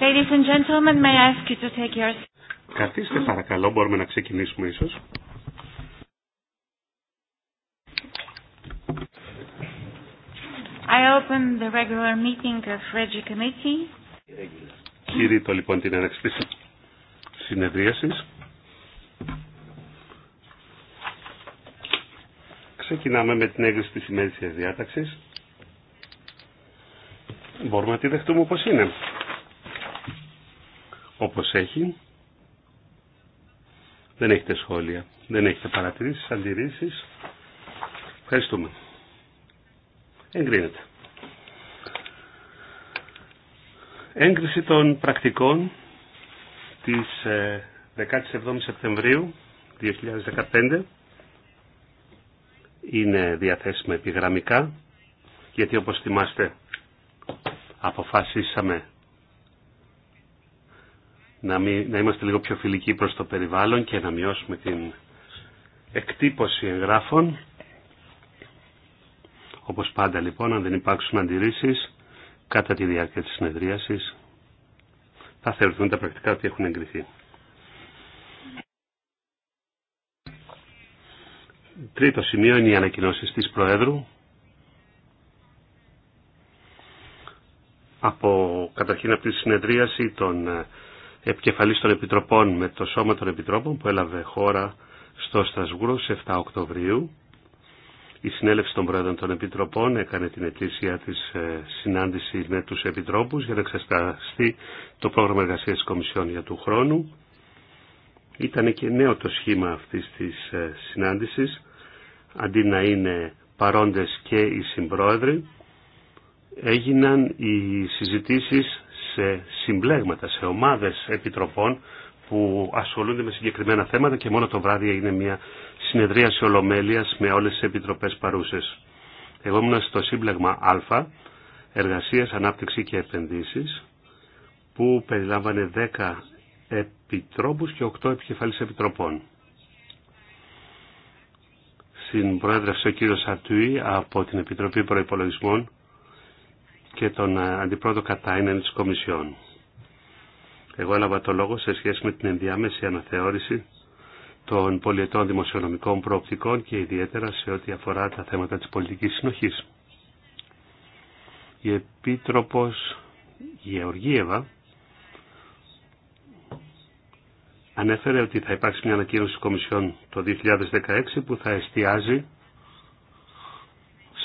Ladies and gentlemen, may I ask you to take your... Καθίστε παρακαλώ, μπορούμε να ξεκινήσουμε ίσως. I open the regular meeting of Regi Committee. Κηρύττω λοιπόν την έναρξη της συνεδρίασης. Ξεκινάμε με την έγκριση της ημέρησης διάταξης. Μπορούμε να τη δεχτούμε όπως είναι όπως έχει. Δεν έχετε σχόλια, δεν έχετε παρατηρήσεις, αντιρρήσεις. Ευχαριστούμε. Εγκρίνεται. Έγκριση των πρακτικών της ε, 17 Σεπτεμβρίου 2015 είναι διαθέσιμα επιγραμμικά γιατί όπως θυμάστε αποφασίσαμε να, να είμαστε λίγο πιο φιλικοί προς το περιβάλλον και να μειώσουμε την εκτύπωση εγγράφων. Όπως πάντα λοιπόν, αν δεν υπάρξουν αντιρρήσεις κατά τη διάρκεια της συνεδρίασης, θα θεωρηθούν τα πρακτικά ότι έχουν εγκριθεί. Τρίτο σημείο είναι οι ανακοινώσει της Προέδρου. Από, καταρχήν από τη συνεδρίαση των ε, επικεφαλής των Επιτροπών με το Σώμα των Επιτρόπων που έλαβε χώρα στο Στασβούρο σε 7 Οκτωβρίου. Η συνέλευση των Πρόεδρων των Επιτροπών έκανε την ετήσια της ε, συνάντηση με τους Επιτρόπους για να εξεταστεί το πρόγραμμα εργασίας της Κομισιόν για του χρόνου. Ήταν και νέο το σχήμα αυτής της ε, συνάντησης. Αντί να είναι παρόντες και οι συμπρόεδροι, έγιναν οι συζητήσεις σε συμπλέγματα, σε ομάδες επιτροπών που ασχολούνται με συγκεκριμένα θέματα και μόνο το βράδυ έγινε μια συνεδρία σε ολομέλειας με όλες τις επιτροπές παρούσες. Εγώ ήμουν στο σύμπλεγμα Α, Εργασίας, Ανάπτυξη και Επενδύσεις, που περιλάμβανε 10 επιτρόπους και 8 επικεφαλής επιτροπών. Στην Πρόεδρευση ο κύριος Αρτουή από την Επιτροπή Προϋπολογισμών και τον ε, Αντιπρόεδρο Κατάινεν της Κομισιόν. Εγώ έλαβα το λόγο σε σχέση με την ενδιάμεση αναθεώρηση των πολιετών δημοσιονομικών προοπτικών και ιδιαίτερα σε ό,τι αφορά τα θέματα της πολιτικής συνοχής. Η Επίτροπος Γεωργίευα ανέφερε ότι θα υπάρξει μια ανακοίνωση της Κομισιόν το 2016 που θα εστιάζει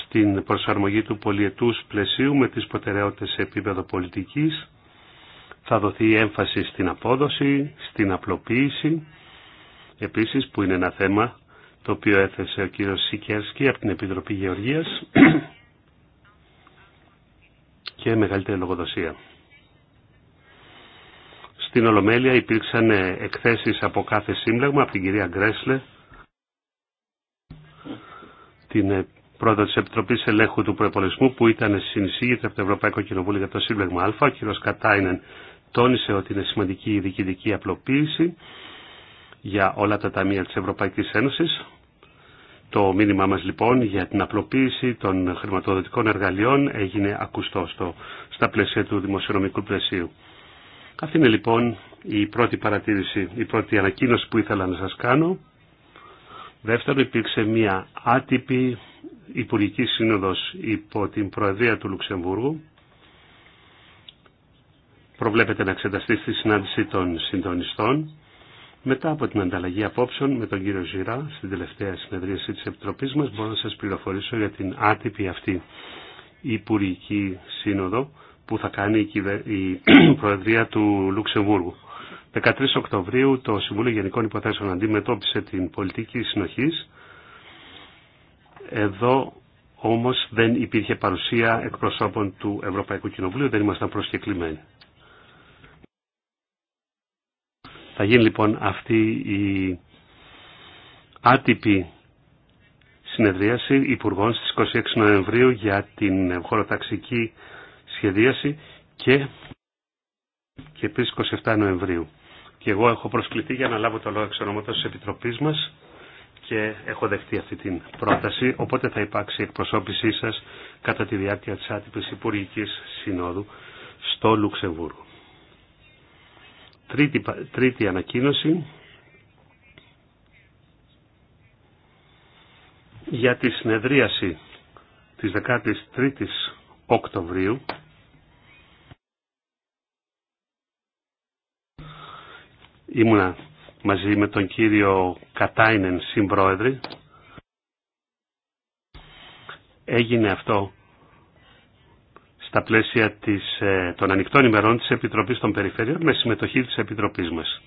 στην προσαρμογή του πολιετούς πλαισίου με τις προτεραιότητες σε επίπεδο πολιτικής. Θα δοθεί έμφαση στην απόδοση, στην απλοποίηση, επίσης που είναι ένα θέμα το οποίο έθεσε ο κύριος Σικέρσκι από την Επιτροπή Γεωργίας και μεγαλύτερη λογοδοσία. Στην Ολομέλεια υπήρξαν εκθέσεις από κάθε σύμπλεγμα από την κυρία Γκρέσλε, την πρόεδρο τη Επιτροπή Ελέγχου του Προπολογισμού, που ήταν συνεισήγητρια από το Ευρωπαϊκό Κοινοβούλιο για το Σύμπλεγμα Α. Ο κ. Κατάινεν τόνισε ότι είναι σημαντική η διοικητική απλοποίηση για όλα τα ταμεία τη Ευρωπαϊκή Ένωση. Το μήνυμά μας λοιπόν για την απλοποίηση των χρηματοδοτικών εργαλειών έγινε ακουστό στα πλαίσια του δημοσιονομικού πλαισίου. Αυτή είναι λοιπόν η πρώτη παρατήρηση, η πρώτη ανακοίνωση που ήθελα να σας κάνω. Δεύτερον υπήρξε μια άτυπη Υπουργική Σύνοδος υπό την Προεδρία του Λουξεμβούργου. Προβλέπεται να εξεταστεί στη συνάντηση των συντονιστών. Μετά από την ανταλλαγή απόψεων με τον κύριο Ζηρά στην τελευταία συνεδρίαση της Επιτροπής μας μπορώ να σας πληροφορήσω για την άτυπη αυτή Υπουργική Σύνοδο που θα κάνει η Προεδρία του Λουξεμβούργου. 13 Οκτωβρίου το Συμβούλιο Γενικών Υποθέσεων αντιμετώπισε την πολιτική συνοχής εδώ όμως δεν υπήρχε παρουσία εκπροσώπων του Ευρωπαϊκού Κοινοβουλίου, δεν ήμασταν προσκεκλημένοι. Θα γίνει λοιπόν αυτή η άτυπη συνεδρίαση υπουργών στις 26 Νοεμβρίου για την χωροταξική σχεδίαση και, και επίσης 27 Νοεμβρίου. Και εγώ έχω προσκληθεί για να λάβω το λόγο εξ ονόματος της Επιτροπής μας και έχω δεχτεί αυτή την πρόταση, οπότε θα υπάρξει εκπροσώπησή σας κατά τη διάρκεια της άτυπης Υπουργική Συνόδου στο Λουξεμβούργο. Τρίτη, τρίτη ανακοίνωση για τη συνεδρίαση της 13ης Οκτωβρίου ήμουνα μαζί με τον κύριο Κατάινεν συμπρόεδρη. Έγινε αυτό στα πλαίσια της, ε, των ανοιχτών ημερών της Επιτροπής των Περιφερειών με συμμετοχή της Επιτροπής μας.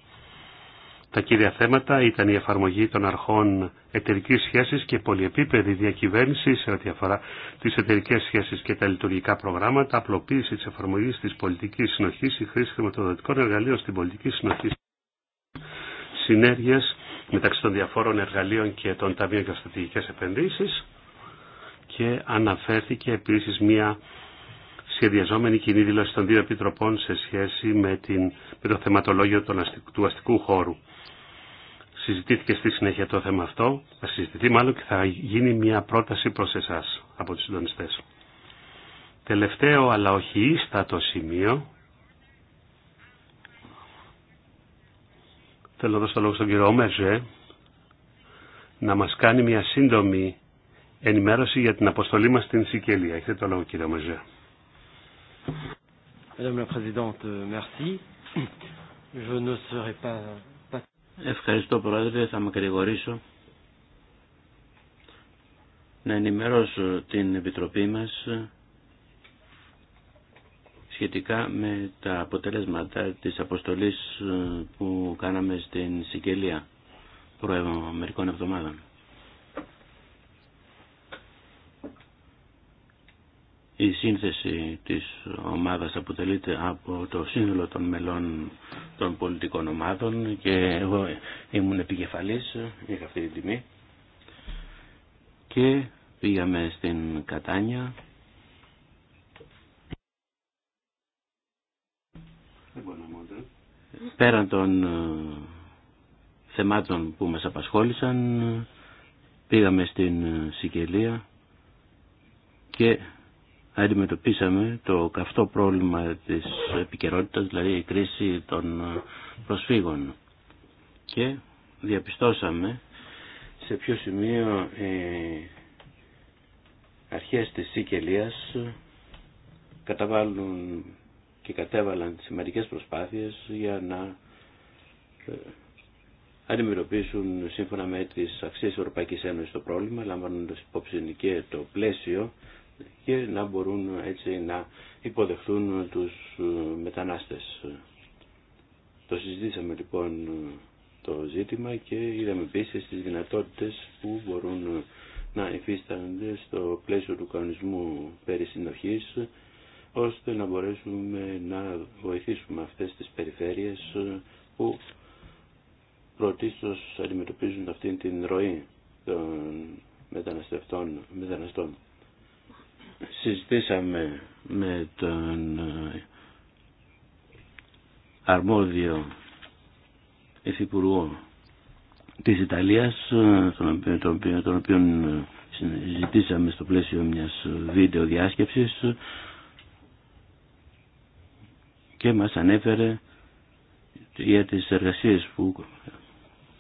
Τα κύρια θέματα ήταν η εφαρμογή των αρχών εταιρική σχέση και πολυεπίπεδη διακυβέρνηση σε ό,τι αφορά τι εταιρικέ σχέσει και τα λειτουργικά προγράμματα, απλοποίηση τη εφαρμογή τη πολιτική συνοχή, η χρήση χρηματοδοτικών εργαλείων στην πολιτική συνοχή Συνέργειας μεταξύ των διαφόρων εργαλείων και των ταμείων για στρατηγικές επενδύσεις και αναφέρθηκε επίσης μια σχεδιαζόμενη κοινή δήλωση των δύο επιτροπών σε σχέση με, την, με το θεματολόγιο του αστικού χώρου. Συζητήθηκε στη συνέχεια το θέμα αυτό, θα συζητηθεί μάλλον και θα γίνει μια πρόταση προς εσάς από τους συντονιστές. Τελευταίο αλλά όχι ίστατο σημείο Θέλω να δώσω το λόγο στον κύριο Όμερζε να μας κάνει μια σύντομη ενημέρωση για την αποστολή μας στην Σικελία. Έχετε το λόγο κύριε Όμερζε. Euh, Ευχαριστώ Πρόεδρε, θα με κατηγορήσω να ενημερώσω την Επιτροπή μας σχετικά με τα αποτελέσματα της αποστολής ε, που κάναμε στην Σικελία προέβω μερικών εβδομάδων. Η σύνθεση της ομάδας αποτελείται από το σύνολο των μελών των πολιτικών ομάδων και εγώ ήμουν επικεφαλής, είχα αυτή την τιμή και πήγαμε στην Κατάνια Πέραν των ε, θεμάτων που μας απασχόλησαν, πήγαμε στην ε, Σικελία και αντιμετωπίσαμε το καυτό πρόβλημα της επικαιρότητα, δηλαδή η κρίση των ε, προσφύγων. Και διαπιστώσαμε σε ποιο σημείο οι αρχές της Σικελίας καταβάλουν και κατέβαλαν σημαντικές προσπάθειες για να ε, αντιμετωπίσουν σύμφωνα με τις αξίες της Ευρωπαϊκής Ένωσης το πρόβλημα, λαμβάνοντας υπόψη και το πλαίσιο και να μπορούν έτσι να υποδεχθούν τους ε, μετανάστες. Το συζητήσαμε λοιπόν ε, το ζήτημα και είδαμε επίση τις δυνατότητες που μπορούν να υφίστανται στο πλαίσιο του κανονισμού περί συνοχής ώστε να μπορέσουμε να βοηθήσουμε αυτές τις περιφέρειες ε, που πρωτίστως αντιμετωπίζουν αυτήν την ροή των μεταναστευτών, μεταναστών. Συζητήσαμε με τον ε, αρμόδιο υφυπουργό της Ιταλίας, ε, τον οποίο, τον συζητήσαμε στο πλαίσιο μιας βίντεο διάσκεψης, και μας ανέφερε για τις εργασίες που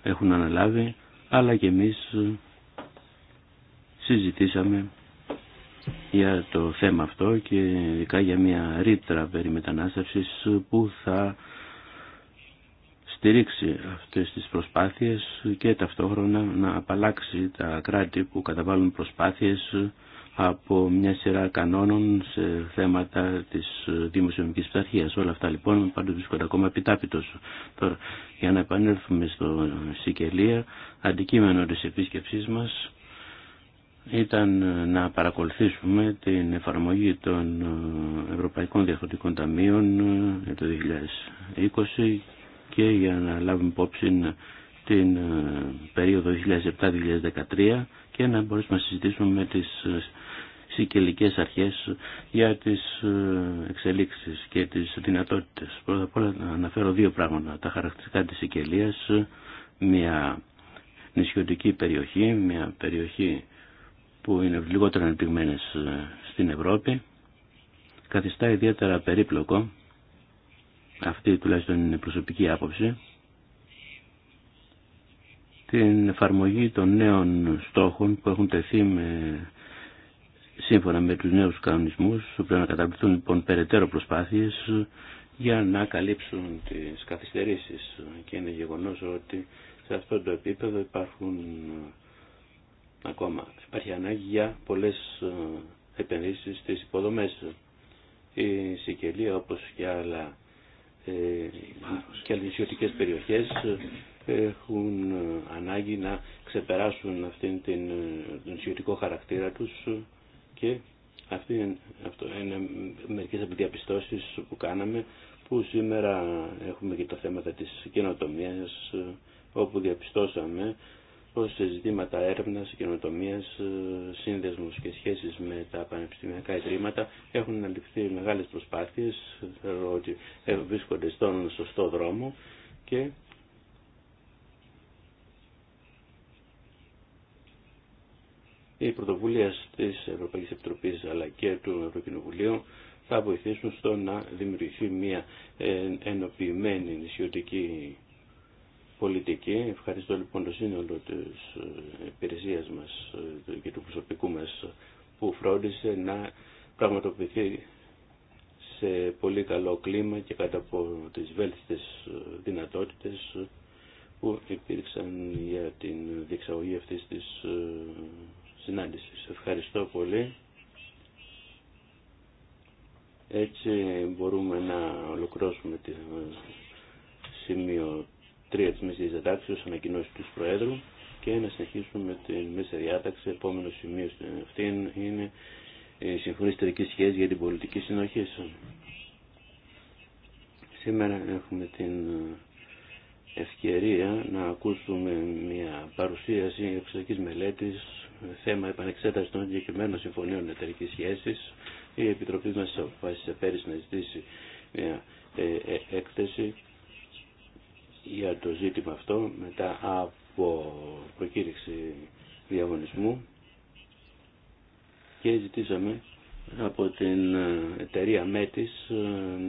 έχουν αναλάβει αλλά και εμείς συζητήσαμε για το θέμα αυτό και ειδικά για μια ρήτρα περί μετανάστευσης που θα στηρίξει αυτές τις προσπάθειες και ταυτόχρονα να απαλλάξει τα κράτη που καταβάλουν προσπάθειες από μια σειρά κανόνων σε θέματα τη δημοσιονομική πειθαρχία. Όλα αυτά λοιπόν πάντω βρίσκονται ακόμα επιτάπητο. Τώρα, για να επανέλθουμε στο Σικελία, αντικείμενο τη επισκεψή μα ήταν να παρακολουθήσουμε την εφαρμογή των Ευρωπαϊκών Διαφορετικών Ταμείων για το 2020 και για να λάβουμε υπόψη την περίοδο 2007-2013 και να μπορέσουμε να συζητήσουμε με τις σικελικές αρχές για τις ε, εξελίξεις και τις δυνατότητες. Πρώτα απ' όλα να αναφέρω δύο πράγματα. Τα χαρακτηριστικά της Σικελίας, μια νησιωτική περιοχή, μια περιοχή που είναι λιγότερο ανεπτυγμένες ε, στην Ευρώπη, καθιστά ιδιαίτερα περίπλοκο, αυτή τουλάχιστον είναι προσωπική άποψη, την εφαρμογή των νέων στόχων που έχουν τεθεί με Σύμφωνα με τους νέους κανονισμούς πρέπει να καταβληθούν λοιπόν, περαιτέρω προσπάθειες για να καλύψουν τις καθυστερήσεις και είναι γεγονός ότι σε αυτό το επίπεδο υπάρχουν ακόμα υπάρχει ανάγκη για πολλές ε, επενδύσεις στις υποδομές. Η Σικελία όπως και άλλα ε, και νησιωτικές περιοχές έχουν ανάγκη να ξεπεράσουν αυτήν την ε, νησιωτικό χαρακτήρα τους και αυτή είναι, είναι μερικές από που κάναμε που σήμερα έχουμε και τα θέματα της καινοτομίας όπου διαπιστώσαμε πως σε ζητήματα έρευνας, καινοτομίας, σύνδεσμους και σχέσεις με τα πανεπιστημιακά ιδρύματα έχουν αναλυφθεί μεγάλες προσπάθειες, θεωρώ ότι βρίσκονται στον σωστό δρόμο και οι πρωτοβουλίε τη Ευρωπαϊκή Επιτροπή, αλλά και του Ευρωκοινοβουλίου θα βοηθήσουν στο να δημιουργηθεί μια ε, ενοποιημένη νησιωτική πολιτική. Ευχαριστώ λοιπόν το σύνολο τη ε, υπηρεσία μας ε, και του προσωπικού μα που φρόντισε να πραγματοποιηθεί σε πολύ καλό κλίμα και κατά από τις βέλτιστες δυνατότητες που υπήρξαν για την διεξαγωγή αυτής της Ευχαριστώ πολύ. Έτσι μπορούμε να ολοκληρώσουμε το ε, σημείο 3 της Μέσης Διατάξεως, ανακοινώσει του Προέδρου και να συνεχίσουμε την Μέση Διάταξη. Επόμενο σημείο Αυτή είναι η Συμφωνία στρατηγική σχέση για την Πολιτική Συνοχή. Σήμερα έχουμε την ε, ευκαιρία να ακούσουμε μια παρουσίαση εξωτικής μελέτης θέμα επανεξέταση των συγκεκριμένων συμφωνίων εταιρική σχέση. Η Επιτροπή μα αποφάσισε πέρυσι να ζητήσει μια ε, ε, έκθεση για το ζήτημα αυτό μετά από προκήρυξη διαγωνισμού και ζητήσαμε από την ε, εταιρεία ΜΕΤΙΣ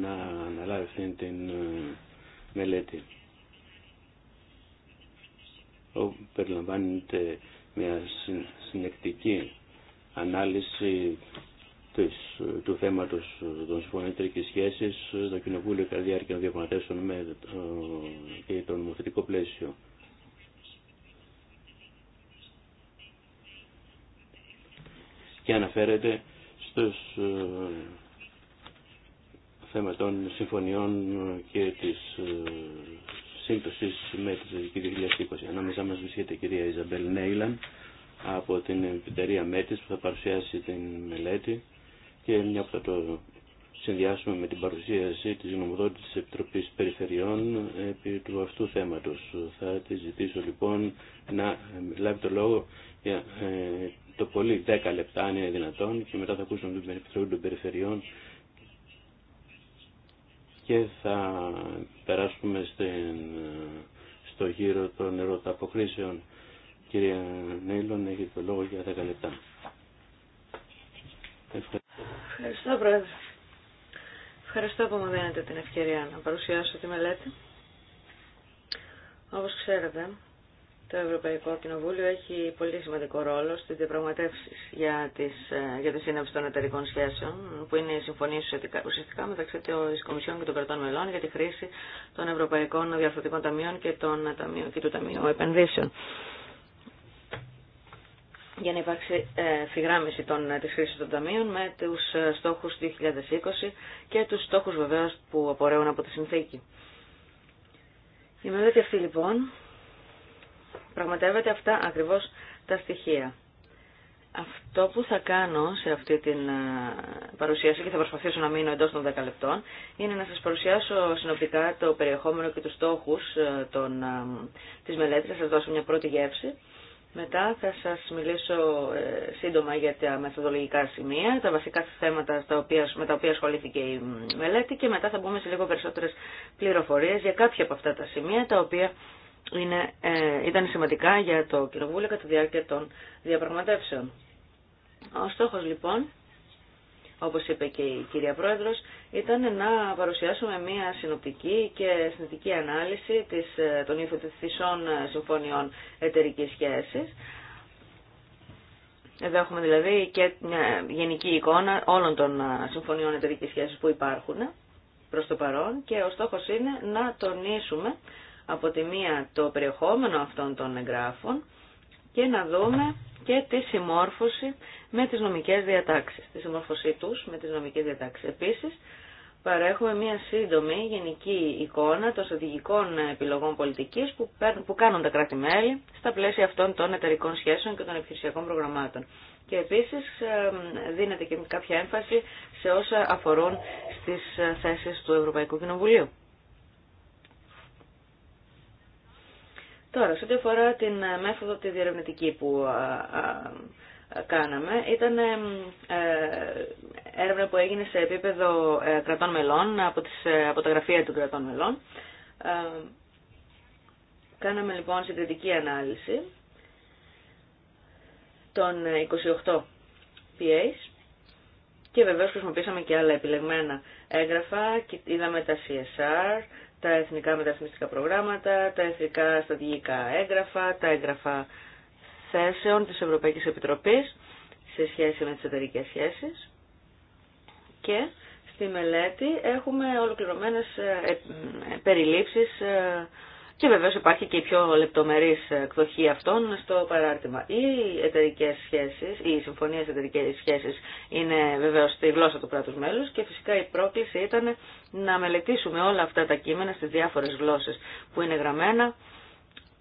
να αναλάβει αυτήν την μελέτη. Όπου περιλαμβάνεται μια συνεκτική ανάλυση της, του θέματος των συμφωνητρικής σχέσεων, το Κοινοβούλιο κατά διάρκεια των διαπραγματεύσεων με το, και το νομοθετικό πλαίσιο. Και αναφέρεται στους ε, θέμα των συμφωνιών και της ε, σύμπτωσης με τη Ζωτική 2020. Ανάμεσά μας βρίσκεται η κυρία Ιζαμπέλ Νέιλαν, από την επιτερία Μέτης που θα παρουσιάσει την μελέτη και μια που θα το συνδυάσουμε με την παρουσίαση της γνωμοδότησης της Επιτροπής Περιφερειών επί του αυτού θέματος. Θα τη ζητήσω λοιπόν να λάβει το λόγο για ε, το πολύ 10 λεπτά αν είναι δυνατόν και μετά θα ακούσουμε την Επιτροπή των Περιφερειών και θα περάσουμε στην, ε, στο γύρο των ερωταποκρίσεων. Κύριε Νέιλον, έχετε το λόγο για 10 λεπτά. Ευχαριστώ. Πρόεδρε. Ευχαριστώ που μου δίνετε την ευκαιρία να παρουσιάσω τη μελέτη. Όπως ξέρετε, το Ευρωπαϊκό Κοινοβούλιο έχει πολύ σημαντικό ρόλο στι διαπραγματεύσει για, για τη σύναψη των εταιρικών σχέσεων, που είναι η συμφωνία ουσιαστικά μεταξύ τη Κομισιόν και των κρατών μελών για τη χρήση των Ευρωπαϊκών Διαρθρωτικών Ταμείων και, των, και του Ταμείου Επενδύσεων για να υπάρξει ε, φυγράμιση των, ε, της χρήσης των ταμείων με τους ε, στόχους 2020 και τους στόχους βεβαίως που απορρέουν από τη συνθήκη. Η μελέτη αυτή λοιπόν πραγματεύεται αυτά ακριβώς τα στοιχεία. Αυτό που θα κάνω σε αυτή την παρουσίαση και θα προσπαθήσω να μείνω εντός των 10 λεπτών είναι να σας παρουσιάσω συνοπτικά το περιεχόμενο και τους στόχους των, της μελέτης, να σας δώσω μια πρώτη γεύση μετά θα σας μιλήσω ε, σύντομα για τα μεθοδολογικά σημεία, τα βασικά θέματα στα οποία, με τα οποία ασχολήθηκε η μελέτη και μετά θα μπούμε σε λίγο περισσότερες πληροφορίες για κάποια από αυτά τα σημεία τα οποία ε, ήταν σημαντικά για το Κοινοβούλιο κατά τη διάρκεια των διαπραγματεύσεων. Ο στόχος λοιπόν όπως είπε και η κυρία Πρόεδρος, ήταν να παρουσιάσουμε μια συνοπτική και συνθετική ανάλυση της, ε, των υιοθετηθήσεων ε, συμφωνιών εταιρική σχέσης. Εδώ έχουμε δηλαδή και μια γενική εικόνα όλων των ε, συμφωνιών εταιρική σχέσης που υπάρχουν προς το παρόν και ο στόχος είναι να τονίσουμε από τη μία το περιεχόμενο αυτών των εγγράφων και να δούμε και τη συμμόρφωση με τις νομικές διατάξεις, τη συμμόρφωσή τους με τις νομικές διατάξεις. Επίσης, παρέχουμε μια σύντομη γενική εικόνα των στρατηγικών επιλογών πολιτικής που, που κάνουν τα κράτη-μέλη στα πλαίσια αυτών των εταιρικών σχέσεων και των επιχειρησιακών προγραμμάτων. Και επίσης δίνεται και κάποια έμφαση σε όσα αφορούν στις θέσεις του Ευρωπαϊκού Κοινοβουλίου. Τώρα, σε ό,τι αφορά την ε, μέθοδο τη διερευνητική που ε, ε, κάναμε, ήταν έρευνα που έγινε σε επίπεδο κρατών μελών, από, τις, από τα γραφεία των κρατών μελών. Κάναμε λοιπόν συντηρητική ανάλυση των 28 PAs και βεβαίως χρησιμοποίησαμε και άλλα επιλεγμένα έγγραφα, είδαμε τα CSR, τα εθνικά μεταρρυθμιστικά προγράμματα, τα εθνικά στρατηγικά έγγραφα, τα έγγραφα θέσεων της Ευρωπαϊκής Επιτροπής σε σχέση με τις εταιρικές σχέσεις και στη μελέτη έχουμε ολοκληρωμένες ε, ε, περιλήψεις ε, και βεβαίως υπάρχει και η πιο λεπτομερής εκδοχή αυτών στο παράρτημα. Οι εταιρικές σχέσεις, οι συμφωνίες εταιρικές σχέσεις είναι βεβαίως στη γλώσσα του κράτους μέλους και φυσικά η πρόκληση ήταν να μελετήσουμε όλα αυτά τα κείμενα στις διάφορες γλώσσες που είναι γραμμένα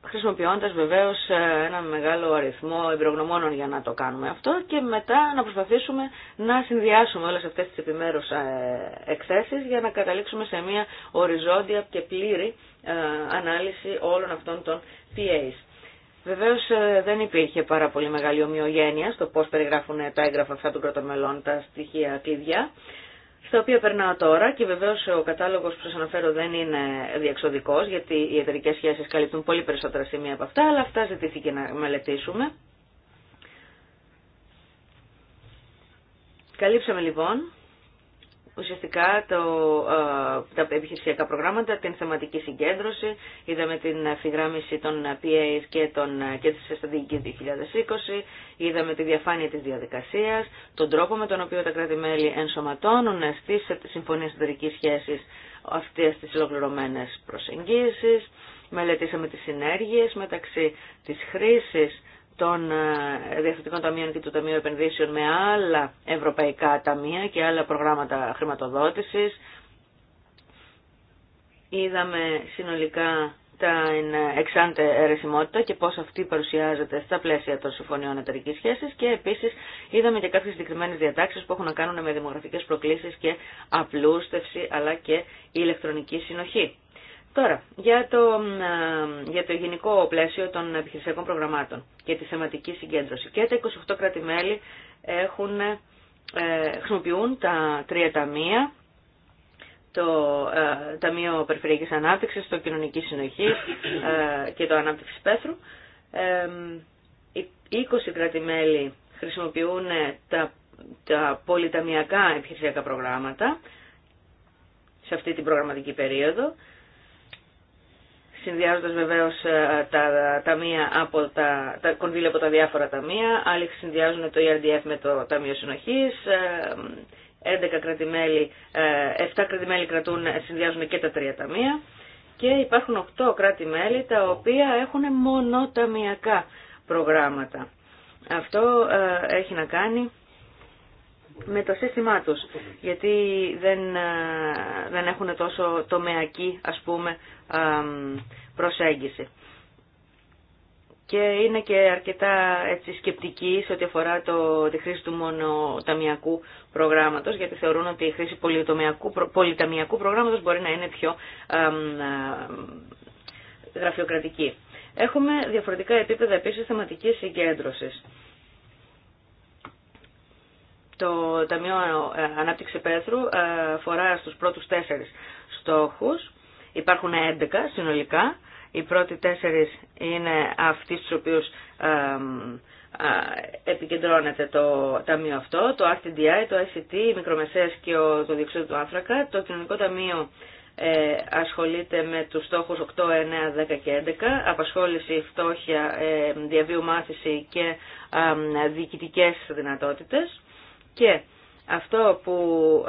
χρησιμοποιώντας βεβαίως ε, ένα μεγάλο αριθμό εμπειρογνωμόνων για να το κάνουμε αυτό και μετά να προσπαθήσουμε να συνδυάσουμε όλες αυτές τις επιμέρους ε, εκθέσεις για να καταλήξουμε σε μια οριζόντια και πλήρη ε, ανάλυση όλων αυτών των PAs. Βεβαίω δεν υπήρχε πάρα πολύ μεγάλη ομοιογένεια στο πώ περιγράφουν τα έγγραφα αυτά των πρωτομελών τα στοιχεία κλειδιά στα οποία περνάω τώρα και βεβαίω ο κατάλογος που σας αναφέρω δεν είναι διεξοδικό, γιατί οι εταιρικέ σχέσεις καλύπτουν πολύ περισσότερα σημεία από αυτά, αλλά αυτά ζητήθηκε να μελετήσουμε. Καλύψαμε λοιπόν ουσιαστικά το, ε, τα επιχειρησιακά προγράμματα, την θεματική συγκέντρωση, είδαμε την αφιγράμμιση των PA και, των, ε, και της 2020, είδαμε τη διαφάνεια της διαδικασίας, τον τρόπο με τον οποίο τα κράτη-μέλη ενσωματώνουν στις συμφωνίες εταιρικής σχέσης αυτές τις ολοκληρωμένες προσεγγίσεις, μελετήσαμε τις συνέργειες μεταξύ της χρήσης των ε, Διευθυντικών Ταμείων και του Ταμείου Επενδύσεων με άλλα ευρωπαϊκά ταμεία και άλλα προγράμματα χρηματοδότησης. Είδαμε συνολικά τα εξάντε αιρεσιμότητα και πώς αυτή παρουσιάζεται στα πλαίσια των συμφωνιών εταιρικής σχέσης και επίσης είδαμε και κάποιες συγκεκριμένε διατάξεις που έχουν να κάνουν με δημογραφικές προκλήσεις και απλούστευση αλλά και ηλεκτρονική συνοχή. Τώρα, για το, για το γενικό πλαίσιο των επιχειρησιακών προγραμμάτων και τη θεματική συγκέντρωση. Και τα 28 κράτη-μέλη έχουν, ε, χρησιμοποιούν τα τρία ταμεία, το ε, Ταμείο Περιφερειακής Ανάπτυξης, το Κοινωνική Συνοχή ε, και το Ανάπτυξη Πέθρου. Ε, οι 20 κράτη-μέλη χρησιμοποιούν τα, τα πολυταμιακά επιχειρησιακά προγράμματα σε αυτή την προγραμματική περίοδο συνδυάζοντας βεβαίως ε, τα, ταμεία από τα, τα κονδύλια από τα διάφορα ταμεία, άλλοι συνδυάζουν το ERDF με το Ταμείο Συνοχής, 11 ε, κρατημέλη, 7 ε, κρατημέλη κρατούν, συνδυάζουν και τα τρία ταμεία και υπάρχουν 8 κρατημέλη τα οποία έχουν μονοταμιακά προγράμματα. Αυτό έχει να κάνει με το σύστημά τους, γιατί δεν, ε, δεν έχουν τόσο τομεακή ας πούμε, προσέγγιση. Και είναι και αρκετά έτσι, σκεπτικοί σε ό,τι αφορά το, τη χρήση του μονοταμιακού προγράμματος, γιατί θεωρούν ότι η χρήση πολυταμιακού προγράμματος μπορεί να είναι πιο ε, γραφειοκρατική. Έχουμε διαφορετικά επίπεδα επίσης θεματικής συγκέντρωσης. Το Ταμείο Ανάπτυξη Πέθρου αφορά ε, στους πρώτους τέσσερις στόχους. Υπάρχουν 11 συνολικά. Οι πρώτοι τέσσερις είναι αυτοί στους οποίους ε, ε, επικεντρώνεται το ταμείο αυτό, το RTDI, το ICT, οι μικρομεσαίες και το διεξόδιο του άνθρακα. Το κοινωνικό ταμείο ασχολείται με τους στόχους 8, 9, 10 και 11, απασχόληση, φτώχεια, διαβίου μάθηση και διοικητικές δυνατότητες. Και αυτό που,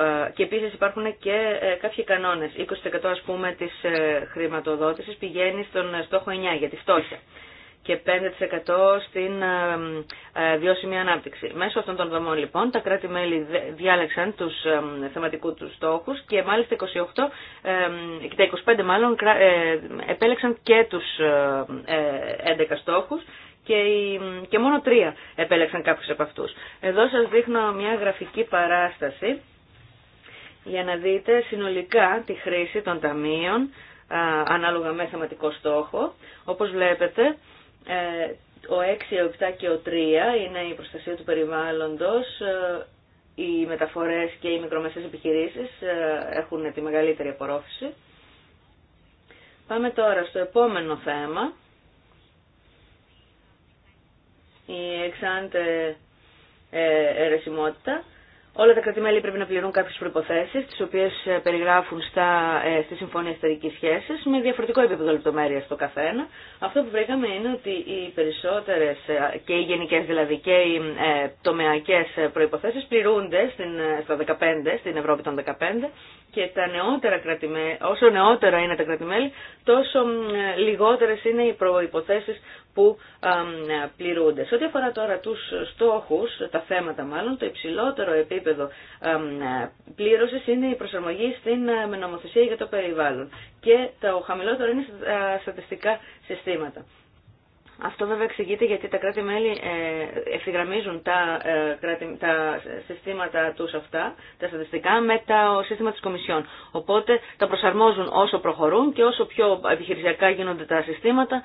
ε, και επίσης υπάρχουν και ε, κάποιοι κανόνες. 20% ας πούμε της ε, χρηματοδότησης πηγαίνει στον στόχο 9 για τη φτώχεια και 5% στην βιώσιμη ανάπτυξη. Μέσω αυτών των δομών λοιπόν τα κράτη-μέλη διάλεξαν τους θεματικού τους στόχους και μάλιστα 28, και τα 25 μάλλον επέλεξαν και τους 11 στόχους και, και μόνο τρία επέλεξαν κάποιους από αυτούς. Εδώ σας δείχνω μια γραφική παράσταση για να δείτε συνολικά τη χρήση των ταμείων ανάλογα με θεματικό στόχο. Όπως βλέπετε, ε, ο 6, ο 7 και ο 3 είναι η προστασία του περιβάλλοντος, ε, οι μεταφορές και οι μικρομεσαίες επιχειρήσεις ε, έχουν τη μεγαλύτερη απορρόφηση. Πάμε τώρα στο επόμενο θέμα, η εξάντε ερεσιμότητα. Όλα τα κρατημέλη πρέπει να πληρούν κάποιες προϋποθέσεις, τις οποίες ε, περιγράφουν στα, ε, στη Συμφωνία Εταιρικής Σχέσης, με διαφορετικό επίπεδο λεπτομέρειας στο καθένα. Αυτό που βρήκαμε είναι ότι οι περισσότερες, ε, και οι γενικές δηλαδή, και οι ε, τομεακές προϋποθέσεις πληρούνται στην, στα 15, στην Ευρώπη των 15, και τα νεότερα κρατημέλη, όσο νεότερα είναι τα κρατημέλη, τόσο λιγότερες είναι οι προϋποθέσεις που πληρούνται. Σε ό,τι αφορά τώρα τους στόχους, τα θέματα μάλλον, το υψηλότερο επίπεδο πλήρωσης είναι η προσαρμογή στην ε, μενομοθεσία για το περιβάλλον και το χαμηλότερο είναι στα ε, στατιστικά συστήματα. Αυτό βέβαια εξηγείται γιατί τα κράτη-μέλη ε, ευθυγραμμίζουν τα, τα συστήματα τους αυτά, τα στατιστικά, με το σύστημα της Κομισιόν. Οπότε τα προσαρμόζουν όσο προχωρούν και όσο πιο επιχειρησιακά γίνονται τα συστήματα,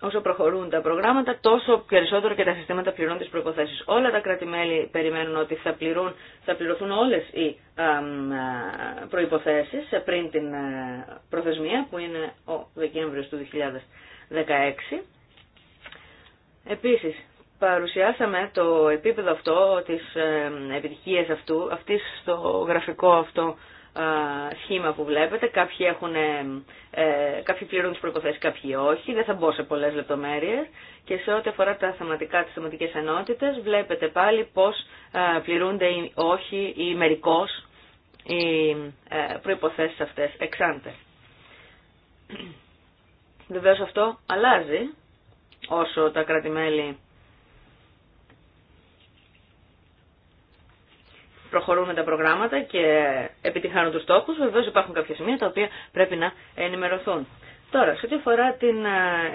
όσο προχωρούν τα προγράμματα, τόσο περισσότερο και τα συστήματα πληρώνουν τις προϋποθέσεις. Όλα τα κράτη-μέλη περιμένουν ότι θα, πληρούν, θα πληρωθούν όλες οι προϋποθέσεις πριν την ε, προθεσμία, που είναι ο Δεκέμβριος του 2016. Επίσης, παρουσιάσαμε το επίπεδο αυτό, τις ε, επιτυχίες αυτού, αυτής στο γραφικό αυτό σχήμα που βλέπετε. Κάποιοι, έχουν, ε, ε, κάποιοι πληρούν τις προϋποθέσεις, κάποιοι όχι. Δεν θα μπω σε πολλές λεπτομέρειες. Και σε ό,τι αφορά τα θεματικά, τις θεματικές ενότητες, βλέπετε πάλι πώς πληρούνται ή όχι ή μερικώς οι ε, προϋποθέσεις αυτές εξάντε. Βεβαίω αυτό αλλάζει όσο τα κράτη-μέλη προχωρούν τα προγράμματα και επιτυχάνουν τους στόχους, βεβαίως υπάρχουν κάποια σημεία τα οποία πρέπει να ενημερωθούν. Τώρα, σε ό,τι αφορά την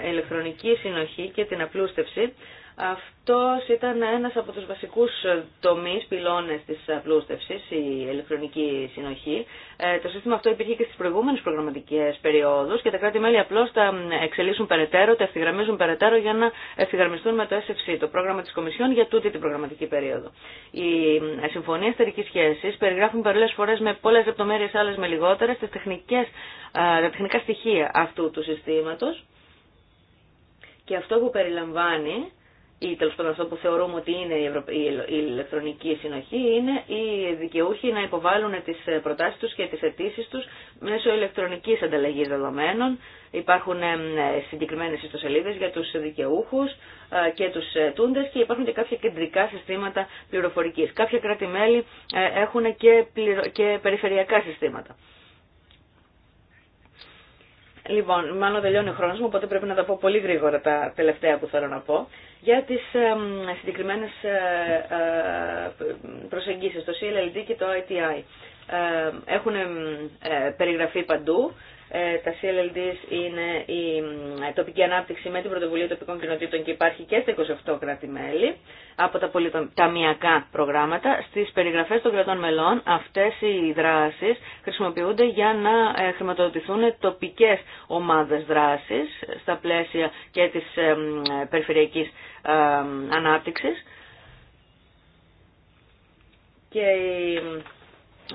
ε, ηλεκτρονική συνοχή και την απλούστευση, αυτό ήταν ένας από τους βασικούς τομείς, πυλώνες της απλούστευσης, η ηλεκτρονική συνοχή. Ε, το σύστημα αυτό υπήρχε και στις προηγούμενες προγραμματικές περιόδους και τα κράτη-μέλη απλώς τα εξελίσσουν περαιτέρω, τα ευθυγραμμίζουν περαιτέρω για να ευθυγραμμιστούν με το SFC, το πρόγραμμα της Κομισιόν για τούτη την προγραμματική περίοδο. Οι συμφωνίε Εστερικής Σχέσης περιγράφουν πολλές φορές με πολλές λεπτομέρειες άλλες με λιγότερες ε, τα τεχνικά στοιχεία αυτού του συστήματος και αυτό που περιλαμβάνει ή τέλο πάντων αυτό που θεωρούμε ότι είναι η, η ηλεκτρονική συνοχή, είναι οι δικαιούχοι να υποβάλουν τι προτάσει του και τι αιτήσει του μέσω ηλεκτρονική ανταλλαγή δεδομένων. Υπάρχουν ε, συγκεκριμένε ιστοσελίδε για του δικαιούχου ε, και του τούντε και υπάρχουν και κάποια κεντρικά συστήματα πληροφορική. Κάποια κράτη-μέλη ε, έχουν και, πληρο... και περιφερειακά συστήματα. Λοιπόν, μάλλον τελειώνει ο χρόνο μου, οπότε πρέπει να τα πω πολύ γρήγορα τα τελευταία που θέλω να πω για τις συγκεκριμένες ε, ε, προσεγγίσεις, το CLLD και το ITI. Ε, έχουν περιγραφεί παντού ε, τα CLLDs είναι η ε, τοπική ανάπτυξη με την πρωτοβουλία τοπικών κοινοτήτων και υπάρχει και στα 28 κράτη-μέλη από τα πολυταμιακά προγράμματα. Στις περιγραφές των κρατών μελών αυτές οι δράσεις χρησιμοποιούνται για να ε, χρηματοδοτηθούν τοπικές ομάδες δράσης στα πλαίσια και της περιφερειακής ανάπτυξης. Και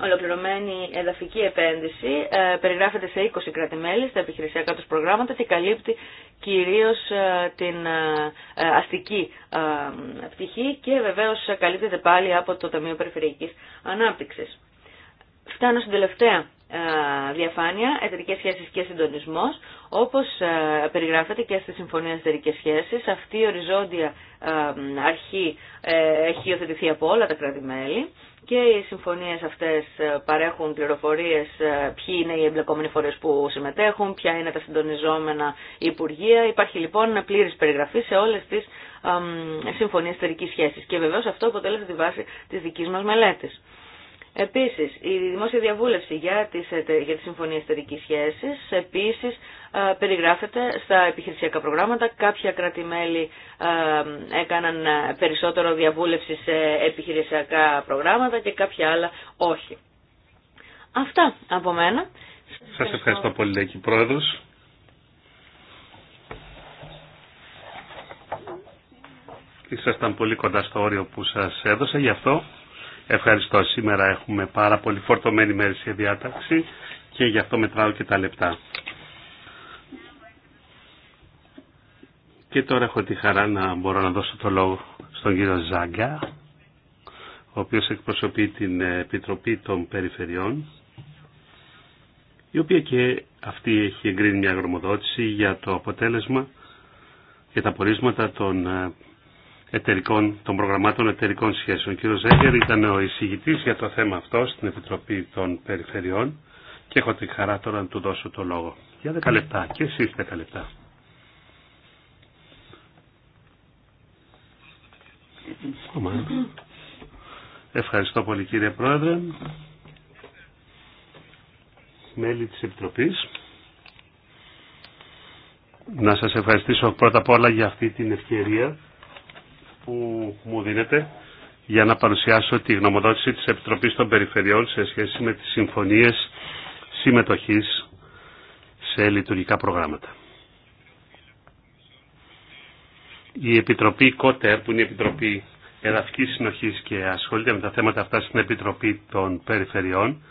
ολοκληρωμένη εδαφική επένδυση ε, περιγράφεται σε 20 κρατη στα επιχειρησιακά του προγράμματα και καλύπτει κυρίως ε, την ε, αστική πτυχή και βεβαίως καλύπτεται πάλι από το Ταμείο Περιφερειακής Ανάπτυξης. Φτάνω στην τελευταία διαφάνεια, εταιρικές σχέσεις και συντονισμός, όπως περιγράφεται και στη Συμφωνία Εταιρικές Σχέσεις. Αυτή η οριζόντια αρχή έχει υιοθετηθεί από όλα τα κράτη-μέλη και οι συμφωνίες αυτές ε, παρέχουν πληροφορίε, ε, ποιοι είναι οι εμπλεκόμενοι φορείς που συμμετέχουν, ποια είναι τα συντονιζόμενα υπουργεία. Υπάρχει λοιπόν πλήρης περιγραφή σε όλες τις συμφωνίες τερικής σχέση. και βεβαίω αυτό αποτέλεσε τη βάση της δικής μας μελέτης. Επίσης, η δημόσια διαβούλευση για τι για τις συμφωνίες εταιρική σχέσης επίσης ε, περιγράφεται στα επιχειρησιακά προγράμματα. Κάποια κράτη-μέλη ε, έκαναν περισσότερο διαβούλευση σε επιχειρησιακά προγράμματα και κάποια άλλα όχι. Αυτά από μένα. Σα ευχαριστώ πολύ, Λέκη προέδρο. Ήσασταν πολύ κοντά στο όριο που σας έδωσα, γι' αυτό Ευχαριστώ. Σήμερα έχουμε πάρα πολύ φορτωμένη μέρη σε διάταξη και γι' αυτό μετράω και τα λεπτά. Και τώρα έχω τη χαρά να μπορώ να δώσω το λόγο στον κύριο Ζάγκα, ο οποίος εκπροσωπεί την Επιτροπή των Περιφερειών, η οποία και αυτή έχει εγκρίνει μια γρομοδότηση για το αποτέλεσμα και τα πορίσματα των ε, εταιρικών, των προγραμμάτων εταιρικών σχέσεων. Ο κ. Ζέγκερ ήταν ο εισηγητή για το θέμα αυτό στην Επιτροπή των Περιφερειών και έχω τη χαρά τώρα να του δώσω το λόγο. Για 10 λεπτά και εσεί 10 λεπτά. Ευχαριστώ πολύ κύριε Πρόεδρε, μέλη της Επιτροπής. Να σας ευχαριστήσω πρώτα απ' όλα για αυτή την ευκαιρία που μου δίνετε για να παρουσιάσω τη γνωμοδότηση της Επιτροπής των Περιφερειών σε σχέση με τις συμφωνίες συμμετοχής σε λειτουργικά προγράμματα. Η Επιτροπή ΚΟΤΕΡ, που είναι η Επιτροπή Εδαφικής Συνοχής και ασχολείται με τα θέματα αυτά στην Επιτροπή των Περιφερειών,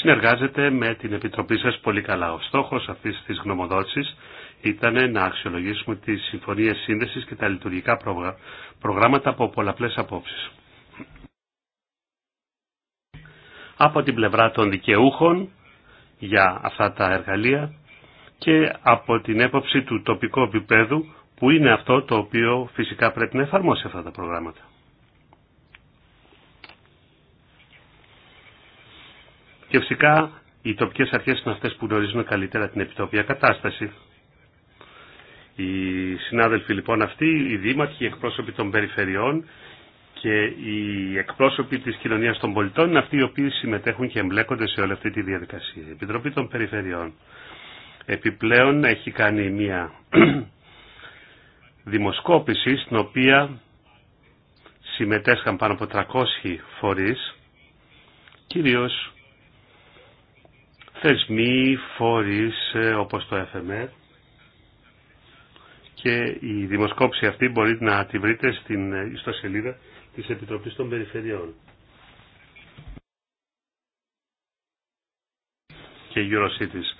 συνεργάζεται με την Επιτροπή σας πολύ καλά. Ο στόχος αυτής της γνωμοδότησης ήταν να αξιολογήσουμε τις συμφωνίες σύνδεση και τα λειτουργικά προγράμματα από πολλαπλέ απόψει. Από την πλευρά των δικαιούχων για αυτά τα εργαλεία και από την έποψη του τοπικού επίπεδου που είναι αυτό το οποίο φυσικά πρέπει να εφαρμόσει αυτά τα προγράμματα. Και φυσικά οι τοπικές αρχές είναι αυτές που γνωρίζουν καλύτερα την επιτόπια κατάσταση. Οι συνάδελφοι λοιπόν αυτοί, οι δήμαρχοι, οι εκπρόσωποι των περιφερειών και οι εκπρόσωποι της κοινωνίας των πολιτών είναι αυτοί οι οποίοι συμμετέχουν και εμπλέκονται σε όλη αυτή τη διαδικασία. Η Επιτροπή των Περιφερειών επιπλέον έχει κάνει μια δημοσκόπηση στην οποία συμμετέσχαν πάνω από 300 φορείς, κυρίως θεσμοί, φορείς ε, όπως το FMF, και η δημοσκόπηση αυτή μπορείτε να τη βρείτε στην ιστοσελίδα ε, της Επιτροπής των Περιφερειών. Και Eurocities.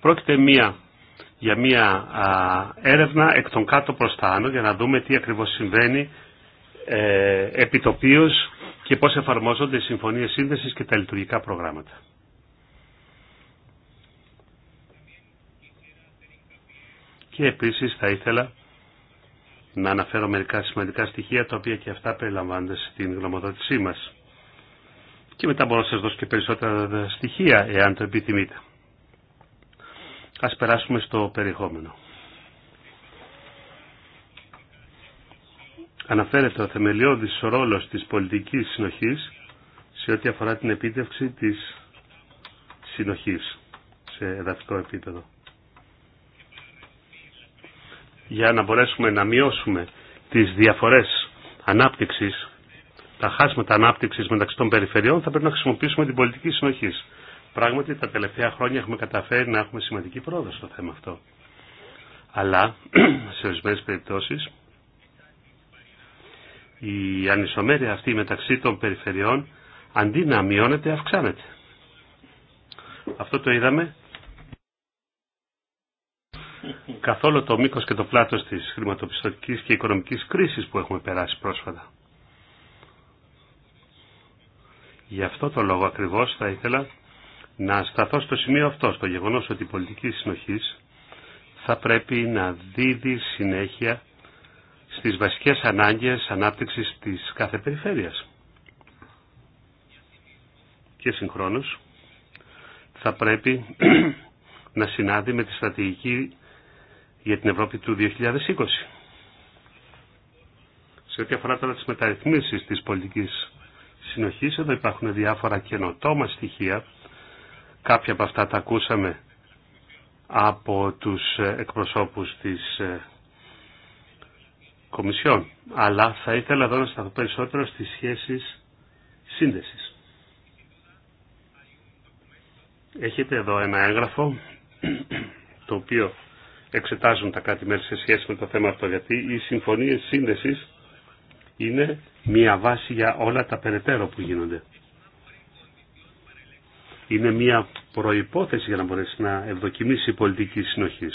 Πρόκειται μία, για μία α, έρευνα εκ των κάτω προς τα άνω για να δούμε τι ακριβώς συμβαίνει ε, επιτοπίως και πώς εφαρμόζονται οι συμφωνίες σύνδεσης και τα λειτουργικά προγράμματα. Και επίσης θα ήθελα να αναφέρω μερικά σημαντικά στοιχεία τα οποία και αυτά περιλαμβάνονται στην γνωμοδότησή μας. Και μετά μπορώ να σας δώσω και περισσότερα στοιχεία εάν το επιθυμείτε. Ας περάσουμε στο περιεχόμενο. Αναφέρεται ο θεμελιώδης ρόλος της πολιτικής συνοχής σε ό,τι αφορά την επίτευξη της συνοχής σε εδαφικό επίπεδο για να μπορέσουμε να μειώσουμε τις διαφορές ανάπτυξης, τα χάσματα ανάπτυξης μεταξύ των περιφερειών, θα πρέπει να χρησιμοποιήσουμε την πολιτική συνοχή. Πράγματι, τα τελευταία χρόνια έχουμε καταφέρει να έχουμε σημαντική πρόοδο στο θέμα αυτό. Αλλά, σε ορισμένε περιπτώσεις, η ανισομέρεια αυτή μεταξύ των περιφερειών, αντί να μειώνεται, αυξάνεται. Αυτό το είδαμε καθόλου το μήκος και το πλάτος της χρηματοπιστωτικής και οικονομικής κρίσης που έχουμε περάσει πρόσφατα. Γι' αυτό το λόγο ακριβώς θα ήθελα να σταθώ στο σημείο αυτό, στο γεγονός ότι η πολιτική συνοχής θα πρέπει να δίδει συνέχεια στις βασικές ανάγκες ανάπτυξης της κάθε περιφέρειας. Και συγχρόνως θα πρέπει να συνάδει με τη στρατηγική για την Ευρώπη του 2020. Σε ό,τι αφορά τώρα τις μεταρρυθμίσεις της πολιτικής συνοχής, εδώ υπάρχουν διάφορα καινοτόμα στοιχεία. Κάποια από αυτά τα ακούσαμε από τους εκπροσώπους της ε, Κομισιόν. Αλλά θα ήθελα εδώ να σταθώ περισσότερο στις σχέσεις σύνδεσης. Έχετε εδώ ένα έγγραφο το οποίο εξετάζουν τα κάτι μέρη σε σχέση με το θέμα αυτό, γιατί οι συμφωνίε σύνδεση είναι μία βάση για όλα τα περαιτέρω που γίνονται. Είναι μία προϋπόθεση για να μπορέσει να ευδοκιμήσει η πολιτική συνοχή.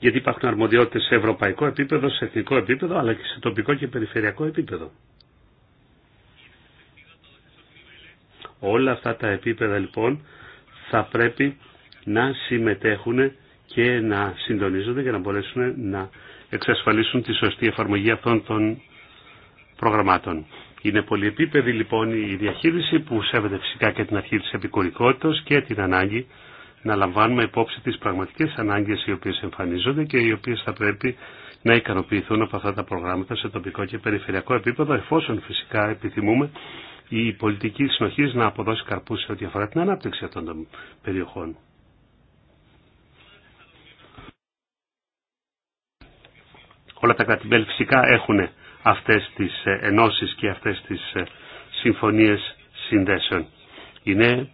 Γιατί υπάρχουν αρμοδιότητες σε ευρωπαϊκό επίπεδο, σε εθνικό επίπεδο, αλλά και σε τοπικό και περιφερειακό επίπεδο. Όλα αυτά τα επίπεδα λοιπόν θα πρέπει να συμμετέχουν και να συντονίζονται για να μπορέσουν να εξασφαλίσουν τη σωστή εφαρμογή αυτών των προγραμμάτων. Είναι πολυεπίπεδη λοιπόν η διαχείριση που σέβεται φυσικά και την αρχή της επικουρικότητας και την ανάγκη να λαμβάνουμε υπόψη τις πραγματικές ανάγκες οι οποίες εμφανίζονται και οι οποίες θα πρέπει να ικανοποιηθούν από αυτά τα προγράμματα σε τοπικό και περιφερειακό επίπεδο εφόσον φυσικά επιθυμούμε η πολιτική συνοχή να αποδώσει καρπούς σε ό,τι αφορά την ανάπτυξη αυτών των περιοχών. Όλα τα κράτη-μέλη φυσικά έχουν αυτές τις ε, ενώσεις και αυτές τις ε, συμφωνίες συνδέσεων. Είναι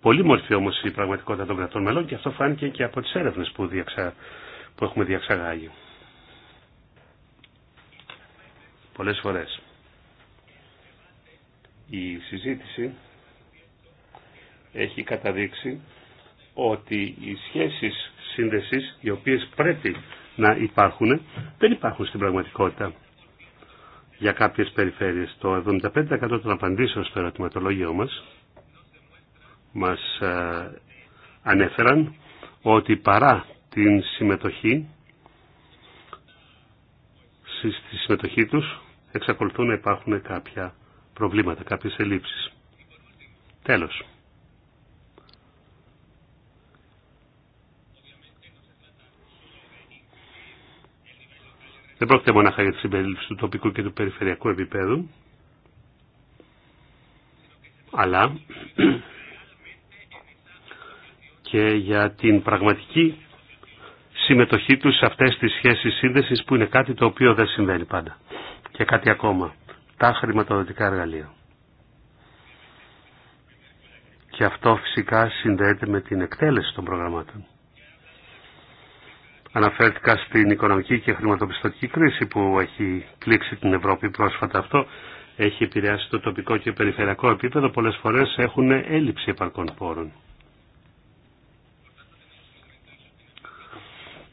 πολύ μορφή όμως η πραγματικότητα των κρατών μελών και αυτό φάνηκε και από τις έρευνες που, που έχουμε διαξαγάγει. Πολλές φορές. Η συζήτηση έχει καταδείξει ότι οι σχέσεις σύνδεσης, οι οποίες πρέπει να υπάρχουν, δεν υπάρχουν στην πραγματικότητα για κάποιες περιφέρειες. Το 75% των απαντήσεων στο ερωτηματολόγιο μας μας ε, ανέφεραν ότι παρά την συμμετοχή, στη συμμετοχή τους εξακολουθούν να υπάρχουν κάποια προβλήματα, κάποιες ελλείψεις. Τέλος. Δεν πρόκειται μονάχα για τη συμπερίληψη του τοπικού και του περιφερειακού επίπεδου, αλλά και για την πραγματική συμμετοχή τους σε αυτές τις σχέσεις σύνδεσης που είναι κάτι το οποίο δεν συμβαίνει πάντα. Και κάτι ακόμα τα χρηματοδοτικά εργαλεία. Και αυτό φυσικά συνδέεται με την εκτέλεση των προγραμμάτων. Αναφέρθηκα στην οικονομική και χρηματοπιστωτική κρίση που έχει πλήξει την Ευρώπη πρόσφατα αυτό. Έχει επηρεάσει το τοπικό και περιφερειακό επίπεδο. Πολλές φορές έχουν έλλειψη επαρκών πόρων.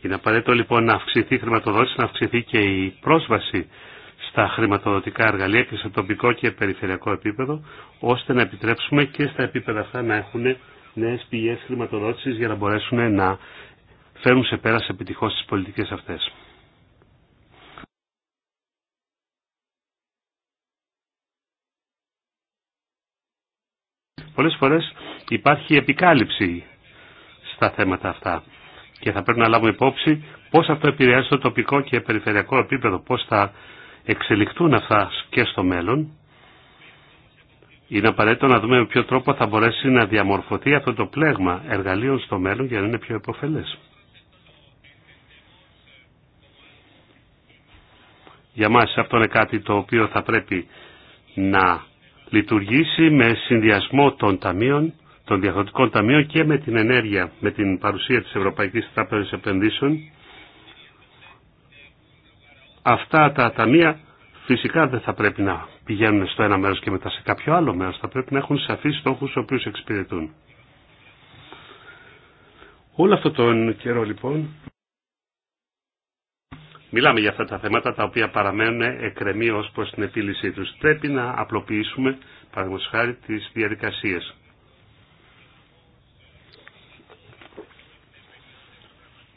Είναι απαραίτητο λοιπόν να αυξηθεί η χρηματοδότηση, να αυξηθεί και η πρόσβαση στα χρηματοδοτικά εργαλεία και σε τοπικό και περιφερειακό επίπεδο, ώστε να επιτρέψουμε και στα επίπεδα αυτά να έχουν νέες πηγές χρηματοδότησης για να μπορέσουν να φέρουν σε πέρας επιτυχώς τις πολιτικές αυτές. Πολλές φορές υπάρχει επικάλυψη στα θέματα αυτά και θα πρέπει να λάβουμε υπόψη πώς αυτό επηρεάζει το τοπικό και περιφερειακό επίπεδο, πώς θα εξελιχθούν αυτά και στο μέλλον, είναι απαραίτητο να δούμε με ποιο τρόπο θα μπορέσει να διαμορφωθεί αυτό το πλέγμα εργαλείων στο μέλλον για να είναι πιο επωφελές. Για μας αυτό είναι κάτι το οποίο θα πρέπει να λειτουργήσει με συνδυασμό των ταμείων, των διαχωριστικών ταμείων και με την ενέργεια, με την παρουσία της Ευρωπαϊκής Τράπεζας Επενδύσεων αυτά τα ταμεία φυσικά δεν θα πρέπει να πηγαίνουν στο ένα μέρος και μετά σε κάποιο άλλο μέρος. Θα πρέπει να έχουν σαφείς στόχους στους οποίους εξυπηρετούν. Όλο αυτό το καιρό λοιπόν μιλάμε για αυτά τα θέματα τα οποία παραμένουν εκκρεμή ως προς την επίλυσή τους. Πρέπει να απλοποιήσουμε παραδείγματος χάρη τις διαδικασίες.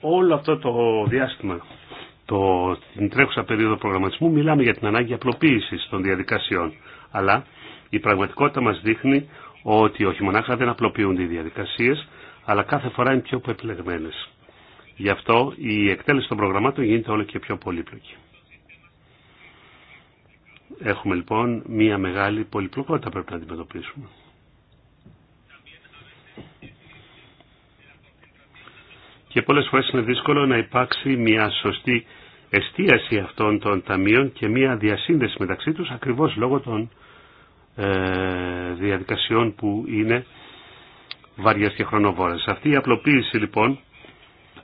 Όλο αυτό το διάστημα το, την τρέχουσα περίοδο προγραμματισμού μιλάμε για την ανάγκη απλοποίησης των διαδικασιών. Αλλά η πραγματικότητα μας δείχνει ότι όχι μονάχα δεν απλοποιούνται οι διαδικασίες, αλλά κάθε φορά είναι πιο πεπλεγμένες. Γι' αυτό η εκτέλεση των προγραμμάτων γίνεται όλο και πιο πολύπλοκη. Έχουμε λοιπόν μία μεγάλη πολυπλοκότητα πρέπει να αντιμετωπίσουμε. Και πολλές φορές είναι δύσκολο να υπάρξει μια σωστή εστίαση αυτών των ταμείων και μία διασύνδεση μεταξύ τους ακριβώς λόγω των ε, διαδικασιών που είναι βαριές και χρονοβόρες. Αυτή η απλοποίηση λοιπόν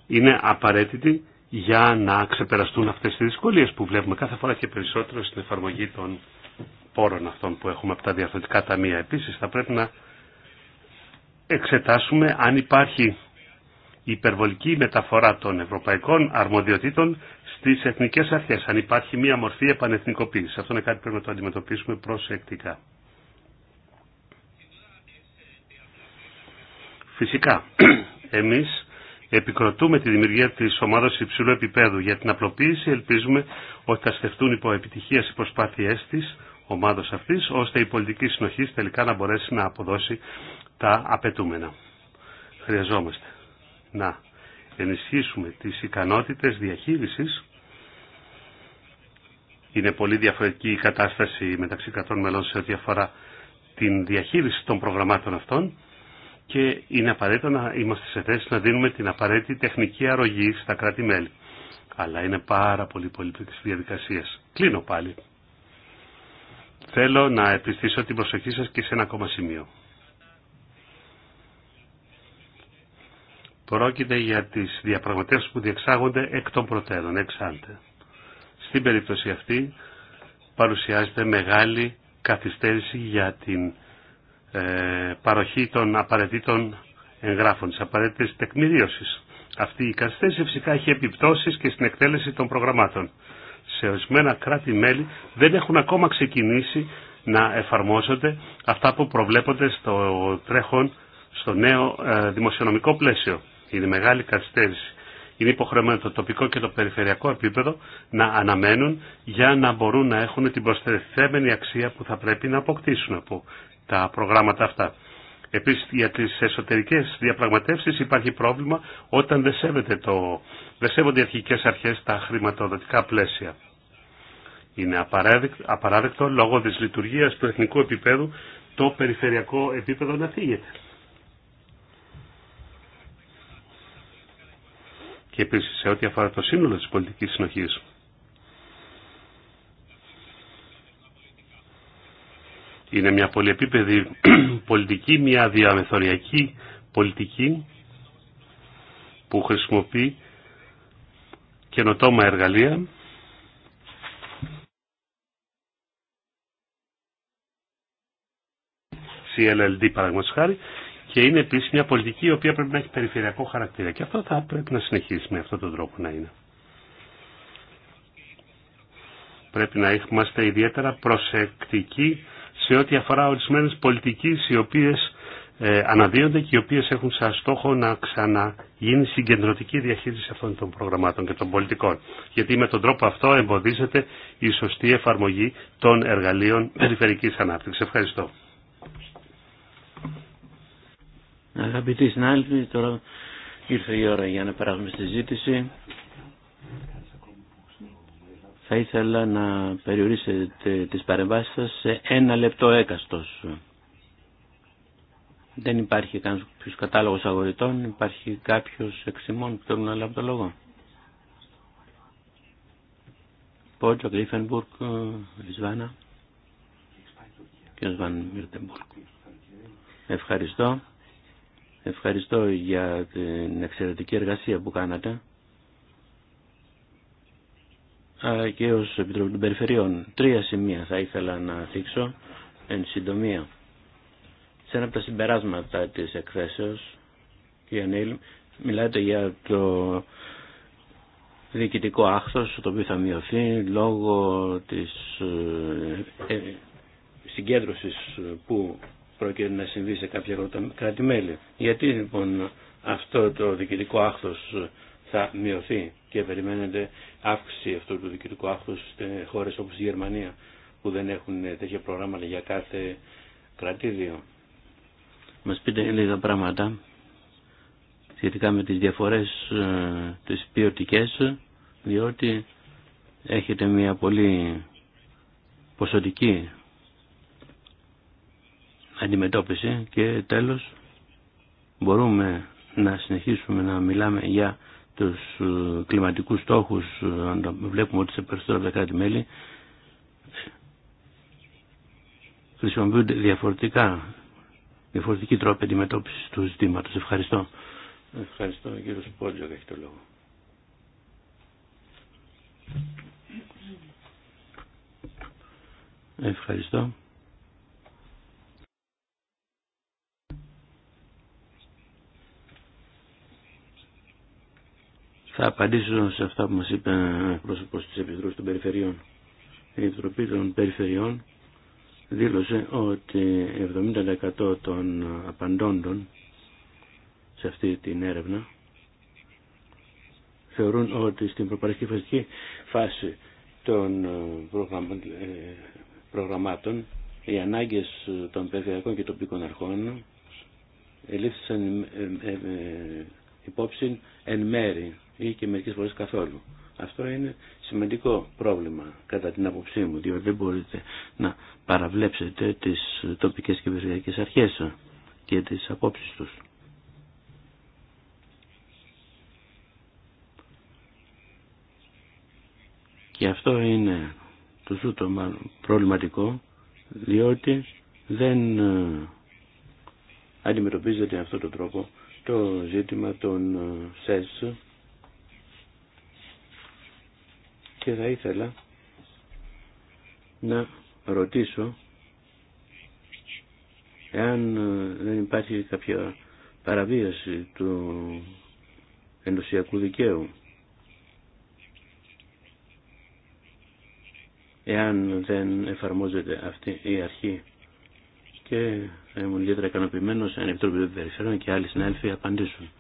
είναι απαραίτητη για να ξεπεραστούν αυτές τις δυσκολίες που βλέπουμε κάθε φορά και περισσότερο στην εφαρμογή των πόρων αυτών που έχουμε από τα διαφορετικά ταμεία. Επίσης θα πρέπει να εξετάσουμε αν υπάρχει υπερβολική μεταφορά των ευρωπαϊκών αρμοδιοτήτων στι εθνικέ αρχέ. αν υπάρχει μία μορφή επανεθνικοποίηση. Αυτό είναι κάτι που πρέπει να το αντιμετωπίσουμε προσεκτικά. Φυσικά, εμεί επικροτούμε τη δημιουργία τη ομάδα υψηλού επίπεδου για την απλοποίηση. Ελπίζουμε ότι θα στεφτούν υπό επιτυχία οι προσπάθειε τη ομάδα αυτή, ώστε η πολιτική συνοχή τελικά να μπορέσει να αποδώσει τα απαιτούμενα. Χρειαζόμαστε να ενισχύσουμε τις ικανότητες διαχείρισης είναι πολύ διαφορετική η κατάσταση μεταξύ κρατών μελών σε ό,τι αφορά την διαχείριση των προγραμμάτων αυτών και είναι απαραίτητο να είμαστε σε θέση να δίνουμε την απαραίτητη τεχνική αρρωγή στα κράτη-μέλη. Αλλά είναι πάρα πολύ πολύπλοκη διαδικασία. Κλείνω πάλι. Θέλω να επιστήσω την προσοχή σας και σε ένα ακόμα σημείο. Πρόκειται για τις διαπραγματεύσεις που διεξάγονται εκ των προτέρων, εξάντε. Στην περίπτωση αυτή παρουσιάζεται μεγάλη καθυστέρηση για την ε, παροχή των απαραίτητων εγγράφων, της απαραίτητης τεκμηρίωσης. Αυτή η καθυστέρηση φυσικά έχει επιπτώσεις και στην εκτέλεση των προγραμμάτων. Σε ορισμένα κράτη-μέλη δεν έχουν ακόμα ξεκινήσει να εφαρμόζονται αυτά που προβλέπονται στο τρέχον, στο νέο ε, δημοσιονομικό πλαίσιο. Είναι μεγάλη καθυστέρηση είναι υποχρεωμένο το τοπικό και το περιφερειακό επίπεδο να αναμένουν για να μπορούν να έχουν την προσθεθέμενη αξία που θα πρέπει να αποκτήσουν από τα προγράμματα αυτά. Επίσης για τις εσωτερικές διαπραγματεύσεις υπάρχει πρόβλημα όταν δεν, το, δεν σέβονται οι αρχικές αρχές τα χρηματοδοτικά πλαίσια. Είναι απαράδεκτο, απαράδεκτο λόγω της λειτουργίας του εθνικού επίπεδου το περιφερειακό επίπεδο να φύγεται. και επίση σε ό,τι αφορά το σύνολο τη πολιτική συνοχή. Είναι μια πολυεπίπεδη πολιτική, μια διαμεθοριακή πολιτική που χρησιμοποιεί καινοτόμα εργαλεία CLLD παραγματικά χάρη και είναι επίση μια πολιτική η οποία πρέπει να έχει περιφερειακό χαρακτήρα και αυτό θα πρέπει να συνεχίσει με αυτόν τον τρόπο να είναι. Πρέπει να είμαστε ιδιαίτερα προσεκτικοί σε ό,τι αφορά ορισμένε πολιτικέ οι οποίε ε, αναδύονται και οι οποίε έχουν σαν στόχο να ξαναγίνει συγκεντρωτική διαχείριση αυτών των προγραμμάτων και των πολιτικών. Γιατί με τον τρόπο αυτό εμποδίζεται η σωστή εφαρμογή των εργαλείων περιφερική ανάπτυξη. Ευχαριστώ. Αγαπητοί συνάδελφοι, τώρα ήρθε η ώρα για να περάσουμε στη ζήτηση. Θα ήθελα να περιορίσετε τις παρεμβάσεις σας σε ένα λεπτό έκαστος. Δεν υπάρχει κάποιος κατάλογος αγορητών, υπάρχει κάποιος εξημών που θέλουν να λάβουν το λόγο. και Ευχαριστώ. Ευχαριστώ για την εξαιρετική εργασία που κάνατε και ως Επιτροπή των Περιφερειών. Τρία σημεία θα ήθελα να δείξω. εν συντομία. Σε ένα από τα συμπεράσματα της εκθέσεως, κύριε Νίλ, μιλάτε για το διοικητικό άχθος το οποίο θα μειωθεί λόγω της ε, ε, συγκέντρωσης που και να συμβεί σε κάποια κράτη-μέλη. Γιατί λοιπόν αυτό το διοικητικό άχθος θα μειωθεί και περιμένετε αύξηση αυτού του διοικητικού άχθους σε χώρες όπως η Γερμανία που δεν έχουν τέτοια προγράμματα για κάθε κρατήδιο. Μας πείτε λίγα πράγματα σχετικά με τις διαφορές ε, τις ποιοτικέ, διότι έχετε μια πολύ ποσοτική αντιμετώπιση και τέλος μπορούμε να συνεχίσουμε να μιλάμε για τους ε, κλιματικούς στόχους ε, αν βλέπουμε ότι σε περισσότερα από τα κράτη-μέλη χρησιμοποιούνται διαφορετικά διαφορετικοί τρόποι αντιμετώπισης του ζητήματος. Ευχαριστώ. Ευχαριστώ κύριο Σπόλιο για το λόγο. Ευχαριστώ. Θα απαντήσω σε αυτά που μας είπε ο πρόσωπο της Επιτροπής των Περιφερειών. Η Επιτροπή των Περιφερειών δήλωσε ότι 70% των απαντώντων σε αυτή την έρευνα θεωρούν ότι στην προπαρασκευαστική φάση των ε, ε, προγραμμάτων οι ανάγκες των περιφερειακών και τοπικών αρχών ελήφθησαν ε, υπόψη εν μέρη ή και μερικέ φορέ καθόλου. Αυτό είναι σημαντικό πρόβλημα κατά την άποψή μου, διότι δεν μπορείτε να παραβλέψετε τις τοπικές και περιφερειακέ αρχέ και τις απόψει τους. Και αυτό είναι το ζούτο προβληματικό, διότι δεν ε, αντιμετωπίζεται αυτό τον τρόπο το ζήτημα των ε, ΣΕΣ και θα ήθελα να ρωτήσω εάν δεν υπάρχει κάποια παραβίαση του ενδοσιακού δικαίου. Εάν δεν εφαρμόζεται αυτή η αρχή και θα ήμουν ιδιαίτερα ικανοποιημένο αν η Επιτροπή και άλλοι συνάδελφοι απαντήσουν.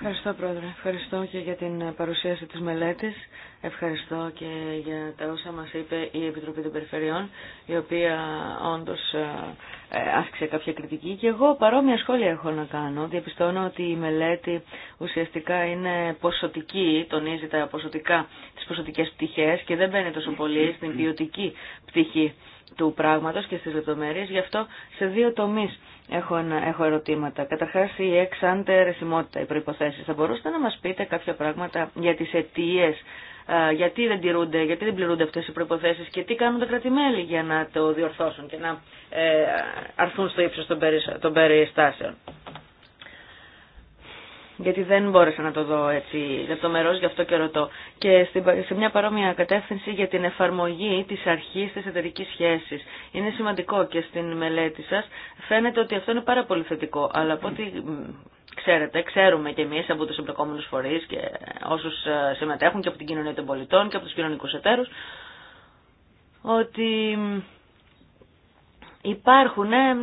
Ευχαριστώ Πρόεδρε, ευχαριστώ και για την παρουσίαση της μελέτης, ευχαριστώ και για τα όσα μας είπε η Επιτροπή των Περιφερειών, η οποία όντως ε, άσκησε κάποια κριτική και εγώ παρόμοια σχόλια έχω να κάνω. Διαπιστώνω ότι η μελέτη ουσιαστικά είναι ποσοτική, τονίζει τα ποσοτικά, τις ποσοτικές πτυχές και δεν μπαίνει τόσο πολύ στην ποιοτική πτυχή του πράγματος και στις λεπτομέρειες. Γι' αυτό σε δύο τομείς έχω, έχω ερωτήματα. Καταρχάς η εξάντε ρεσιμότητα, οι προϋποθέσεις. Θα μπορούσατε να μας πείτε κάποια πράγματα για τις αιτίε, γιατί δεν τηρούνται, γιατί δεν πληρούνται αυτές οι προϋποθέσεις και τι κάνουν τα κρατημέλη για να το διορθώσουν και να ε, αρθούν στο ύψος των περιστάσεων γιατί δεν μπόρεσα να το δω έτσι λεπτομερώς, γι' αυτό και ρωτώ. Και σε μια παρόμοια κατεύθυνση για την εφαρμογή της αρχής της εταιρικής σχέσης. Είναι σημαντικό και στην μελέτη σας φαίνεται ότι αυτό είναι πάρα πολύ θετικό, αλλά από ό,τι ξέρετε, ξέρουμε και εμείς από τους εμπλεκόμενους φορείς και όσους ε, συμμετέχουν και από την κοινωνία των πολιτών και από τους κοινωνικούς εταίρους, ότι υπάρχουν ε,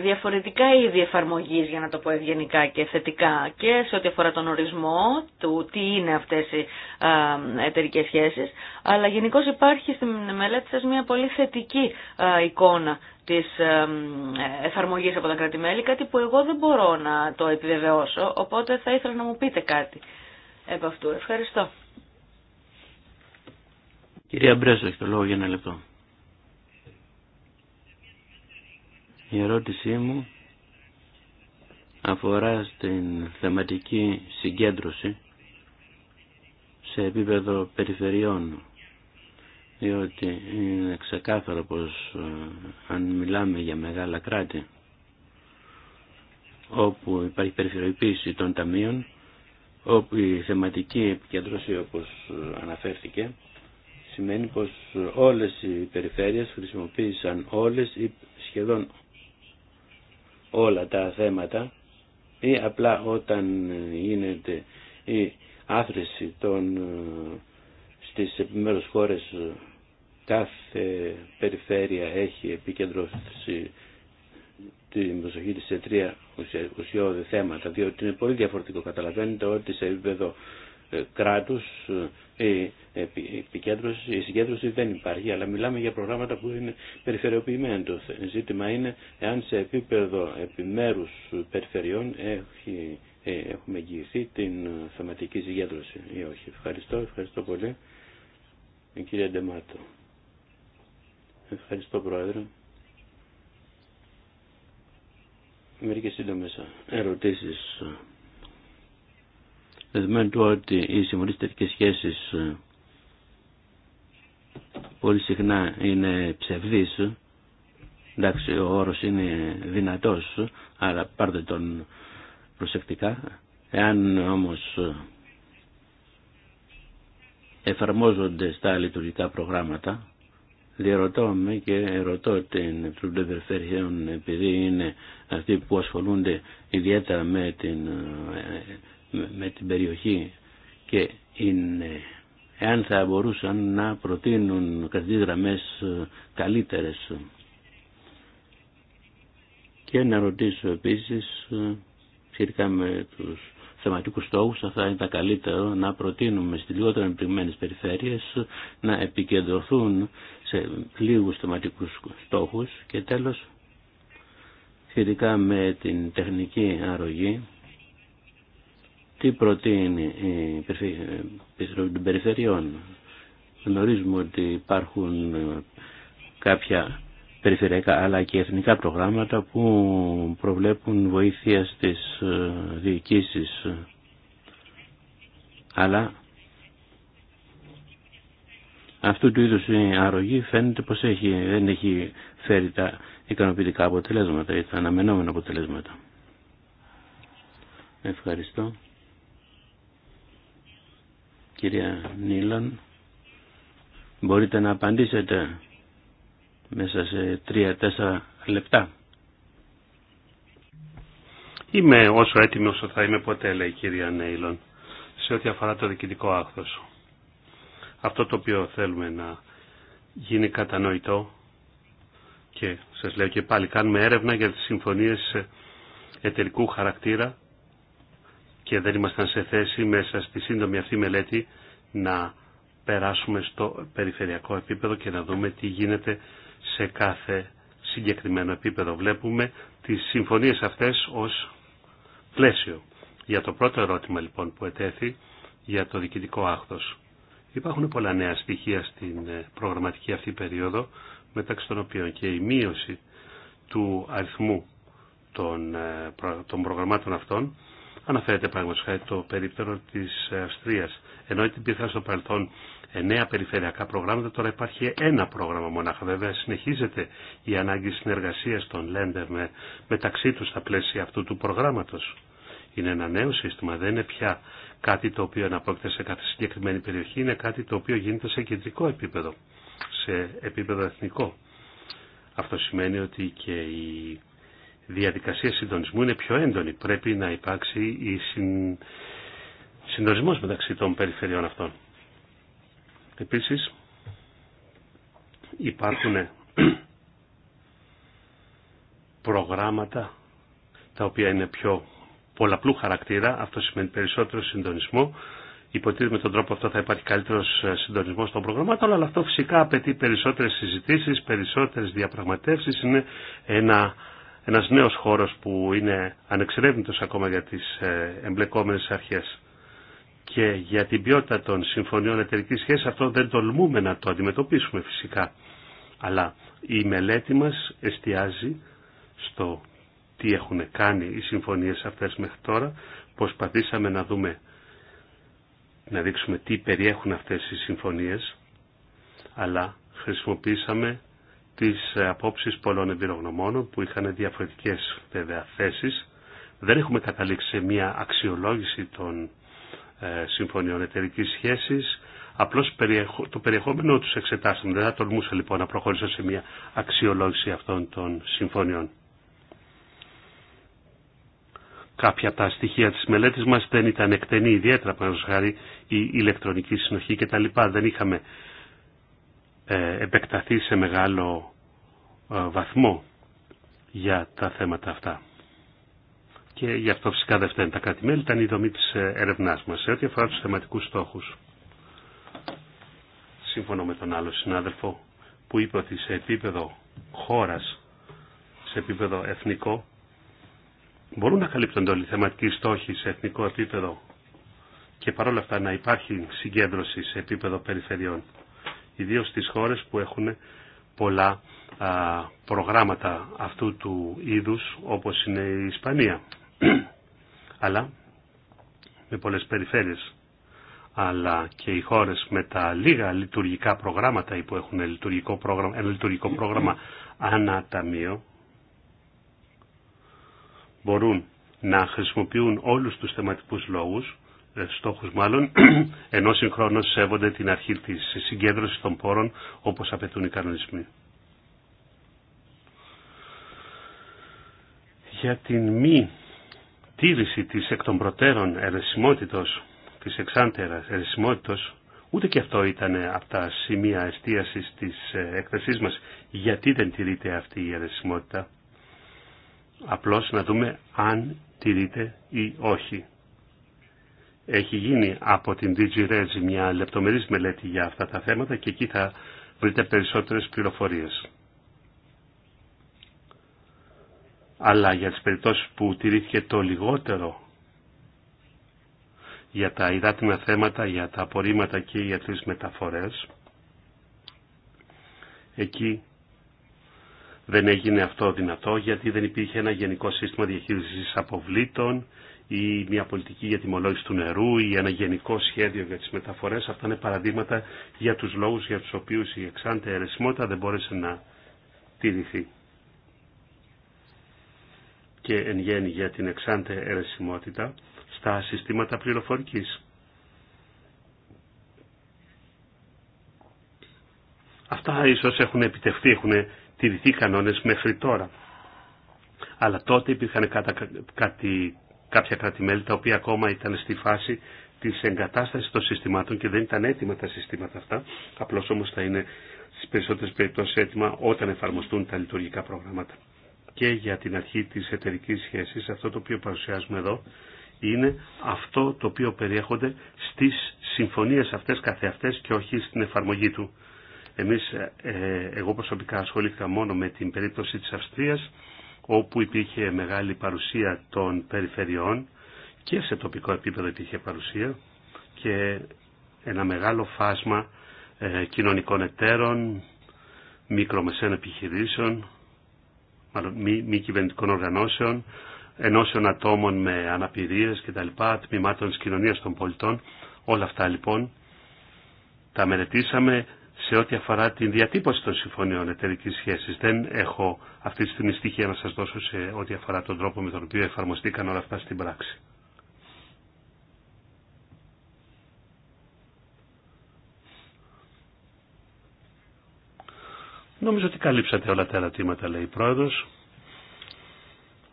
διαφορετικά είδη εφαρμογή για να το πω ευγενικά και θετικά, και σε ό,τι αφορά τον ορισμό του τι είναι αυτές οι εταιρικέ σχέσεις, αλλά γενικώ υπάρχει στη μελέτη σας μια πολύ θετική εικόνα της ε, εφαρμογής από τα κράτη-μέλη, κάτι που εγώ δεν μπορώ να το επιβεβαιώσω, οπότε θα ήθελα να μου πείτε κάτι επ' αυτού. Ευχαριστώ. Κυρία Μπρέσο, έχει το λόγο για ένα λεπτό. Η ερώτησή μου αφορά στην θεματική συγκέντρωση σε επίπεδο περιφερειών διότι είναι ξεκάθαρο πως ε, αν μιλάμε για μεγάλα κράτη όπου υπάρχει περιφερειοποίηση των ταμείων όπου η θεματική επικέντρωση όπως ε, αναφέρθηκε σημαίνει πως όλες οι περιφέρειες χρησιμοποίησαν όλες ή σχεδόν όλα τα θέματα ή απλά όταν γίνεται η άθρηση των, στις επιμέρους χώρες κάθε περιφέρεια έχει επικεντρώσει τη προσοχή της σε τρία ουσιώδη θέματα, διότι είναι πολύ διαφορετικό. Καταλαβαίνετε ότι σε επίπεδο ε, κράτους ε, η συγκέντρωση δεν υπάρχει, αλλά μιλάμε για προγράμματα που είναι περιφερειοποιημένα. Το ε, ζήτημα είναι εάν σε επίπεδο επιμέρους περιφερειών ε, έχουμε εγγυηθεί την θεματική συγκέντρωση ή όχι. Ευχαριστώ, ευχαριστώ πολύ. Η κυρία Ντεμάτο. Κύριε Πρόεδρε. Μερικές σύντομες ερωτήσεις δεδομένου του ότι οι συμφωνίες σχέσει σχέσεις ε, πολύ συχνά είναι ψευδείς ε, εντάξει ο όρος είναι δυνατός ε, αλλά πάρτε τον προσεκτικά εάν όμως εφαρμόζονται στα λειτουργικά προγράμματα διαρωτώ με και ερωτώ την Επιτροπή Περιφερειών επειδή είναι αυτοί που ασχολούνται ιδιαίτερα με την με την περιοχή και είναι εάν θα μπορούσαν να προτείνουν καθηγητές γραμμές ε, καλύτερες. Και να ρωτήσω επίσης ε, σχετικά με τους θεματικούς στόχους, θα ήταν καλύτερο να προτείνουμε στις λιγότερο εμπληκμένες περιφέρειες ε, να επικεντρωθούν σε λίγους θεματικούς στόχους και τέλος σχετικά με την τεχνική αρρωγή τι προτείνει η Επιτροπή των Περιφερειών. Γνωρίζουμε ότι υπάρχουν ε, κάποια περιφερειακά αλλά και εθνικά προγράμματα που προβλέπουν βοήθεια στις ε, διοικήσεις. Αλλά αυτού του είδους η αρρωγή φαίνεται πως έχει, δεν έχει φέρει τα ικανοποιητικά αποτελέσματα ή τα αναμενόμενα αποτελέσματα. Ευχαριστώ. Κυρία Νίλον, μπορείτε να απαντήσετε μέσα σε τρία-τέσσερα λεπτά. Είμαι όσο έτοιμο όσο θα είμαι ποτέ, λέει η κυρία Νίλον, σε ό,τι αφορά το διοικητικό άκθο. Αυτό το οποίο θέλουμε να γίνει κατανοητό και σας λέω και πάλι κάνουμε έρευνα για τις συμφωνίες εταιρικού χαρακτήρα και δεν ήμασταν σε θέση μέσα στη σύντομη αυτή μελέτη να περάσουμε στο περιφερειακό επίπεδο και να δούμε τι γίνεται σε κάθε συγκεκριμένο επίπεδο. Βλέπουμε τις συμφωνίες αυτές ως πλαίσιο. Για το πρώτο ερώτημα λοιπόν που ετέθη για το διοικητικό άχθος. Υπάρχουν πολλά νέα στοιχεία στην ε, προγραμματική αυτή περίοδο μεταξύ των οποίων και η μείωση του αριθμού των, ε, προγραμμάτων αυτών Αναφέρεται πραγματικά χάρη το περίπτερο της Αυστρίας. Ενώ υπήρχαν στο παρελθόν εννέα περιφερειακά προγράμματα, τώρα υπάρχει ένα πρόγραμμα μονάχα. Βέβαια συνεχίζεται η ανάγκη συνεργασίας των Λέντερ με, μεταξύ τους στα πλαίσια αυτού του προγράμματος. Είναι ένα νέο σύστημα, δεν είναι πια κάτι το οποίο αναπόκειται σε κάθε συγκεκριμένη περιοχή, είναι κάτι το οποίο γίνεται σε κεντρικό επίπεδο, σε επίπεδο εθνικό. Αυτό σημαίνει ότι και οι διαδικασία συντονισμού είναι πιο έντονη. Πρέπει να υπάρξει η συν... συντονισμός μεταξύ των περιφερειών αυτών. Επίσης υπάρχουν προγράμματα τα οποία είναι πιο πολλαπλού χαρακτήρα, αυτό σημαίνει περισσότερο συντονισμό. Υποτίθεται με τον τρόπο αυτό θα υπάρχει καλύτερο ε, συντονισμό των προγραμμάτων, αλλά αυτό φυσικά απαιτεί περισσότερε συζητήσει, περισσότερε διαπραγματεύσει. Είναι ένα ένας νέος χώρος που είναι ανεξερεύνητος ακόμα για τις ε, εμπλεκόμενες αρχές και για την ποιότητα των συμφωνιών εταιρική σχέση αυτό δεν τολμούμε να το αντιμετωπίσουμε φυσικά. Αλλά η μελέτη μας εστιάζει στο τι έχουν κάνει οι συμφωνίες αυτές μέχρι τώρα, προσπαθήσαμε να δούμε, να δείξουμε τι περιέχουν αυτές οι συμφωνίες, αλλά χρησιμοποίησαμε τις απόψεις πολλών εμπειρογνωμόνων που είχαν διαφορετικές βέβαια θέσεις. Δεν έχουμε καταλήξει σε μια αξιολόγηση των ε, συμφωνιών εταιρική σχέσης. Απλώς το περιεχόμενό τους εξετάσαμε. Δεν θα τολμούσα λοιπόν να προχωρήσω σε μια αξιολόγηση αυτών των συμφωνιών. Κάποια από τα στοιχεία της μελέτης μας δεν ήταν εκτενή ιδιαίτερα, παραδείγματος χάρη η ηλεκτρονική συνοχή κτλ. Δεν είχαμε ε, επεκταθεί σε μεγάλο ε, βαθμό για τα θέματα αυτά. Και γι' αυτό φυσικά δεν τα κράτη-μέλη, ήταν η δομή της ερευνάς μας σε ό,τι αφορά τους θεματικούς στόχους. Σύμφωνο με τον άλλο συνάδελφο που είπε ότι σε επίπεδο χώρας, σε επίπεδο εθνικό, μπορούν να καλύπτονται όλοι οι θεματικοί στόχοι σε εθνικό επίπεδο και παρόλα αυτά να υπάρχει συγκέντρωση σε επίπεδο περιφερειών ιδίως στις χώρες που έχουν πολλά α, προγράμματα αυτού του είδους όπως είναι η Ισπανία αλλά με πολλές περιφέρειες αλλά και οι χώρες με τα λίγα λειτουργικά προγράμματα ή που έχουν λειτουργικό πρόγραμμα, ένα λειτουργικό πρόγραμμα αναταμείο μπορούν να χρησιμοποιούν όλους τους θεματικούς λόγους ε, στόχους μάλλον, ενώ συγχρόνως σέβονται την αρχή της συγκέντρωσης των πόρων όπως απαιτούν οι κανονισμοί. Για την μη τήρηση της εκ των προτέρων ερεσιμότητος, της εξάντερας ερεσιμότητος, ούτε και αυτό ήταν από τα σημεία εστίασης της ε, έκθεσής μας. Γιατί δεν τηρείται αυτή η ερεσιμότητα. Απλώς να δούμε αν τηρείται ή όχι. Έχει γίνει από την DG Regi μια λεπτομερής μελέτη για αυτά τα θέματα και εκεί θα βρείτε περισσότερες πληροφορίες. Αλλά για τις περιπτώσεις που τηρήθηκε το λιγότερο για τα υδάτινα θέματα, για τα απορρίμματα και για τις μεταφορές, εκεί δεν έγινε αυτό δυνατό γιατί δεν υπήρχε ένα γενικό σύστημα διαχείρισης αποβλήτων, ή μια πολιτική για τιμολόγηση του νερού ή ένα γενικό σχέδιο για τις μεταφορές. Αυτά είναι παραδείγματα για τους λόγους για τους οποίους η εξάντια αιρεσιμότητα δεν μπόρεσε να τηρηθεί. Και εν γέννη για την εξάντια αιρεσιμότητα στα συστήματα πληροφορικής. Αυτά ίσως έχουν επιτευχθεί, έχουν τηρηθεί κανόνες μέχρι τώρα. Αλλά τότε υπήρχαν κάτι κάποια κρατημέλη τα οποία ακόμα ήταν στη φάση της εγκατάστασης των συστημάτων και δεν ήταν έτοιμα τα συστήματα αυτά, απλώς όμως θα είναι στις περισσότερες περιπτώσεις έτοιμα όταν εφαρμοστούν τα λειτουργικά προγράμματα. Και για την αρχή της εταιρική σχέσης, αυτό το οποίο παρουσιάζουμε εδώ, είναι αυτό το οποίο περιέχονται στις συμφωνίες αυτές καθεαυτές και όχι στην εφαρμογή του. Εμείς, ε, ε, εγώ προσωπικά ασχολήθηκα μόνο με την περίπτωση της Αυστρίας, όπου υπήρχε μεγάλη παρουσία των περιφερειών και σε τοπικό επίπεδο υπήρχε παρουσία και ένα μεγάλο φάσμα ε, κοινωνικών εταίρων, μικρομεσαίων επιχειρήσεων, μάλλον μη, κυβερνητικών οργανώσεων, ενώσεων ατόμων με αναπηρίες κτλ, τμήματων της κοινωνίας των πολιτών. Όλα αυτά λοιπόν τα μελετήσαμε, σε ό,τι αφορά την διατύπωση των συμφωνιών εταιρικής σχέσης. Δεν έχω αυτή τη στιγμή στοιχεία να σας δώσω σε ό,τι αφορά τον τρόπο με τον οποίο εφαρμοστήκαν όλα αυτά στην πράξη. Νομίζω ότι καλύψατε όλα τα ερωτήματα, λέει η Πρόεδρος.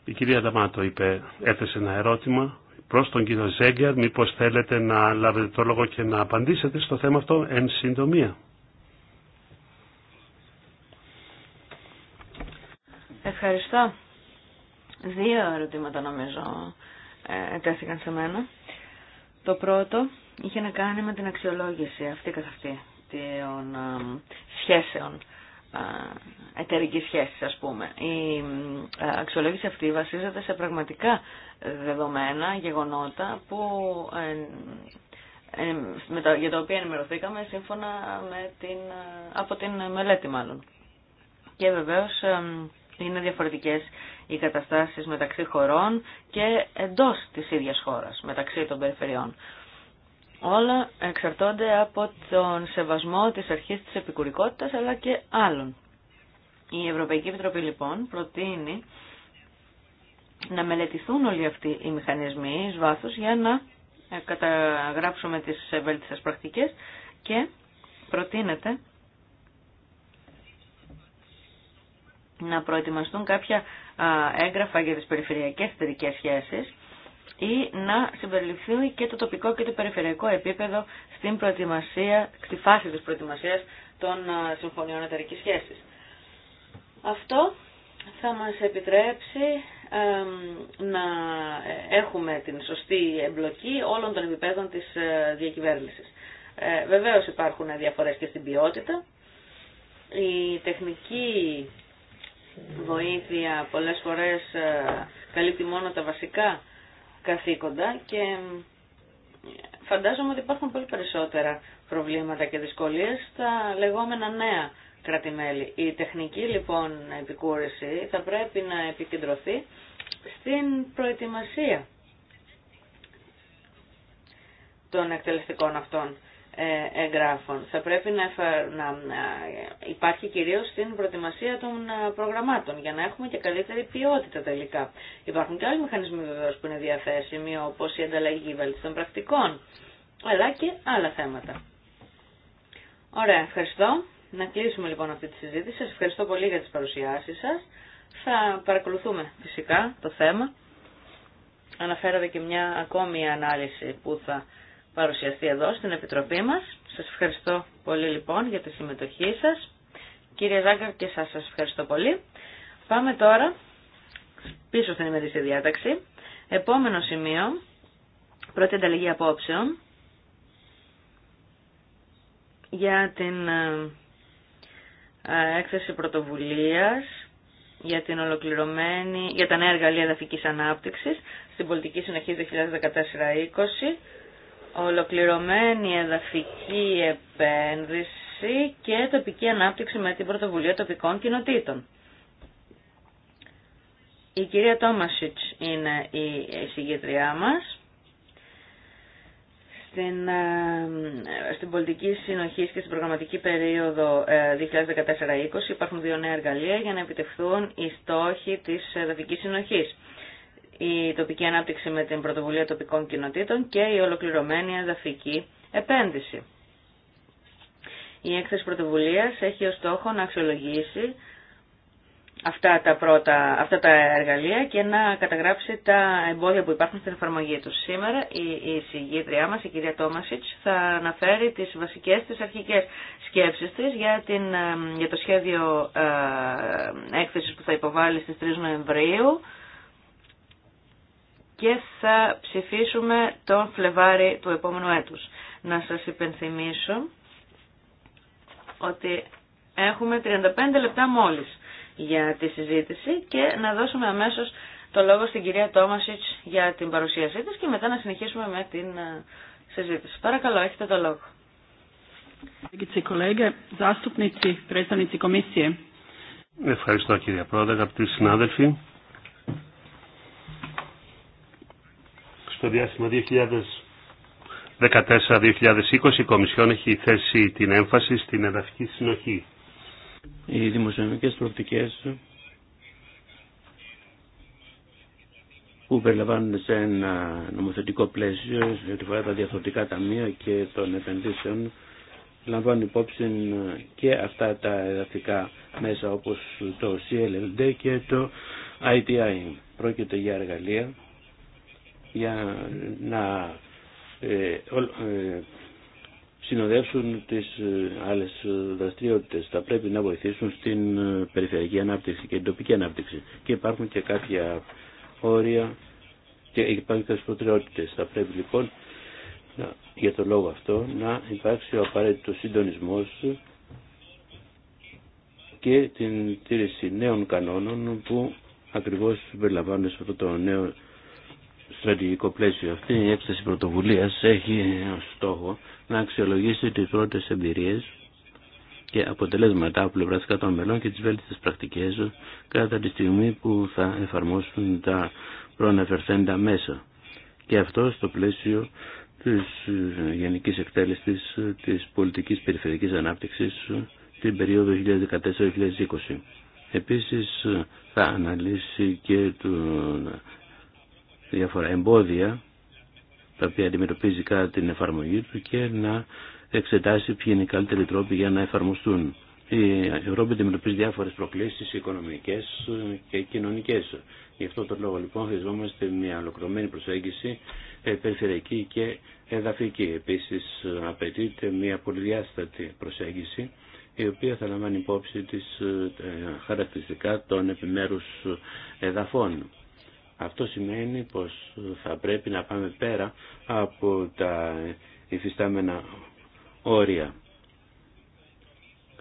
Η κυρία Νταμάτο είπε, έθεσε ένα ερώτημα προς τον κύριο Ζέγκερ, μήπως θέλετε να λάβετε το λόγο και να απαντήσετε στο θέμα αυτό εν συντομία. Ευχαριστώ. Δύο ερωτήματα νομίζω ε, τέθηκαν σε μένα. Το πρώτο είχε να κάνει με την αξιολόγηση αυτή καθ' αυτή των ε, σχέσεων ε, εταιρική σχέση, ας πούμε. Η αξιολόγηση αυτή βασίζεται σε πραγματικά δεδομένα, γεγονότα που για τα οποία ενημερωθήκαμε σύμφωνα με την, από την μελέτη μάλλον. Και βεβαίως είναι διαφορετικές οι καταστάσεις μεταξύ χωρών και εντός της ίδιας χώρας, μεταξύ των περιφερειών. Όλα εξαρτώνται από τον σεβασμό της αρχής της επικουρικότητας αλλά και άλλων. Η Ευρωπαϊκή Επιτροπή λοιπόν προτείνει να μελετηθούν όλοι αυτοί οι μηχανισμοί εις βάθος για να ε, καταγράψουμε τις βέλτιστες πρακτικές και προτείνεται να προετοιμαστούν κάποια έγγραφα για τις περιφερειακές εταιρικέ σχέσεις ή να συμπεριληφθεί και το τοπικό και το περιφερειακό επίπεδο στην προετοιμασία, στη φάση της προετοιμασίας των συμφωνιών εταιρικής σχέσης. Αυτό θα μας επιτρέψει να έχουμε την σωστή εμπλοκή όλων των επιπέδων της ε, διακυβέρνησης. Ε, βεβαίως υπάρχουν διαφορές και στην ποιότητα. Η τεχνική βοήθεια πολλές φορές ε, καλύπτει μόνο τα βασικά καθήκοντα και ε, φαντάζομαι ότι υπάρχουν πολύ περισσότερα προβλήματα και δυσκολίες στα λεγόμενα νέα κρατημέλη. Η τεχνική λοιπόν επικούρηση θα πρέπει να επικεντρωθεί στην προετοιμασία των εκτελεστικών αυτών ε, εγγράφων. Θα πρέπει να, ε, υπάρχει κυρίως στην προετοιμασία των ε, προγραμμάτων για να έχουμε και καλύτερη ποιότητα τελικά. Υπάρχουν και άλλοι μηχανισμοί βεβαίω που είναι διαθέσιμοι όπως η ανταλλαγή των πρακτικών αλλά και άλλα θέματα. Ωραία, ευχαριστώ. Να κλείσουμε λοιπόν αυτή τη συζήτηση. Σας ευχαριστώ πολύ για τις παρουσιάσεις σας. Θα παρακολουθούμε φυσικά το θέμα. Αναφέρατε και μια ακόμη ανάλυση που θα παρουσιαστεί εδώ στην Επιτροπή μας. Σας ευχαριστώ πολύ λοιπόν για τη συμμετοχή σας. Κύριε Ζάγκαρ και σας, σας ευχαριστώ πολύ. Πάμε τώρα πίσω στην ημερήσια διάταξη. Επόμενο σημείο, πρώτη ανταλλαγή απόψεων για την ε, έκθεση πρωτοβουλίας για, την ολοκληρωμένη, για τα νέα εργαλεία εδαφικής ανάπτυξης στην πολιτική συνοχή 2014-2020 ολοκληρωμένη εδαφική επένδυση και τοπική ανάπτυξη με την πρωτοβουλία τοπικών κοινοτήτων. Η κυρία Τόμασιτς είναι η συγγετριά μας. Στην, ε, στην πολιτική συνοχή και στην προγραμματική περίοδο 2014-2020 ε, υπάρχουν δύο νέα εργαλεία για να επιτευχθούν οι στόχοι της εδαφικής συνοχής η τοπική ανάπτυξη με την πρωτοβουλία τοπικών κοινοτήτων και η ολοκληρωμένη εδαφική επένδυση. Η έκθεση πρωτοβουλίας έχει ως στόχο να αξιολογήσει αυτά τα, πρώτα, αυτά τα εργαλεία και να καταγράψει τα εμπόδια που υπάρχουν στην εφαρμογή τους. Σήμερα η, η συγγήτριά μας, η κυρία Τόμασιτς, θα αναφέρει τις βασικές, της αρχικές σκέψεις της για, την, ε, για το σχέδιο ε, έκθεσης που θα υποβάλει στις 3 Νοεμβρίου και θα ψηφίσουμε τον Φλεβάρι του επόμενου έτους. Να σας υπενθυμίσω ότι έχουμε 35 λεπτά μόλις για τη συζήτηση και να δώσουμε αμέσως το λόγο στην κυρία Τόμασιτς για την παρουσίασή της και μετά να συνεχίσουμε με την ε, συζήτηση. Παρακαλώ, έχετε το λόγο. Ευχαριστώ κυρία Πρόεδρε, αγαπητοί συνάδελφοι. στο διάστημα 2014-2020 η Κομισιόν έχει θέσει την έμφαση στην εδαφική συνοχή. Οι δημοσιονομικές προοπτικές που περιλαμβάνονται σε ένα νομοθετικό πλαίσιο σε ό,τι φορά τα διαφορετικά ταμεία και των επενδύσεων λαμβάνουν υπόψη και αυτά τα εδαφικά μέσα όπως το CLLD και το ITI. Πρόκειται για εργαλεία για να ε, ε, συνοδεύσουν τις ε, άλλες δραστηριότητες. Θα πρέπει να βοηθήσουν στην περιφερειακή ανάπτυξη και την τοπική ανάπτυξη. Και υπάρχουν και κάποια όρια και υπάρχουν και προτεραιότητες. Θα πρέπει λοιπόν να, για τον λόγο αυτό να υπάρξει ο απαραίτητο συντονισμός και την τήρηση νέων κανόνων που ακριβώς περιλαμβάνουν σε αυτό το νέο στρατηγικό πλαίσιο. Αυτή η έκθεση πρωτοβουλίας έχει ως στόχο να αξιολογήσει τις πρώτες εμπειρίες και αποτελέσματα από πλευρά των μελών και τις βέλτιστες πρακτικές κατά τη στιγμή που θα εφαρμόσουν τα προαναφερθέντα μέσα. Και αυτό στο πλαίσιο της ε, γενικής εκτέλεσης της πολιτικής περιφερειακής ανάπτυξης την περίοδο 2014-2020. Επίσης ε, θα αναλύσει και τον διάφορα εμπόδια τα οποία αντιμετωπίζει κατά την εφαρμογή του και να εξετάσει ποιοι είναι οι καλύτεροι τρόποι για να εφαρμοστούν. Η Ευρώπη αντιμετωπίζει διάφορε προκλήσει οικονομικέ και κοινωνικέ. Γι' αυτό τον λόγο λοιπόν χρειαζόμαστε μια ολοκληρωμένη προσέγγιση περιφερειακή και εδαφική. Επίση απαιτείται μια πολυδιάστατη προσέγγιση η οποία θα λαμβάνει υπόψη τις ε, χαρακτηριστικά των επιμέρους ε, εδαφών. Αυτό σημαίνει πως θα πρέπει να πάμε πέρα από τα υφιστάμενα όρια.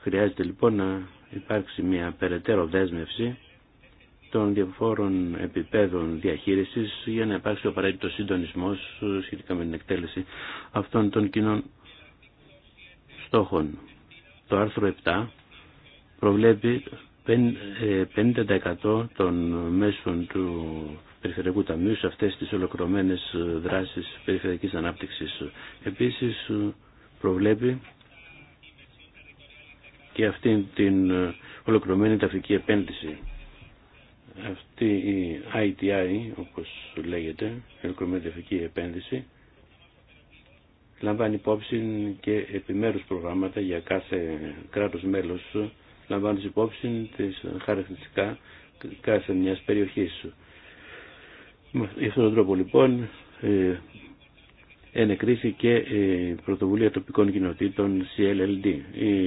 Χρειάζεται λοιπόν να υπάρξει μια περαιτέρω δέσμευση των διαφόρων επιπέδων διαχείρισης για να υπάρξει ο απαραίτητο σύντονισμό σχετικά με την εκτέλεση αυτών των κοινών στόχων. Το άρθρο 7 προβλέπει 50% ε, των μέσων του Περιφερειακού Ταμείου σε αυτές τις ολοκληρωμένες ε, δράσεις περιφερειακής ανάπτυξης. Επίσης ε, προβλέπει και αυτή την ε, ολοκληρωμένη ταφική επένδυση. Αυτή η ITI, όπως λέγεται, η ολοκληρωμένη ταφική επένδυση, λαμβάνει υπόψη και επιμέρους προγράμματα για κάθε κράτος μέλος, λαμβάνει υπόψη τις χαρακτηριστικά κάθε μιας περιοχής. Με αυτόν τον τρόπο λοιπόν ε, η ε, πρωτοβουλία τοπικών κοινοτήτων CLLD. Η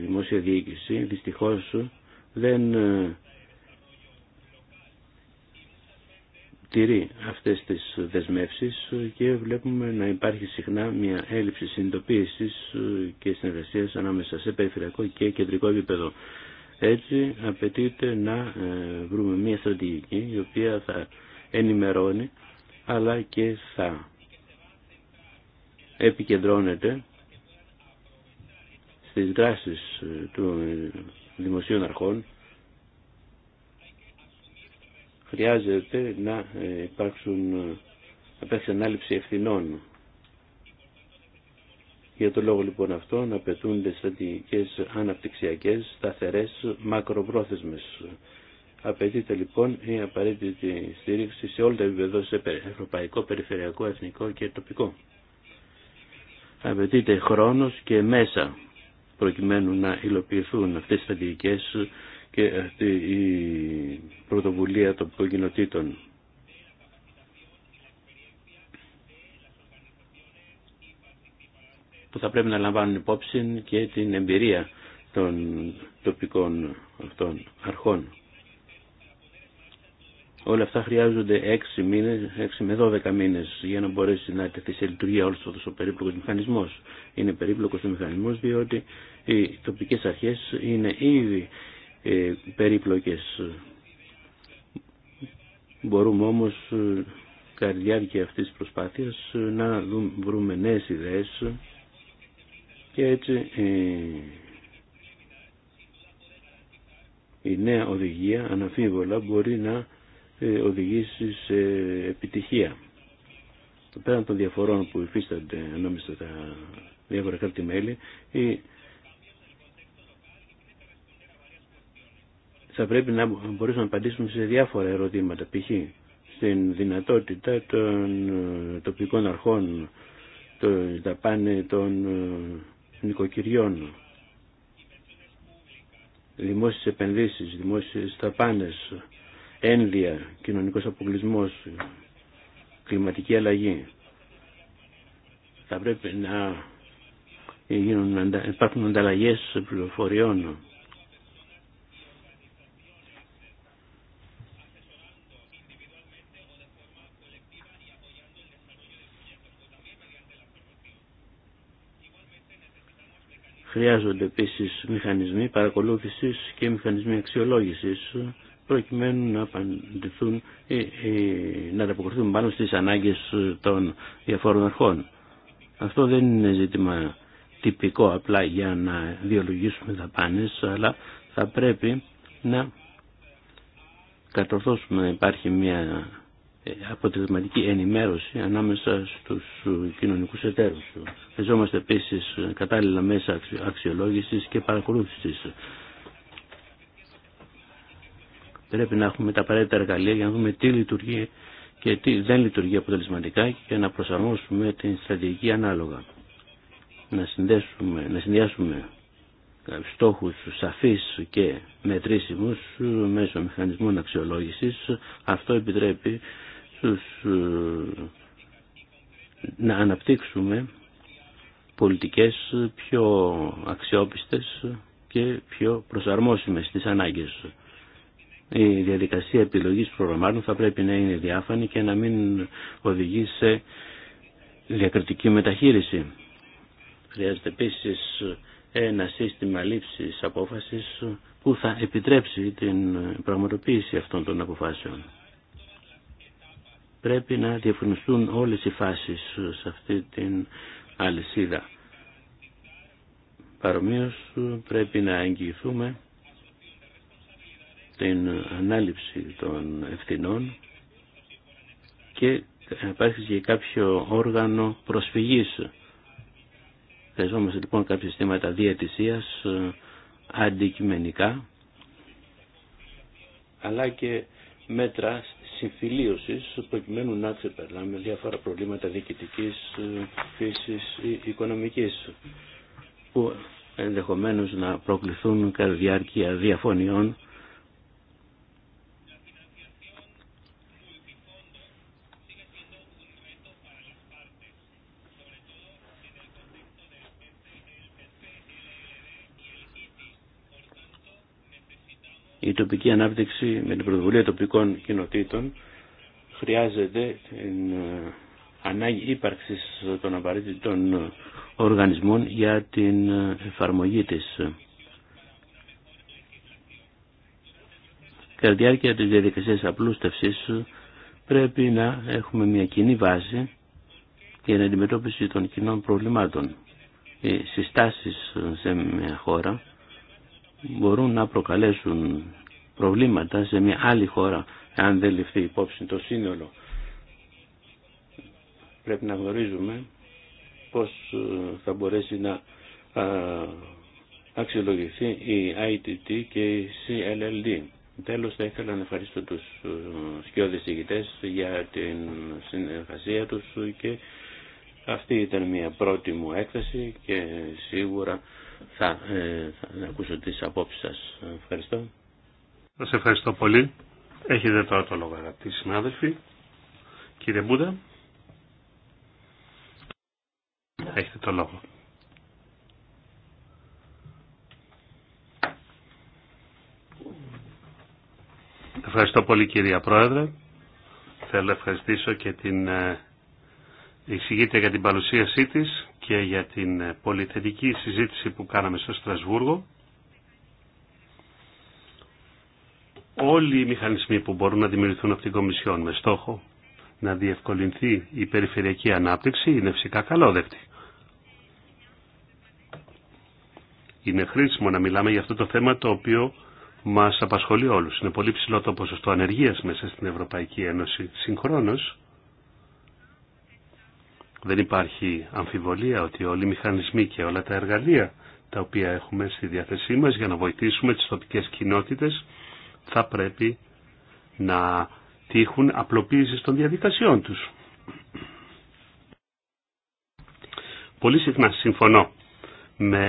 δημόσια διοίκηση δυστυχώς δεν ε, τηρεί αυτές τις δεσμεύσεις και βλέπουμε να υπάρχει συχνά μια έλλειψη συνειδητοποίησης ε, και συνεργασίας ανάμεσα σε περιφερειακό και κεντρικό επίπεδο. Έτσι απαιτείται να βρούμε μια στρατηγική η οποία θα ενημερώνει αλλά και θα επικεντρώνεται στις δράσεις ε, των δημοσίων αρχών χρειάζεται να ε, υπάρξουν ε, να υπάρξει ανάληψη ευθυνών για τον λόγο λοιπόν αυτό να απαιτούνται στρατηγικές αναπτυξιακές σταθερές μακροπρόθεσμες Απαιτείται λοιπόν η απαραίτητη στήριξη σε όλα τα επίπεδα, σε ευρωπαϊκό, περιφερειακό, εθνικό και τοπικό. Απαιτείται χρόνος και μέσα προκειμένου να υλοποιηθούν αυτές οι στρατηγικές και αυτή η πρωτοβουλία των κοινοτήτων. που θα πρέπει να λαμβάνουν υπόψη και την εμπειρία των τοπικών αυτών αρχών. Όλα αυτά χρειάζονται 6, μήνες, 6 με 12 μήνες για να μπορέσει να τεθεί σε λειτουργία όλος αυτό ο περίπλοκος μηχανισμός. Είναι περίπλοκος ο μηχανισμός διότι οι τοπικές αρχές είναι ήδη ε, περίπλοκε. Μπορούμε όμω ε, κατά τη διάρκεια αυτή τη προσπάθεια ε, να δούμε, βρούμε νέες ιδέες και έτσι ε, η νέα οδηγία αναφίβολα μπορεί να ε, οδηγήσει σε επιτυχία. Το πέραν των διαφορών που υφίστανται ανάμεσα τα διάφορα κράτη-μέλη, θα πρέπει να μπορέσουμε να απαντήσουμε σε διάφορα ερωτήματα, π.χ. στην δυνατότητα των ε, τοπικών αρχών, των δαπάνε των νοικοκυριών, δημόσιες επενδύσεις, δημόσιες ταπάνες ένδια, κοινωνικός αποκλεισμός, κλιματική αλλαγή. Θα πρέπει να γίνουν, υπάρχουν ανταλλαγές πληροφοριών. Χρειάζονται επίσης μηχανισμοί παρακολούθησης και μηχανισμοί αξιολόγησης προκειμένου να απαντηθούν, να ανταποκριθούν πάνω στις ανάγκες των διαφόρων αρχών. Αυτό δεν είναι ζήτημα τυπικό απλά για να διολογήσουμε δαπάνες, αλλά θα πρέπει να κατορθώσουμε να υπάρχει μια ε, αποτελεσματική ενημέρωση ανάμεσα στους κοινωνικούς εταίρους. Χρειαζόμαστε επίσης κατάλληλα μέσα αξιολόγησης και παρακολούθησης. Πρέπει να έχουμε τα απαραίτητα εργαλεία για να δούμε τι λειτουργεί και τι δεν λειτουργεί αποτελεσματικά και να προσαρμόσουμε την στρατηγική ανάλογα. Να, συνδέσουμε, να συνδυάσουμε στόχου σαφεί και μετρήσιμους μέσω μηχανισμών αξιολόγησης. Αυτό επιτρέπει στους, ε, να αναπτύξουμε πολιτικές πιο αξιόπιστες και πιο προσαρμόσιμες στις ανάγκες η διαδικασία επιλογής προγραμμάτων θα πρέπει να είναι διάφανη και να μην οδηγεί σε διακριτική μεταχείριση. Χρειάζεται επίσης ένα σύστημα λήψης απόφασης που θα επιτρέψει την πραγματοποίηση αυτών των αποφάσεων. Πρέπει να διαφωνιστούν όλες οι φάσεις σε αυτή την αλυσίδα. Παρομοίως πρέπει να εγγυηθούμε την ανάληψη των ευθυνών και υπάρχει και κάποιο όργανο προσφυγής. Χρειαζόμαστε λοιπόν κάποια συστήματα διατησίας ε, αντικειμενικά αλλά και μέτρα συμφιλίωσης προκειμένου να ξεπερνάμε διάφορα προβλήματα διοικητικής ε, φύσης ή οικονομικής που ενδεχομένως να προκληθούν κατά διάρκεια διαφωνιών Η τοπική ανάπτυξη με την πρωτοβουλία τοπικών κοινοτήτων χρειάζεται την ε, ανάγκη ύπαρξης των απαραίτητων οργανισμών για την ε, εφαρμογή της. Κατά τη διάρκεια της διαδικασίας απλούστευσης πρέπει να έχουμε μια κοινή βάση για την αντιμετώπιση των κοινών προβλημάτων. Οι συστάσεις ε, σε μια χώρα μπορούν να προκαλέσουν προβλήματα σε μια άλλη χώρα αν δεν ληφθεί υπόψη το σύνολο. Πρέπει να γνωρίζουμε πώς ε, θα μπορέσει να ε, αξιολογηθεί η ITT και η CLLD. Τέλος θα ήθελα να ευχαριστώ τους ε, σκιώδες ηγητές για την συνεργασία τους και αυτή ήταν μια πρώτη μου έκθεση και σίγουρα θα, ε, θα ακούσω τις απόψεις σας. Ευχαριστώ. Σας ευχαριστώ πολύ. Έχετε τώρα το λόγο αγαπητοί συνάδελφοι. Κύριε Μπούδα, Έχετε το λόγο. Ευχαριστώ πολύ κυρία Πρόεδρε. Θέλω να ευχαριστήσω και την ε, εισηγήτρια για την παρουσίασή της και για την ε, πολυθετική συζήτηση που κάναμε στο Στρασβούργο. Όλοι οι μηχανισμοί που μπορούν να δημιουργηθούν από την Κομισιόν με στόχο να διευκολυνθεί η περιφερειακή ανάπτυξη είναι φυσικά καλόδεκτοι. Είναι χρήσιμο να μιλάμε για αυτό το θέμα το οποίο μας απασχολεί όλους. Είναι πολύ ψηλό το ποσοστό ανεργίας μέσα στην Ευρωπαϊκή Ένωση. Συγχρόνως, δεν υπάρχει αμφιβολία ότι όλοι οι μηχανισμοί και όλα τα εργαλεία τα οποία έχουμε στη διάθεσή μας για να βοηθήσουμε τις τοπικές κοινότητες θα πρέπει να τύχουν απλοποίηση των διαδικασιών τους. Πολύ συχνά συμφωνώ με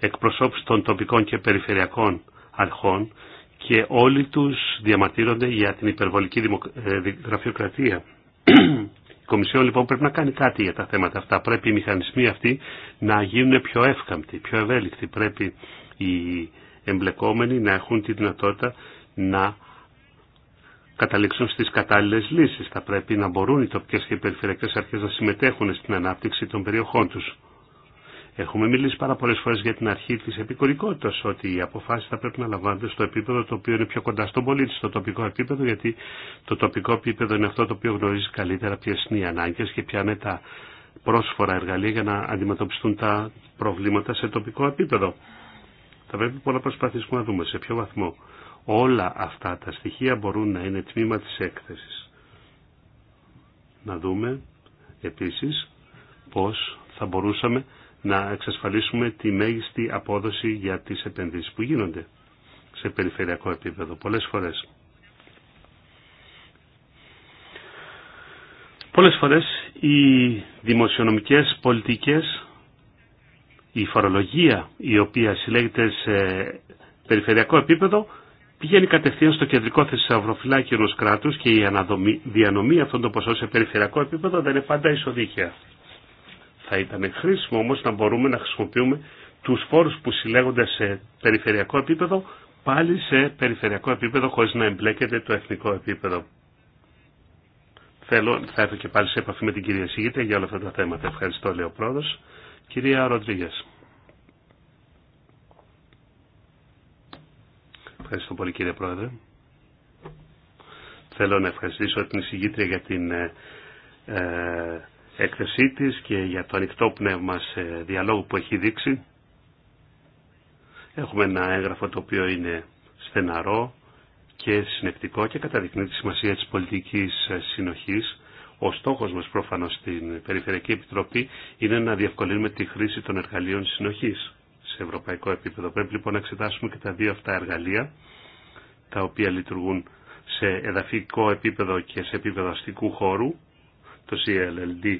εκπροσώπους των τοπικών και περιφερειακών αρχών και όλοι τους διαμαρτύρονται για την υπερβολική ε, γραφειοκρατία η Κομισιόν λοιπόν πρέπει να κάνει κάτι για τα θέματα αυτά. Πρέπει οι μηχανισμοί αυτοί να γίνουν πιο εύκαμπτοι, πιο ευέλικτοι. Πρέπει οι εμπλεκόμενοι να έχουν τη δυνατότητα να καταλήξουν στις κατάλληλες λύσεις. Θα πρέπει να μπορούν οι τοπικές και οι περιφερειακές αρχές να συμμετέχουν στην ανάπτυξη των περιοχών τους. Έχουμε μιλήσει πάρα πολλέ φορέ για την αρχή τη επικουρικότητα, ότι οι αποφάσει θα πρέπει να λαμβάνονται στο επίπεδο το οποίο είναι πιο κοντά στον πολίτη, στο τοπικό επίπεδο, γιατί το τοπικό επίπεδο είναι αυτό το οποίο γνωρίζει καλύτερα ποιε είναι οι ανάγκες και ποια είναι τα πρόσφορα εργαλεία για να αντιμετωπιστούν τα προβλήματα σε τοπικό επίπεδο. Θα πρέπει πολλά λοιπόν προσπαθήσουμε να δούμε σε ποιο βαθμό όλα αυτά τα στοιχεία μπορούν να είναι τμήμα τη έκθεση. Να δούμε επίση πώ θα μπορούσαμε να εξασφαλίσουμε τη μέγιστη απόδοση για τις επενδύσεις που γίνονται σε περιφερειακό επίπεδο πολλές φορές. Πολλές φορές οι δημοσιονομικές πολιτικές, η φορολογία η οποία συλλέγεται σε περιφερειακό επίπεδο πηγαίνει κατευθείαν στο κεντρικό θεσσαυροφυλάκιο ενό κράτου και η διανομή αυτών των ποσών σε περιφερειακό επίπεδο δεν είναι πάντα ισοδίκαια. Θα ήταν χρήσιμο όμως να μπορούμε να χρησιμοποιούμε τους φόρους που συλλέγονται σε περιφερειακό επίπεδο πάλι σε περιφερειακό επίπεδο χωρίς να εμπλέκεται το εθνικό επίπεδο. Θέλω, θα έρθω και πάλι σε επαφή με την κυρία Σιγήτα για όλα αυτά τα θέματα. Ευχαριστώ, λέει ο πρόεδρος. Κυρία Ροντρίγες. Ευχαριστώ πολύ κύριε Πρόεδρε. Θέλω να ευχαριστήσω την Σιγήτρια για την ε, ε, έκθεσή και για το ανοιχτό πνεύμα σε διαλόγου που έχει δείξει. Έχουμε ένα έγγραφο το οποίο είναι στεναρό και συνεκτικό και καταδεικνύει τη σημασία της πολιτικής συνοχής. Ο στόχος μας προφανώς στην Περιφερειακή Επιτροπή είναι να διευκολύνουμε τη χρήση των εργαλείων συνοχής σε ευρωπαϊκό επίπεδο. Πρέπει λοιπόν να εξετάσουμε και τα δύο αυτά εργαλεία τα οποία λειτουργούν σε εδαφικό επίπεδο και σε επίπεδο αστικού χώρου, το CLLD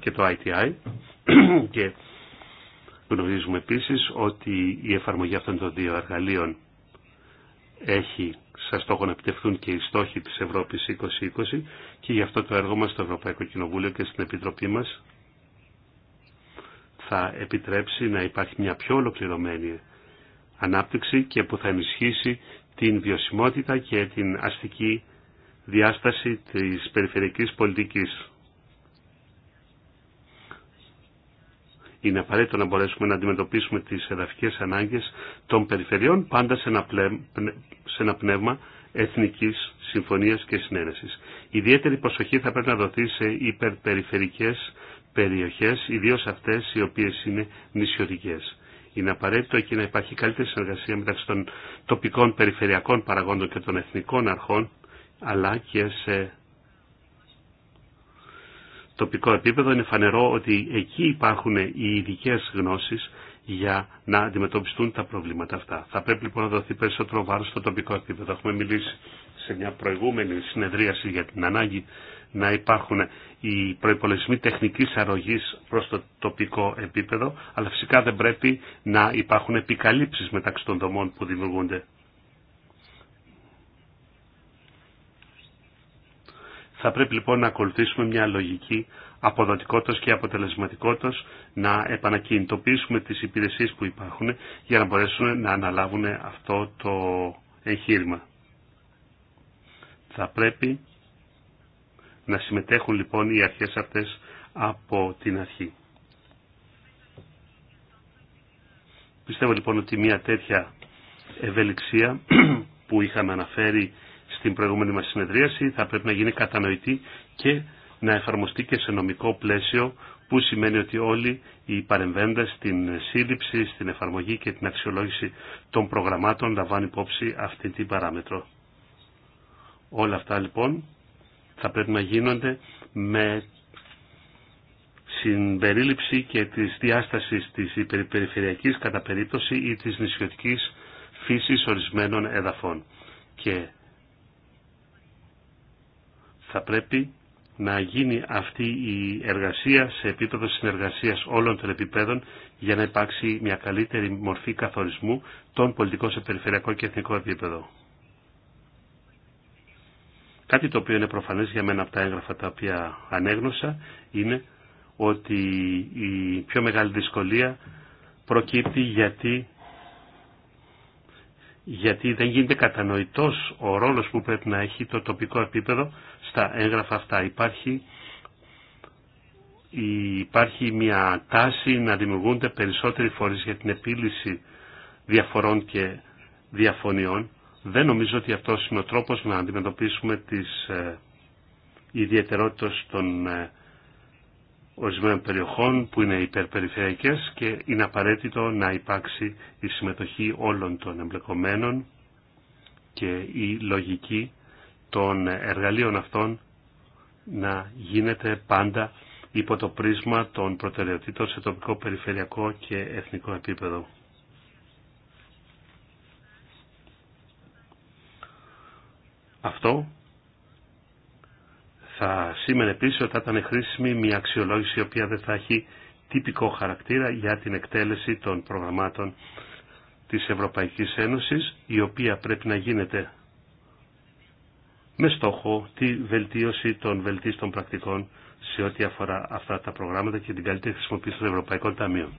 και το ITI και γνωρίζουμε επίσης ότι η εφαρμογή αυτών των δύο εργαλείων έχει σαν στόχο να επιτευχθούν και οι στόχοι της Ευρώπης 2020 και γι' αυτό το έργο μας στο Ευρωπαϊκό Κοινοβούλιο και στην Επιτροπή μας θα επιτρέψει να υπάρχει μια πιο ολοκληρωμένη ανάπτυξη και που θα ενισχύσει την βιωσιμότητα και την αστική διάσταση της περιφερειακής πολιτικής. Είναι απαραίτητο να μπορέσουμε να αντιμετωπίσουμε τις εδαφικές ανάγκες των περιφερειών πάντα σε ένα, πλε... σε ένα πνεύμα εθνικής συμφωνίας και συνένεσης. Ιδιαίτερη προσοχή θα πρέπει να δοθεί σε υπερπεριφερικές περιοχές, ιδίως αυτές οι οποίες είναι νησιωτικές. Είναι απαραίτητο εκεί να υπάρχει καλύτερη συνεργασία μεταξύ των τοπικών περιφερειακών παραγόντων και των εθνικών αρχών, αλλά και σε τοπικό επίπεδο είναι φανερό ότι εκεί υπάρχουν οι ειδικέ γνώσεις για να αντιμετωπιστούν τα προβλήματα αυτά. Θα πρέπει λοιπόν να δοθεί περισσότερο βάρος στο τοπικό επίπεδο. Έχουμε μιλήσει σε μια προηγούμενη συνεδρίαση για την ανάγκη να υπάρχουν οι προϋπολογισμοί τεχνικής αρρωγής προς το τοπικό επίπεδο, αλλά φυσικά δεν πρέπει να υπάρχουν επικαλύψεις μεταξύ των δομών που δημιουργούνται. Θα πρέπει λοιπόν να ακολουθήσουμε μια λογική αποδοτικότητας και αποτελεσματικότητας να επανακινητοποιήσουμε τις υπηρεσίες που υπάρχουν για να μπορέσουν να αναλάβουν αυτό το εγχείρημα. Θα πρέπει να συμμετέχουν λοιπόν οι αρχές αυτές από την αρχή. Πιστεύω λοιπόν ότι μια τέτοια ευελιξία που είχαμε αναφέρει στην προηγούμενη μας συνεδρίαση θα πρέπει να γίνει κατανοητή και να εφαρμοστεί και σε νομικό πλαίσιο που σημαίνει ότι όλοι οι παρεμβέντες στην σύλληψη, στην εφαρμογή και την αξιολόγηση των προγραμμάτων λαμβάνουν υπόψη αυτή την παράμετρο. Όλα αυτά λοιπόν θα πρέπει να γίνονται με συμπερίληψη και της διάσταση της υπερπεριφερειακής κατά περίπτωση ή της νησιωτικής φύσης ορισμένων εδαφών. Και θα πρέπει να γίνει αυτή η εργασία σε επίπεδο συνεργασίας όλων των επιπέδων για να υπάρξει μια καλύτερη μορφή καθορισμού των πολιτικών σε περιφερειακό και εθνικό επίπεδο. Κάτι το οποίο είναι προφανές για μένα από τα έγγραφα τα οποία ανέγνωσα είναι ότι η πιο μεγάλη δυσκολία προκύπτει γιατί γιατί δεν γίνεται κατανοητός ο ρόλος που πρέπει να έχει το τοπικό επίπεδο στα έγγραφα αυτά. Υπάρχει, υπάρχει μια τάση να δημιουργούνται περισσότεροι φορείς για την επίλυση διαφορών και διαφωνιών. Δεν νομίζω ότι αυτός είναι ο τρόπος να αντιμετωπίσουμε τις ε, ιδιαιτερότητες των ε, ορισμένων περιοχών που είναι υπερπεριφερειακές και είναι απαραίτητο να υπάρξει η συμμετοχή όλων των εμπλεκομένων και η λογική των εργαλείων αυτών να γίνεται πάντα υπό το πρίσμα των προτεραιοτήτων σε τοπικό, περιφερειακό και εθνικό επίπεδο. Αυτό θα σήμαινε επίσης ότι θα ήταν χρήσιμη μια αξιολόγηση η οποία δεν θα έχει τυπικό χαρακτήρα για την εκτέλεση των προγραμμάτων της Ευρωπαϊκής Ένωσης, η οποία πρέπει να γίνεται με στόχο τη βελτίωση των βελτίστων πρακτικών σε ό,τι αφορά αυτά τα προγράμματα και την καλύτερη χρησιμοποίηση των Ευρωπαϊκών Ταμείων.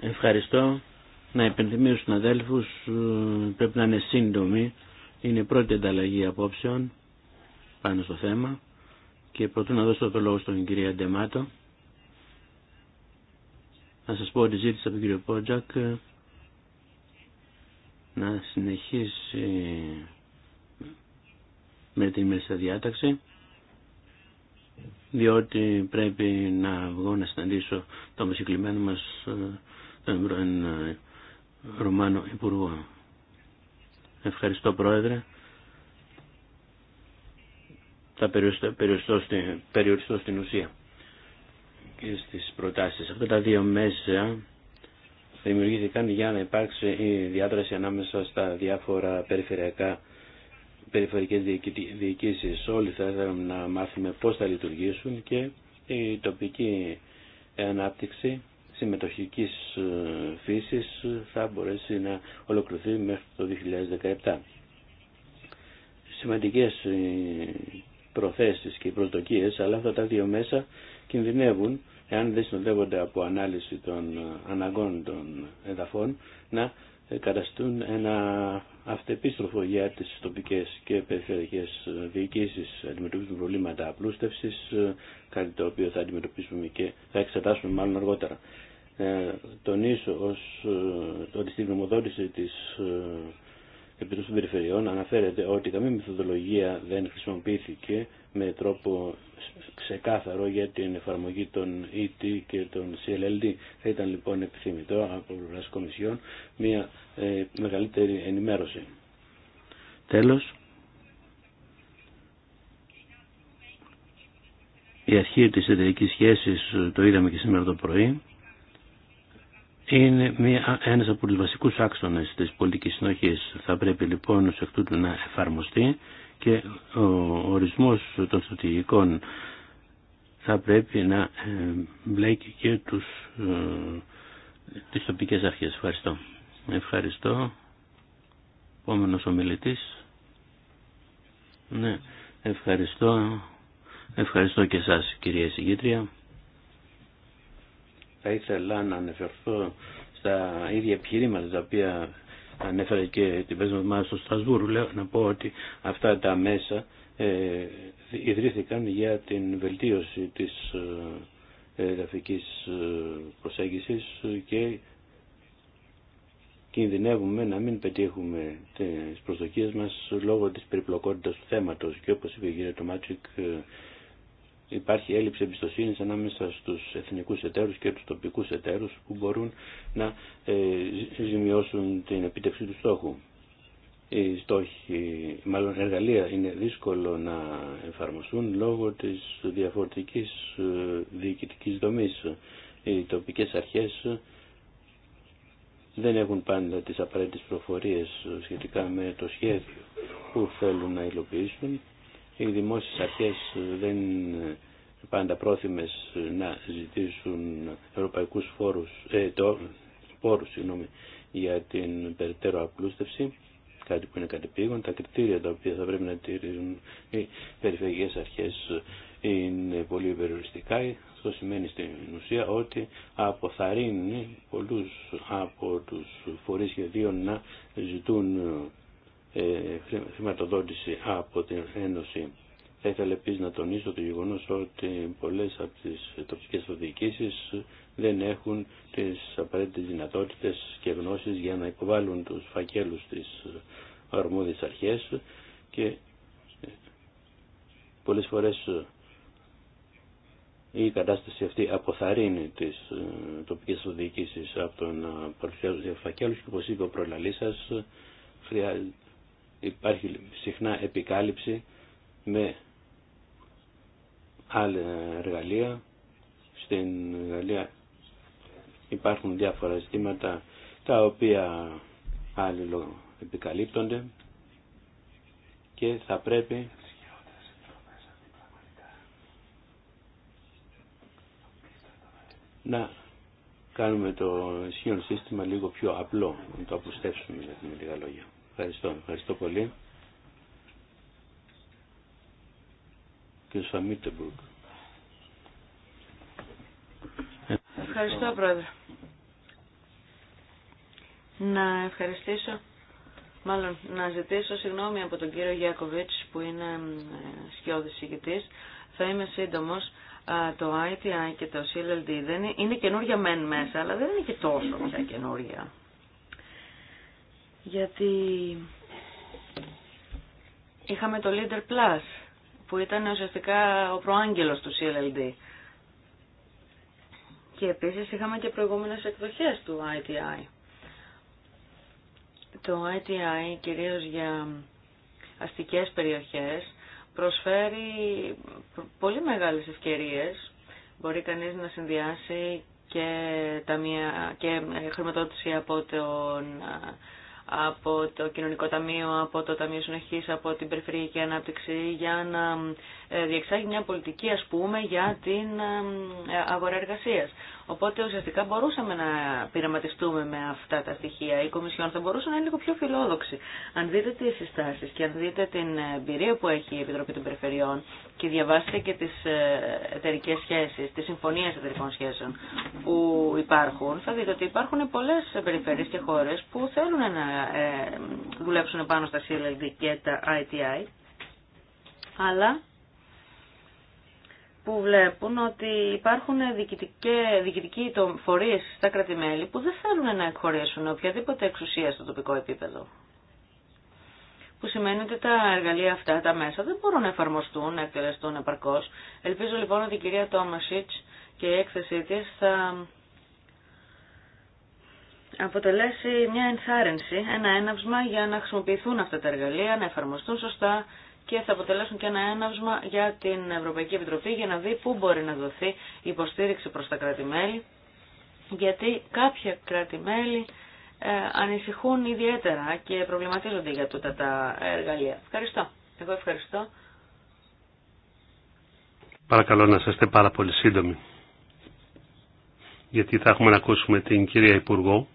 Ευχαριστώ. Να υπενθυμίσω στους αδέλφους, ε, πρέπει να είναι σύντομοι. Είναι η πρώτη ανταλλαγή απόψεων πάνω στο θέμα και προτού να δώσω το λόγο στον κύριο Ντεμάτο να σας πω ότι ζήτησα από τον κύριο Πότζακ ε, να συνεχίσει με τη μέσα διάταξη διότι πρέπει να βγω να συναντήσω το μεσηκλημένο μας ε, τον ε, Ρωμάνο Υπουργό. Ευχαριστώ Πρόεδρε θα περιοριστώ, στην, περιοριστώ στην ουσία και στις προτάσεις. Αυτά τα δύο μέσα δημιουργήθηκαν για να υπάρξει η διάδραση ανάμεσα στα διάφορα περιφερειακά περιφερειακές διοικήσεις. Όλοι θα ήθελα να μάθουμε πώς θα λειτουργήσουν και η τοπική ανάπτυξη συμμετοχικής ε, φύσης θα μπορέσει να ολοκληρωθεί μέχρι το 2017. Σημαντικές ε, προθέσεις και οι προσδοκίες, αλλά αυτά τα δύο μέσα κινδυνεύουν, εάν δεν συνοδεύονται από ανάλυση των ε, αναγκών των εδαφών, να ε, καταστούν ένα αυτεπίστροφο για τις τοπικές και περιφερειακές ε, διοικήσεις αντιμετωπίζουν προβλήματα απλούστευσης, κάτι το οποίο θα αντιμετωπίσουμε και θα εξετάσουμε μάλλον αργότερα. Ε, τονίσω ότι στην γνωμοδότηση της επί των Περιφερειών αναφέρεται ότι καμία μεθοδολογία δεν χρησιμοποιήθηκε με τρόπο ξεκάθαρο για την εφαρμογή των ET και των CLLD. Θα ήταν λοιπόν επιθυμητό από πλευρά Κομισιόν μια ε, μεγαλύτερη ενημέρωση. Τέλος, η αρχή της εταιρικής σχέσης το είδαμε και σήμερα το πρωί είναι μια, ένας από τους βασικούς άξονες της πολιτικής συνοχής. Θα πρέπει λοιπόν ως εκ τούτου να εφαρμοστεί και ο ορισμός των στρατηγικών θα πρέπει να ε, μπλέκει και τους, ε, τις τοπικές αρχές. Ευχαριστώ. Ευχαριστώ. Επόμενος ομιλητής. Ναι, ευχαριστώ. Ευχαριστώ και εσάς κυρία Συγκήτρια. Θα ήθελα να αναφερθώ στα ίδια επιχειρήματα τα οποία ανέφερα και την πέσμα στο Στρασβούργο. Λέω να πω ότι αυτά τα μέσα ε, ιδρύθηκαν για την βελτίωση της γραφικής ε, ε, προσέγγισης και κινδυνεύουμε να μην πετύχουμε τις προσδοκίες μας λόγω της περιπλοκότητας του θέματος και όπως είπε η κυρία ε, υπάρχει έλλειψη εμπιστοσύνη ανάμεσα στους εθνικούς εταίρου και τους τοπικού εταίρου που μπορούν να ε, ζημιώσουν την επίτευξη του στόχου. Οι στόχοι, μάλλον εργαλεία είναι δύσκολο να εφαρμοστούν λόγω της διαφορετικής ε, διοικητική δομής. Οι τοπικές αρχές δεν έχουν πάντα τις απαραίτητες προφορίες σχετικά με το σχέδιο που θέλουν να υλοποιήσουν οι δημόσιες αρχές δεν είναι πάντα πρόθυμες να ζητήσουν ευρωπαϊκούς φόρους, ε, το, πόρους για την περαιτέρω απλούστευση, κάτι που είναι κατεπήγον. Τα κριτήρια τα οποία θα πρέπει να τηρήσουν οι περιφερειακές αρχές είναι πολύ περιοριστικά. Αυτό σημαίνει στην ουσία ότι αποθαρρύνει πολλούς από τους φορείς σχεδίων να ζητούν ε, χρηματοδότηση από την Ένωση. Θα ήθελα επίσης να τονίσω το γεγονός ότι πολλές από τις τοπικές διοικήσεις δεν έχουν τις απαραίτητες δυνατότητες και γνώσεις για να υποβάλουν τους φακέλους της αρμόδιες αρχές και ε, πολλές φορές η κατάσταση αυτή αποθαρρύνει τις ε, τοπικές διοικήσεις από το να παρουσιάζουν φακέλους και όπως είπε ο προλαλής σας, υπάρχει συχνά επικάλυψη με άλλα εργαλεία. Στην Γαλλία υπάρχουν διάφορα ζητήματα τα οποία άλλοι επικαλύπτονται και θα πρέπει να κάνουμε το ισχύον σύστημα λίγο πιο απλό, να το αποστέψουμε με λίγα λόγια. Ευχαριστώ. Ευχαριστώ πολύ. Ευχαριστώ, Πρόεδρε. Να ευχαριστήσω, μάλλον να ζητήσω συγγνώμη από τον κύριο Γιάκοβιτς που είναι ε, σκιώδης ηγητής. Θα είμαι σύντομος. Το ITI και το CLLD δεν είναι, είναι καινούργια μεν μέσα, αλλά δεν είναι και τόσο πια καινούργια γιατί είχαμε το Leader Plus που ήταν ουσιαστικά ο προάγγελος του CLLD. Και επίσης είχαμε και προηγούμενες εκδοχές του ITI. Το ITI κυρίως για αστικές περιοχές προσφέρει πολύ μεγάλες ευκαιρίες. Μπορεί κανείς να συνδυάσει και, ταμεία, και χρηματοδότηση από τον από το Κοινωνικό Ταμείο, από το Ταμείο Συνοχής, από την Περιφερειακή Ανάπτυξη για να ε, διεξάγει μια πολιτική ας πούμε για την ε, αγορά εργασίας. Οπότε ουσιαστικά μπορούσαμε να πειραματιστούμε με αυτά τα στοιχεία. Η Κομισιόν θα μπορούσε να είναι λίγο πιο φιλόδοξη. Αν δείτε τι συστάσεις και αν δείτε την εμπειρία που έχει η Επιτροπή των Περιφερειών και διαβάσετε και τι εταιρικέ σχέσει, τις ε, συμφωνίε εταιρικών σχέσεων που υπάρχουν, θα δείτε ότι υπάρχουν πολλέ περιφέρειε και χώρες που θέλουν να δουλέψουν πάνω στα CLD και τα ITI, αλλά που βλέπουν ότι υπάρχουν διοικητικοί φορείς στα κρατημέλη που δεν θέλουν να εκχωρήσουν οποιαδήποτε εξουσία στο τοπικό επίπεδο. Που σημαίνει ότι τα εργαλεία αυτά, τα μέσα, δεν μπορούν να εφαρμοστούν, να εκτελεστούν επαρκώ. Ελπίζω λοιπόν ότι η κυρία Τόμασιτ και η έκθεσή τη θα αποτελέσει μια ενθάρρυνση, ένα έναυσμα για να χρησιμοποιηθούν αυτά τα εργαλεία, να εφαρμοστούν σωστά και θα αποτελέσουν και ένα έναυσμα για την Ευρωπαϊκή Επιτροπή για να δει πού μπορεί να δοθεί υποστήριξη προς τα κράτη-μέλη, γιατί κάποια κράτη-μέλη ε, ανησυχούν ιδιαίτερα και προβληματίζονται για τούτα τα εργαλεία. Ευχαριστώ. Εγώ ευχαριστώ. Παρακαλώ να είστε πάρα πολύ σύντομοι, γιατί θα έχουμε να ακούσουμε την κυρία Υπουργό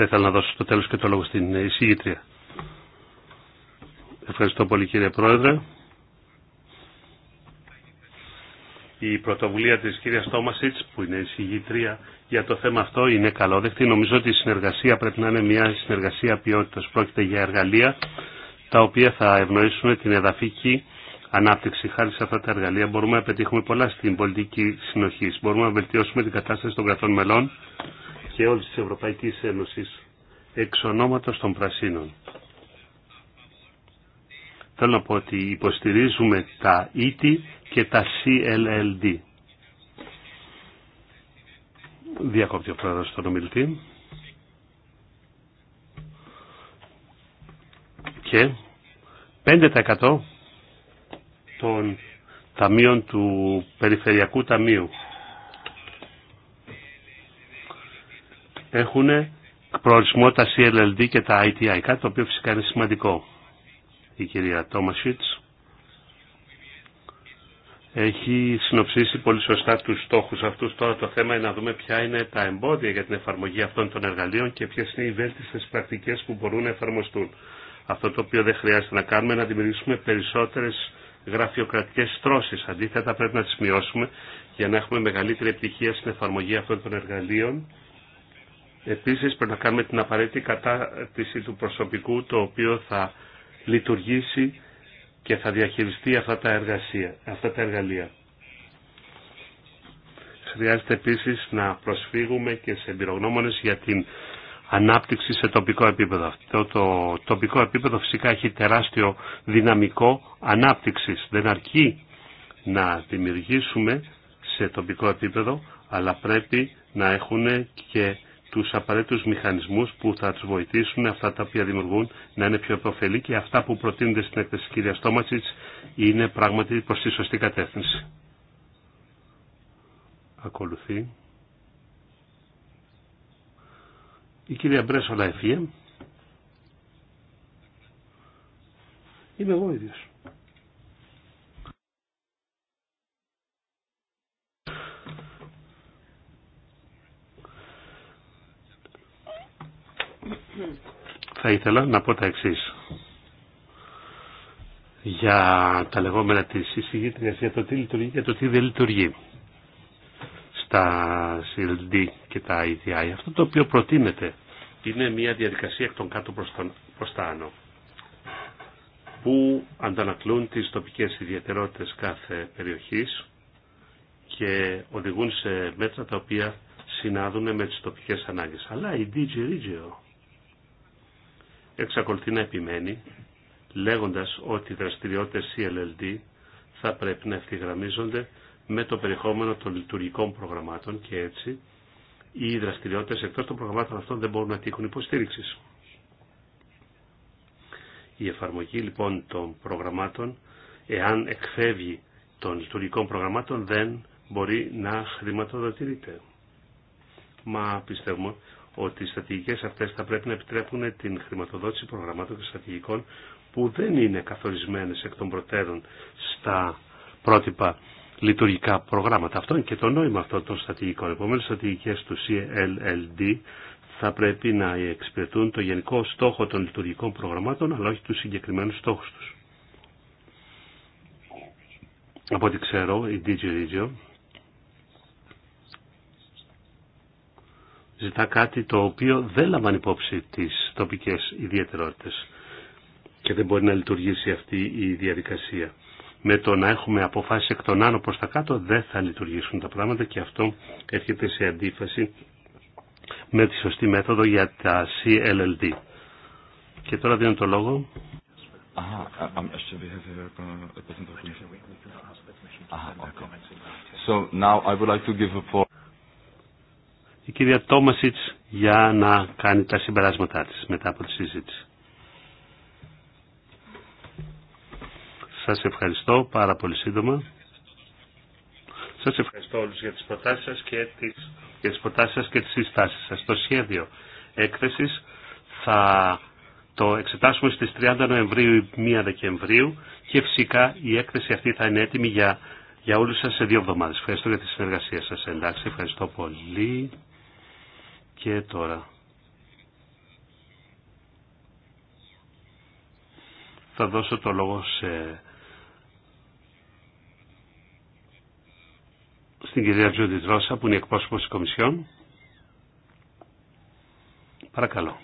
Θα ήθελα να δώσω στο τέλος και το λόγο στην εισηγήτρια. Ευχαριστώ πολύ κύριε Πρόεδρε. Η πρωτοβουλία της κυρίας Τόμασιτς που είναι εισηγήτρια για το θέμα αυτό είναι καλόδεκτη. Νομίζω ότι η συνεργασία πρέπει να είναι μια συνεργασία ποιότητας. Πρόκειται για εργαλεία τα οποία θα ευνοήσουν την εδαφική ανάπτυξη. Χάρη σε αυτά τα εργαλεία μπορούμε να πετύχουμε πολλά στην πολιτική συνοχή. Μπορούμε να βελτιώσουμε την κατάσταση των κρατών μελών και όλη τη Ευρωπαϊκή Ένωση, εξ ονόματος των Πρασίνων. Θέλω να πω ότι υποστηρίζουμε τα ET και τα CLLD. Διακόπτει ο πρόεδρος τον ομιλητή. Και 5% των ταμείων του Περιφερειακού Ταμείου έχουν προορισμό τα CLLD και τα ITI, κάτι το οποίο φυσικά είναι σημαντικό. Η κυρία Τόμασίτς έχει συνοψίσει πολύ σωστά τους στόχους αυτούς. Τώρα το θέμα είναι να δούμε ποια είναι τα εμπόδια για την εφαρμογή αυτών των εργαλείων και ποιες είναι οι βέλτιστες πρακτικές που μπορούν να εφαρμοστούν. Αυτό το οποίο δεν χρειάζεται να κάνουμε είναι να δημιουργήσουμε περισσότερες γραφειοκρατικές στρώσεις. Αντίθετα πρέπει να τις μειώσουμε για να έχουμε μεγαλύτερη επιτυχία στην εφαρμογή αυτών των εργαλείων Επίσης πρέπει να κάνουμε την απαραίτητη κατάρτιση του προσωπικού το οποίο θα λειτουργήσει και θα διαχειριστεί αυτά τα, εργασία, αυτά τα εργαλεία. Χρειάζεται επίσης να προσφύγουμε και σε εμπειρογνώμονες για την ανάπτυξη σε τοπικό επίπεδο. Αυτό το τοπικό επίπεδο φυσικά έχει τεράστιο δυναμικό ανάπτυξης. Δεν αρκεί να δημιουργήσουμε σε τοπικό επίπεδο, αλλά πρέπει να έχουν και του απαραίτητου μηχανισμού που θα του βοηθήσουν αυτά τα οποία δημιουργούν να είναι πιο επωφελή και αυτά που προτείνονται στην έκθεση τη κυρία Τόματσιτς είναι πράγματι προ τη σωστή κατεύθυνση. Ακολουθεί. Η κυρία Μπρέσολα Εφίε. Είμαι εγώ ίδιος. θα ήθελα να πω τα εξής για τα λεγόμενα της εισηγήτριας για το τι λειτουργεί και το τι δεν λειτουργεί στα CLD και τα EDI. Αυτό το οποίο προτείνεται είναι μια διαδικασία εκ των κάτω προς, τα άνω που αντανακλούν τις τοπικές ιδιαιτερότητες κάθε περιοχής και οδηγούν σε μέτρα τα οποία συνάδουν με τις τοπικές ανάγκες. Αλλά η DG Regio εξακολουθεί να επιμένει λέγοντας ότι οι δραστηριότητες CLLD θα πρέπει να ευθυγραμμίζονται με το περιεχόμενο των λειτουργικών προγραμμάτων και έτσι οι δραστηριότητες εκτός των προγραμμάτων αυτών δεν μπορούν να τύχουν υποστήριξης. Η εφαρμογή λοιπόν των προγραμμάτων, εάν εκφεύγει των λειτουργικών προγραμμάτων, δεν μπορεί να χρηματοδοτηρείται. Μα πιστεύουμε ότι οι στρατηγικές αυτές θα πρέπει να επιτρέπουν την χρηματοδότηση προγραμμάτων και στρατηγικών που δεν είναι καθορισμένες εκ των προτέρων στα πρότυπα λειτουργικά προγράμματα. Αυτό είναι και το νόημα αυτών των στρατηγικών. Επομένω, οι στρατηγικές του CLLD θα πρέπει να εξυπηρετούν το γενικό στόχο των λειτουργικών προγραμμάτων, αλλά όχι του συγκεκριμένου στόχου του. Από ό,τι ξέρω, η DigiRegio ζητά κάτι το οποίο δεν λαμβάνει υπόψη τις τοπικές ιδιαιτερότητες και δεν μπορεί να λειτουργήσει αυτή η διαδικασία. Με το να έχουμε αποφάσει εκ των άνω προς τα κάτω δεν θα λειτουργήσουν τα πράγματα και αυτό έρχεται σε αντίφαση με τη σωστή μέθοδο για τα CLLD. Και τώρα δίνω το λόγο η κυρία Τόμασιτς για να κάνει τα συμπεράσματά της μετά από τη συζήτηση. Σας ευχαριστώ πάρα πολύ σύντομα. Σας ευχαριστώ όλους για τις προτάσεις σας και τις, για τις προτάσεις και τις συστάσεις σας. Το σχέδιο έκθεσης θα το εξετάσουμε στις 30 Νοεμβρίου ή 1 Δεκεμβρίου και φυσικά η έκθεση αυτή θα είναι έτοιμη για, για όλους σας σε δύο εβδομάδες. Ευχαριστώ για τη συνεργασία σας. Εντάξει, ευχαριστώ πολύ. Και τώρα θα δώσω το λόγο σε... στην κυρία Τζούντι Τρόσα που είναι εκπρόσωπος της Κομισιόν. Παρακαλώ.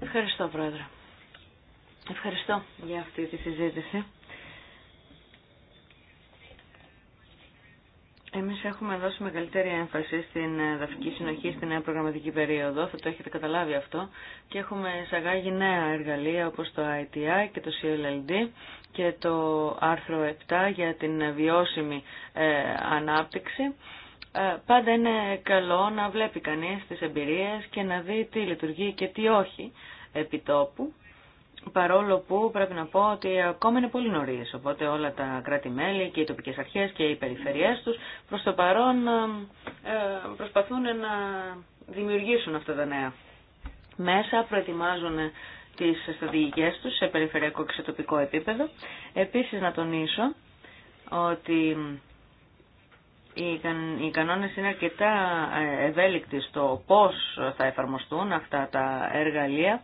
Ευχαριστώ Πρόεδρε. Ευχαριστώ για αυτή τη συζήτηση Εμείς έχουμε δώσει μεγαλύτερη έμφαση στην ε, δαφική συνοχή στην νέα προγραμματική περίοδο, θα το έχετε καταλάβει αυτό, και έχουμε εισαγάγει νέα εργαλεία όπως το ITI και το CLLD και το άρθρο 7 για την βιώσιμη ε, ανάπτυξη. Ε, πάντα είναι καλό να βλέπει κανείς τις εμπειρίες και να δει τι λειτουργεί και τι όχι επί τόπου Παρόλο που πρέπει να πω ότι ακόμα είναι πολύ νωρί. Οπότε όλα τα κράτη-μέλη και οι τοπικέ αρχέ και οι περιφερειές του προ το παρόν ε, προσπαθούν να δημιουργήσουν αυτά τα νέα μέσα, προετοιμάζουν τις στρατηγικέ τους σε περιφερειακό και σε τοπικό επίπεδο. Επίσης να τονίσω ότι οι κανόνες είναι αρκετά ε, ευέλικτοι στο πώς θα εφαρμοστούν αυτά τα εργαλεία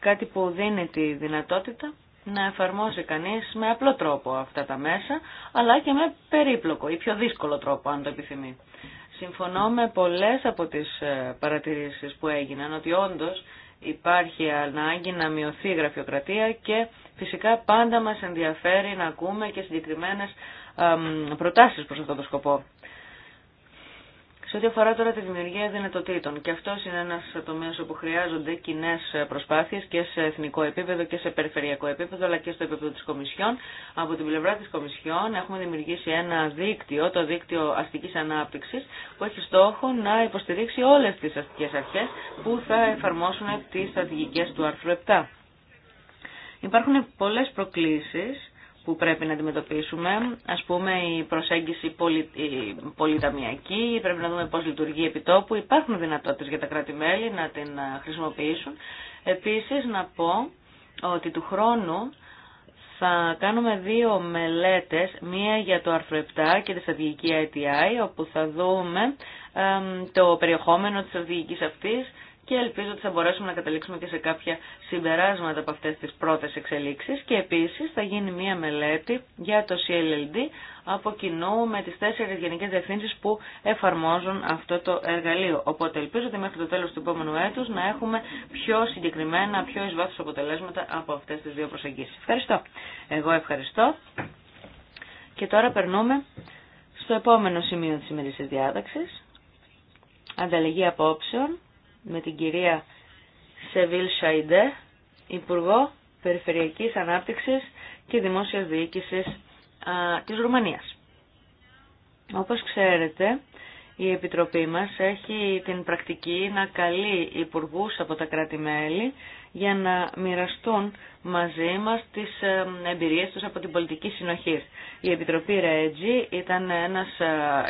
κάτι που δίνει τη δυνατότητα να εφαρμόσει κανείς με απλό τρόπο αυτά τα μέσα, αλλά και με περίπλοκο ή πιο δύσκολο τρόπο αν το επιθυμεί. Συμφωνώ με πολλές από τις ε, παρατηρήσεις που έγιναν ότι όντως υπάρχει ανάγκη να μειωθεί η γραφειοκρατία και φυσικά πάντα μας ενδιαφέρει να ακούμε και συγκεκριμένες προτάσεις προς αυτό το σκοπό. Σε ό,τι αφορά τώρα τη δημιουργία δυνατοτήτων, και αυτό είναι ένα τομέα όπου χρειάζονται κοινέ προσπάθειε και σε εθνικό επίπεδο και σε περιφερειακό επίπεδο, αλλά και στο επίπεδο τη Κομισιόν. Από την πλευρά τη Κομισιόν έχουμε δημιουργήσει ένα δίκτυο, το δίκτυο αστική ανάπτυξη, που έχει στόχο να υποστηρίξει όλε τι αστικέ αρχέ που θα εφαρμόσουν τι στρατηγικέ του άρθρου 7. Υπάρχουν πολλέ προκλήσει που πρέπει να αντιμετωπίσουμε. Ας πούμε η προσέγγιση πολυ... η πολυταμιακή, πρέπει να δούμε πώς λειτουργεί επιτόπου. Υπάρχουν δυνατότητες για τα κράτη-μέλη να την ε, χρησιμοποιήσουν. Επίσης να πω ότι του χρόνου θα κάνουμε δύο μελέτες, μία για το άρθρο 7 και τη στρατηγική ITI, όπου θα δούμε το περιεχόμενο της στρατηγικής αυτής, και ελπίζω ότι θα μπορέσουμε να καταλήξουμε και σε κάποια συμπεράσματα από αυτές τις πρώτες εξελίξεις και επίσης θα γίνει μία μελέτη για το CLLD από κοινού με τις τέσσερις γενικές διευθύνσεις που εφαρμόζουν αυτό το εργαλείο. Οπότε ελπίζω ότι μέχρι το τέλος του επόμενου έτους να έχουμε πιο συγκεκριμένα, πιο εις αποτελέσματα από αυτές τις δύο προσεγγίσεις. Ευχαριστώ. Εγώ ευχαριστώ. Και τώρα περνούμε στο επόμενο σημείο της σημερινής διάταξης. Ανταλλαγή απόψεων με την κυρία Σεβίλ Σαϊντέ, Υπουργό Περιφερειακής Ανάπτυξης και Δημόσιας Διοίκησης α, της Ρουμανίας. Όπως ξέρετε, η Επιτροπή μας έχει την πρακτική να καλεί υπουργούς από τα κράτη-μέλη για να μοιραστούν μαζί μας τις ε, εμπειρίες τους από την πολιτική συνοχή. Η Επιτροπή ΡΕΤΖΙ ήταν ένας ε,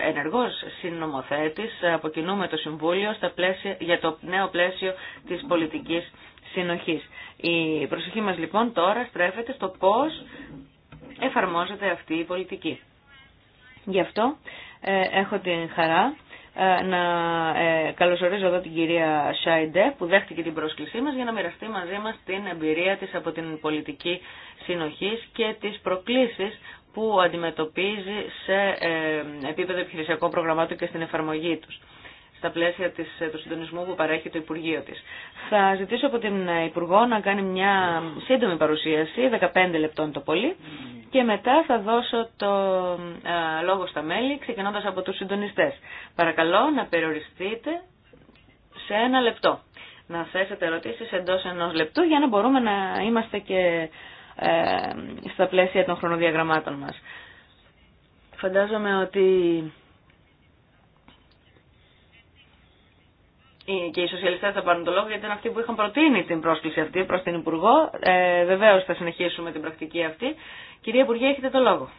ενεργός συνομοθέτης από κοινού με το Συμβούλιο στα πλαίσια, για το νέο πλαίσιο της πολιτικής συνοχής. Η προσοχή μας λοιπόν τώρα στρέφεται στο πώς εφαρμόζεται αυτή η πολιτική. Γι' αυτό ε, έχω την χαρά ε, να ε, καλωσορίζω εδώ την κυρία Σάιντε που δέχτηκε την πρόσκλησή μας για να μοιραστεί μαζί μας την εμπειρία της από την πολιτική συνοχής και τις προκλήσεις που αντιμετωπίζει σε ε, επίπεδο επιχειρησιακών προγραμμάτων και στην εφαρμογή τους στα πλαίσια της, ε, του συντονισμού που παρέχει το Υπουργείο της. Θα ζητήσω από την ε, Υπουργό να κάνει μια σύντομη παρουσίαση, 15 λεπτών το πολύ, και μετά θα δώσω το ε, λόγο στα μέλη, ξεκινώντας από τους συντονιστές. Παρακαλώ να περιοριστείτε σε ένα λεπτό. Να θέσετε ερωτήσεις εντός ενός λεπτού για να μπορούμε να είμαστε και ε, στα πλαίσια των χρονοδιαγραμμάτων μας. Φαντάζομαι ότι Ε, και οι σοσιαλιστές θα πάρουν το λόγο γιατί ήταν αυτοί που είχαν προτείνει την πρόσκληση αυτή προς την Υπουργό. Ε, βεβαίως θα συνεχίσουμε την πρακτική αυτή. Κυρία Υπουργέ, έχετε το λόγο.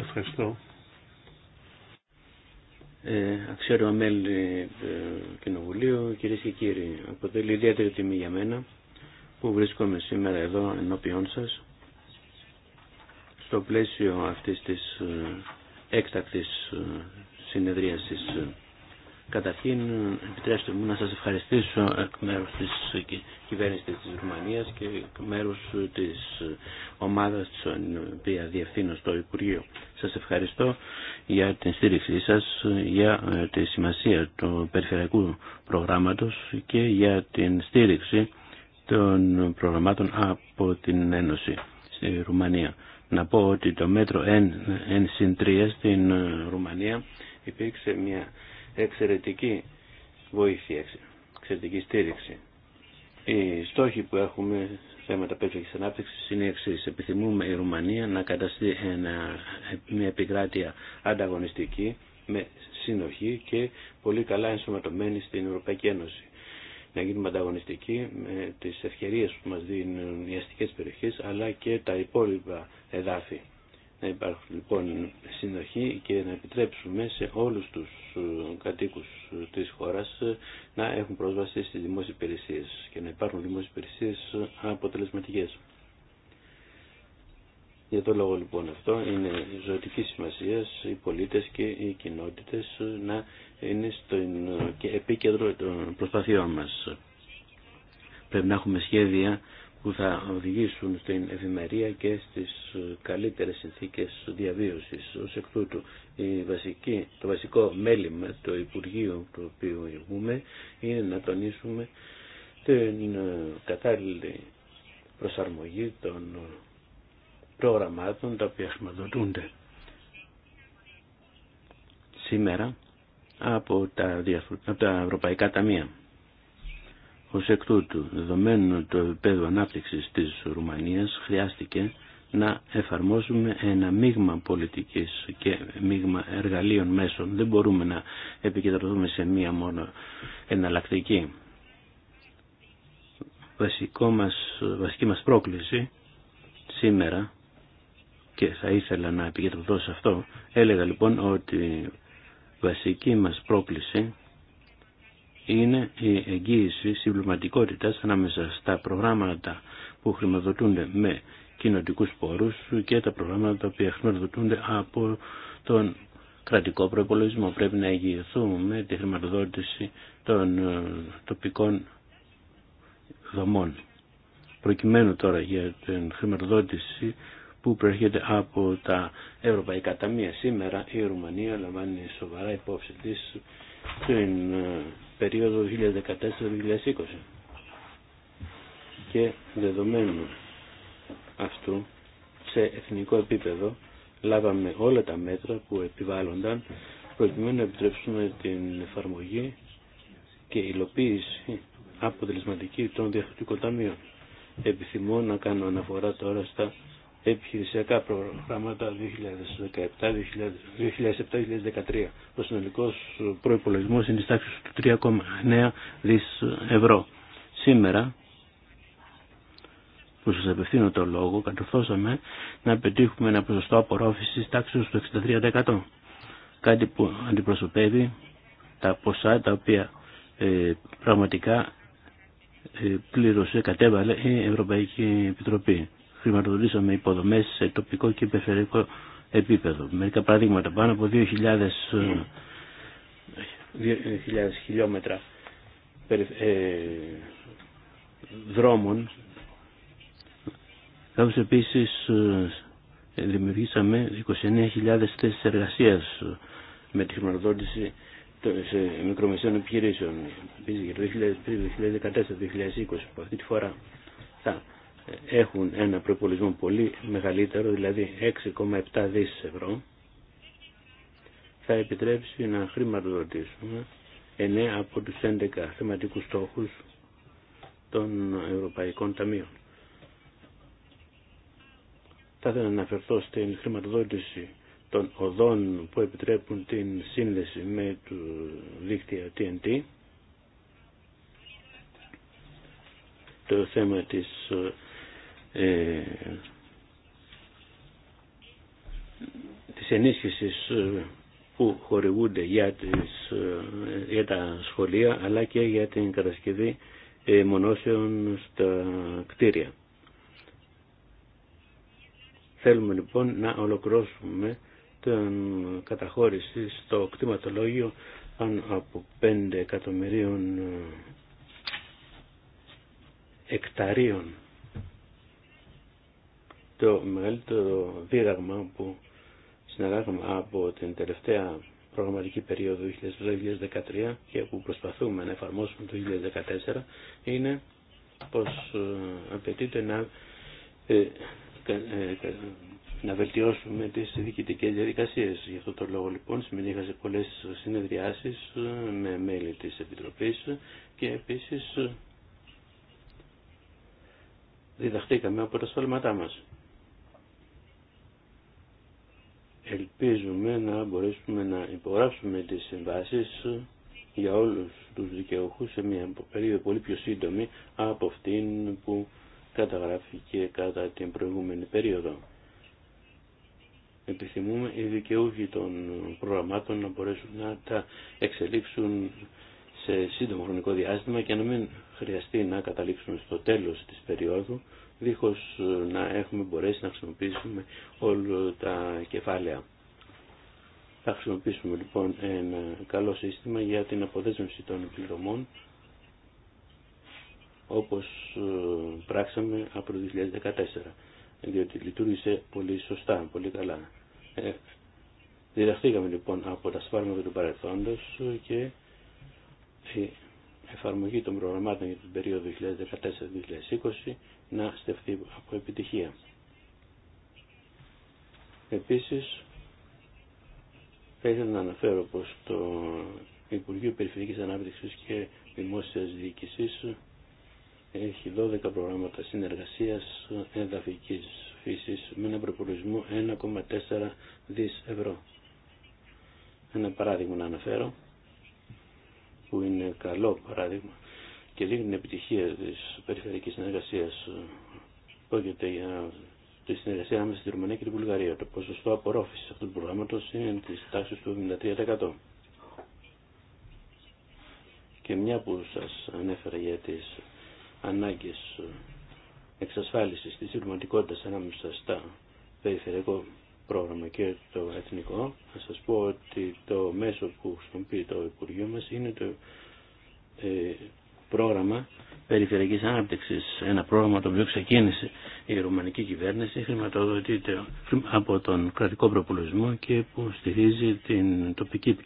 Ευχαριστώ. Ε, μέλη του ε, Κοινοβουλίου, κυρίες και κύριοι, αποτελεί ιδιαίτερη τιμή για μένα που βρίσκομαι σήμερα εδώ ενώπιόν σας στο πλαίσιο αυτής της ε, έκτακτης ε, συνεδρίασης. Καταρχήν, επιτρέψτε μου να σας ευχαριστήσω εκ μέρους της κυβέρνησης της Ρουμανίας και εκ μέρους της ε, ομάδας της οποία διευθύνω στο Υπουργείο. Σας ευχαριστώ για την στήριξή σας, για τη σημασία του περιφερειακού προγράμματος και για την στήριξη των προγραμμάτων από την Ένωση στη Ρουμανία να πω ότι το μέτρο N 3 στην ε, Ρουμανία υπήρξε μια εξαιρετική βοήθεια, εξαιρετική στήριξη. Οι στόχοι που έχουμε θέματα περιφερειακής ανάπτυξης είναι εξή. Επιθυμούμε η Ρουμανία να καταστεί μια επικράτεια ανταγωνιστική με συνοχή και πολύ καλά ενσωματωμένη στην Ευρωπαϊκή Ένωση να γίνουμε ανταγωνιστικοί με τις ευκαιρίες που μας δίνουν οι αστικές περιοχές αλλά και τα υπόλοιπα εδάφη. Να υπάρχουν λοιπόν συνοχή και να επιτρέψουμε σε όλους τους ε, κατοίκους ε, της χώρας ε, να έχουν πρόσβαση στις δημόσιες υπηρεσίες και να υπάρχουν δημόσιες υπηρεσίες αποτελεσματικές. Για το λόγο λοιπόν αυτό είναι ζωτική σημασία οι πολίτες και οι κοινότητες να είναι στο επίκεντρο των προσπαθειών μας. Πρέπει να έχουμε σχέδια που θα οδηγήσουν στην ευημερία και στις καλύτερες συνθήκες διαβίωσης. Ως εκ τούτου, το βασικό μέλημα του Υπουργείου το οποίο ηγούμε είναι να τονίσουμε την κατάλληλη προσαρμογή των προγραμμάτων τα οποία χρηματοδοτούνται σήμερα από τα, από τα ευρωπαϊκά ταμεία. Ω εκ τούτου, δεδομένου το επίπεδο ανάπτυξη τη Ρουμανία, χρειάστηκε να εφαρμόσουμε ένα μείγμα πολιτικής και μείγμα εργαλείων μέσων. Δεν μπορούμε να επικεντρωθούμε σε μία μόνο εναλλακτική. Βασικό μας, βασική μας πρόκληση σήμερα και θα ήθελα να επικεντρωθώ σε αυτό. Έλεγα λοιπόν ότι η βασική μας πρόκληση είναι η εγγύηση συμπληρωματικότητας ανάμεσα στα προγράμματα που χρηματοδοτούνται με κοινοτικούς πόρους και τα προγράμματα τα οποία χρηματοδοτούνται από τον κρατικό προϋπολογισμό. Πρέπει να εγγυηθούμε τη χρηματοδότηση των ε, τοπικών δομών. Προκειμένου τώρα για την χρηματοδότηση που προέρχεται από τα ευρωπαϊκά ταμεία. Σήμερα η Ρουμανία λαμβάνει σοβαρά υπόψη της στην ε, περίοδο 2014-2020 και δεδομένου αυτού σε εθνικό επίπεδο λάβαμε όλα τα μέτρα που επιβάλλονταν προκειμένου να επιτρέψουμε την εφαρμογή και υλοποίηση αποτελεσματική των Διευθυντικών ταμείων. Επιθυμώ να κάνω αναφορά τώρα στα επιχειρησιακά προγραμμάτα 2007-2013. Ο συνολικό προπολογισμό είναι τη τάξη του 3,9 δις ευρώ. Σήμερα, που σα απευθύνω το λόγο, κατορθώσαμε να πετύχουμε ένα ποσοστό απορρόφηση τάξη του 63%. Κάτι που αντιπροσωπεύει τα ποσά τα οποία ε, πραγματικά ε, πλήρωσε, κατέβαλε η Ευρωπαϊκή Επιτροπή χρηματοδοτήσαμε υποδομέ σε τοπικό και περιφερειακό επίπεδο. Μερικά παραδείγματα, πάνω από 2.000, ε, ε, χιλιόμετρα ε, δρόμων. όπω επίσης δημιουργήσαμε 29.000 θέσει εργασία με τη χρηματοδότηση σε μικρομεσαίων επιχειρήσεων. Επίση για το 2014 2020 που αυτή τη φορά θα έχουν ένα προπολογισμό πολύ μεγαλύτερο, δηλαδή 6,7 δις ευρώ, θα επιτρέψει να χρηματοδοτήσουμε 9 από τους 11 θεματικούς στόχους των Ευρωπαϊκών Ταμείων. Θα ήθελα να αναφερθώ στην χρηματοδότηση των οδών που επιτρέπουν την σύνδεση με το δίκτυο TNT. Το θέμα της ε, ε, της ενίσχυσης ε, που χορηγούνται για, τις, ε, για τα σχολεία αλλά και για την κατασκευή ε, μονώσεων στα κτίρια. Θέλουμε λοιπόν να ολοκληρώσουμε την καταχώρηση στο κτηματολόγιο πάνω από 5 εκατομμυρίων εκταρίων το μεγαλύτερο δίδαγμα που συναλλάγουμε από την τελευταία προγραμματική περίοδο 2013 και που προσπαθούμε να εφαρμόσουμε το 2014 είναι πως ε, απαιτείται να, ε, ε, να βελτιώσουμε τις διοικητικές διαδικασίες. Γι' αυτό το λόγο λοιπόν συμμετείχα σε πολλές συνεδριάσεις με μέλη της Επιτροπής και επίσης διδαχτήκαμε από τα σφαλματά μας. Ελπίζουμε να μπορέσουμε να υπογράψουμε τις συμβάσεις για όλους τους δικαιούχους σε μια περίοδο πολύ πιο σύντομη από αυτήν που καταγράφηκε κατά την προηγούμενη περίοδο. Επιθυμούμε οι δικαιούχοι των προγραμμάτων να μπορέσουν να τα εξελίξουν σε σύντομο χρονικό διάστημα και να μην χρειαστεί να καταλήξουμε στο τέλος της περίοδου δίχως ε, να έχουμε μπορέσει να χρησιμοποιήσουμε όλα τα κεφάλαια. Θα χρησιμοποιήσουμε λοιπόν ένα καλό σύστημα για την αποδέσμευση των πληρωμών όπως ε, πράξαμε από το 2014 διότι λειτουργήσε πολύ σωστά, πολύ καλά. Ε, διδαχθήκαμε λοιπόν από τα σφάλματα του παρελθόντος και εφαρμογή των προγραμμάτων για την περίοδο 2014-2020 να στεφθεί από επιτυχία. Επίσης, θα ήθελα να αναφέρω πως το Υπουργείο Περιφερειακής Ανάπτυξης και Δημόσιας Διοίκησης έχει 12 προγράμματα συνεργασίας εδαφικής φύσης με ένα προπολογισμό 1,4 δις ευρώ. Ένα παράδειγμα να αναφέρω που είναι καλό παράδειγμα και δείχνει την επιτυχία της περιφερειακής συνεργασίας. Πρόκειται για τη συνεργασία ανάμεσα στη Ρουμανία και την Βουλγαρία. Το ποσοστό απορρόφησης αυτού του προγράμματος είναι της τάξης του 73%. Και μια που σας ανέφερα για τις ανάγκες εξασφάλισης της ειρηματικότητας ανάμεσα στα περιφερειακό πρόγραμμα και το εθνικό, θα σας πω ότι το μέσο που χρησιμοποιεί το Υπουργείο μας είναι το ε, πρόγραμμα περιφερειακής ανάπτυξης, ένα πρόγραμμα το οποίο ξεκίνησε η ρουμανική κυβέρνηση, χρηματοδοτείται από τον κρατικό προπολογισμό και που στηρίζει την τοπική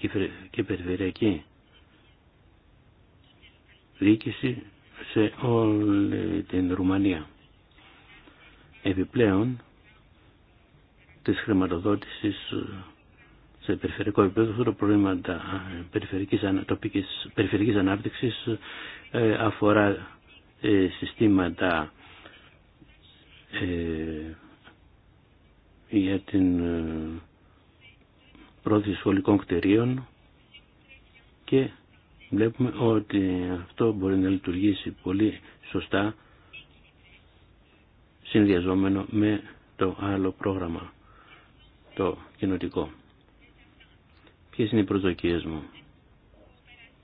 και περιφερειακή διοίκηση σε όλη την Ρουμανία. Επιπλέον, της χρηματοδότησης ε, σε περιφερειακό επίπεδο των το ε, περιφερικής, τοπικής, ανάπτυξης ε, αφορά συστήματα για την πρόθεση σχολικών κτηρίων και βλέπουμε ότι αυτό μπορεί να λειτουργήσει πολύ σωστά συνδυαζόμενο με το άλλο πρόγραμμα το κοινοτικό. Ποιε είναι οι προσδοκίε μου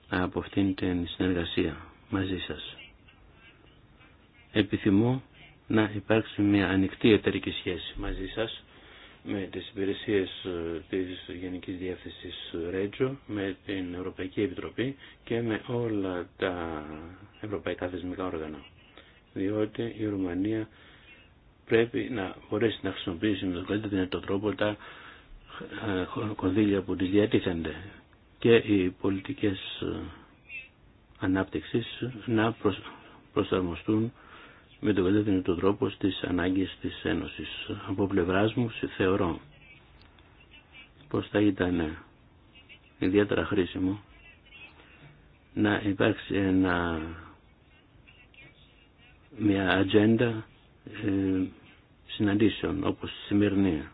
από αυτήν την συνεργασία μαζί σα. Επιθυμώ να υπάρξει μια ανοιχτή εταιρική σχέση μαζί σα με τις υπηρεσίες ε, της Γενικής διεύθυνση Ρέτζο, με την Ευρωπαϊκή Επιτροπή και με όλα τα ευρωπαϊκά θεσμικά όργανα. Διότι η Ρουμανία πρέπει να μπορέσει να χρησιμοποιήσει με τον καλύτερο δυνατό τρόπο τα ε, κονδύλια που τη διατίθενται και οι πολιτικές ε, ανάπτυξης να προσαρμοστούν με τον καλύτερο δυνατό τρόπο στις ανάγκες της Ένωσης. Από πλευρά μου θεωρώ πως θα ήταν ιδιαίτερα χρήσιμο να υπάρξει μια ατζέντα ε, συναντήσεων όπως η σημερινή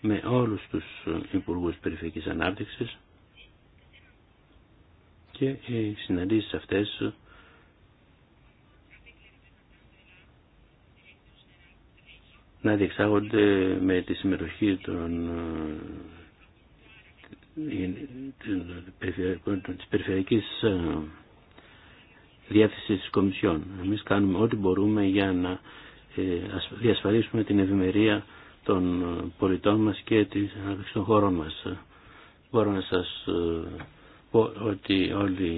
με όλους τους Υπουργούς Περιφερειακής Ανάπτυξης και οι συναντήσεις αυτές να διεξάγονται με τη συμμετοχή των ε, ε, της περιφερειακής διάθεση της Κομισιόν. Εμείς κάνουμε ό,τι μπορούμε για να ε, διασφαλίσουμε την ευημερία των ε, πολιτών μας και των χωρών μας. Μπορώ να σας ε, πω ότι όλοι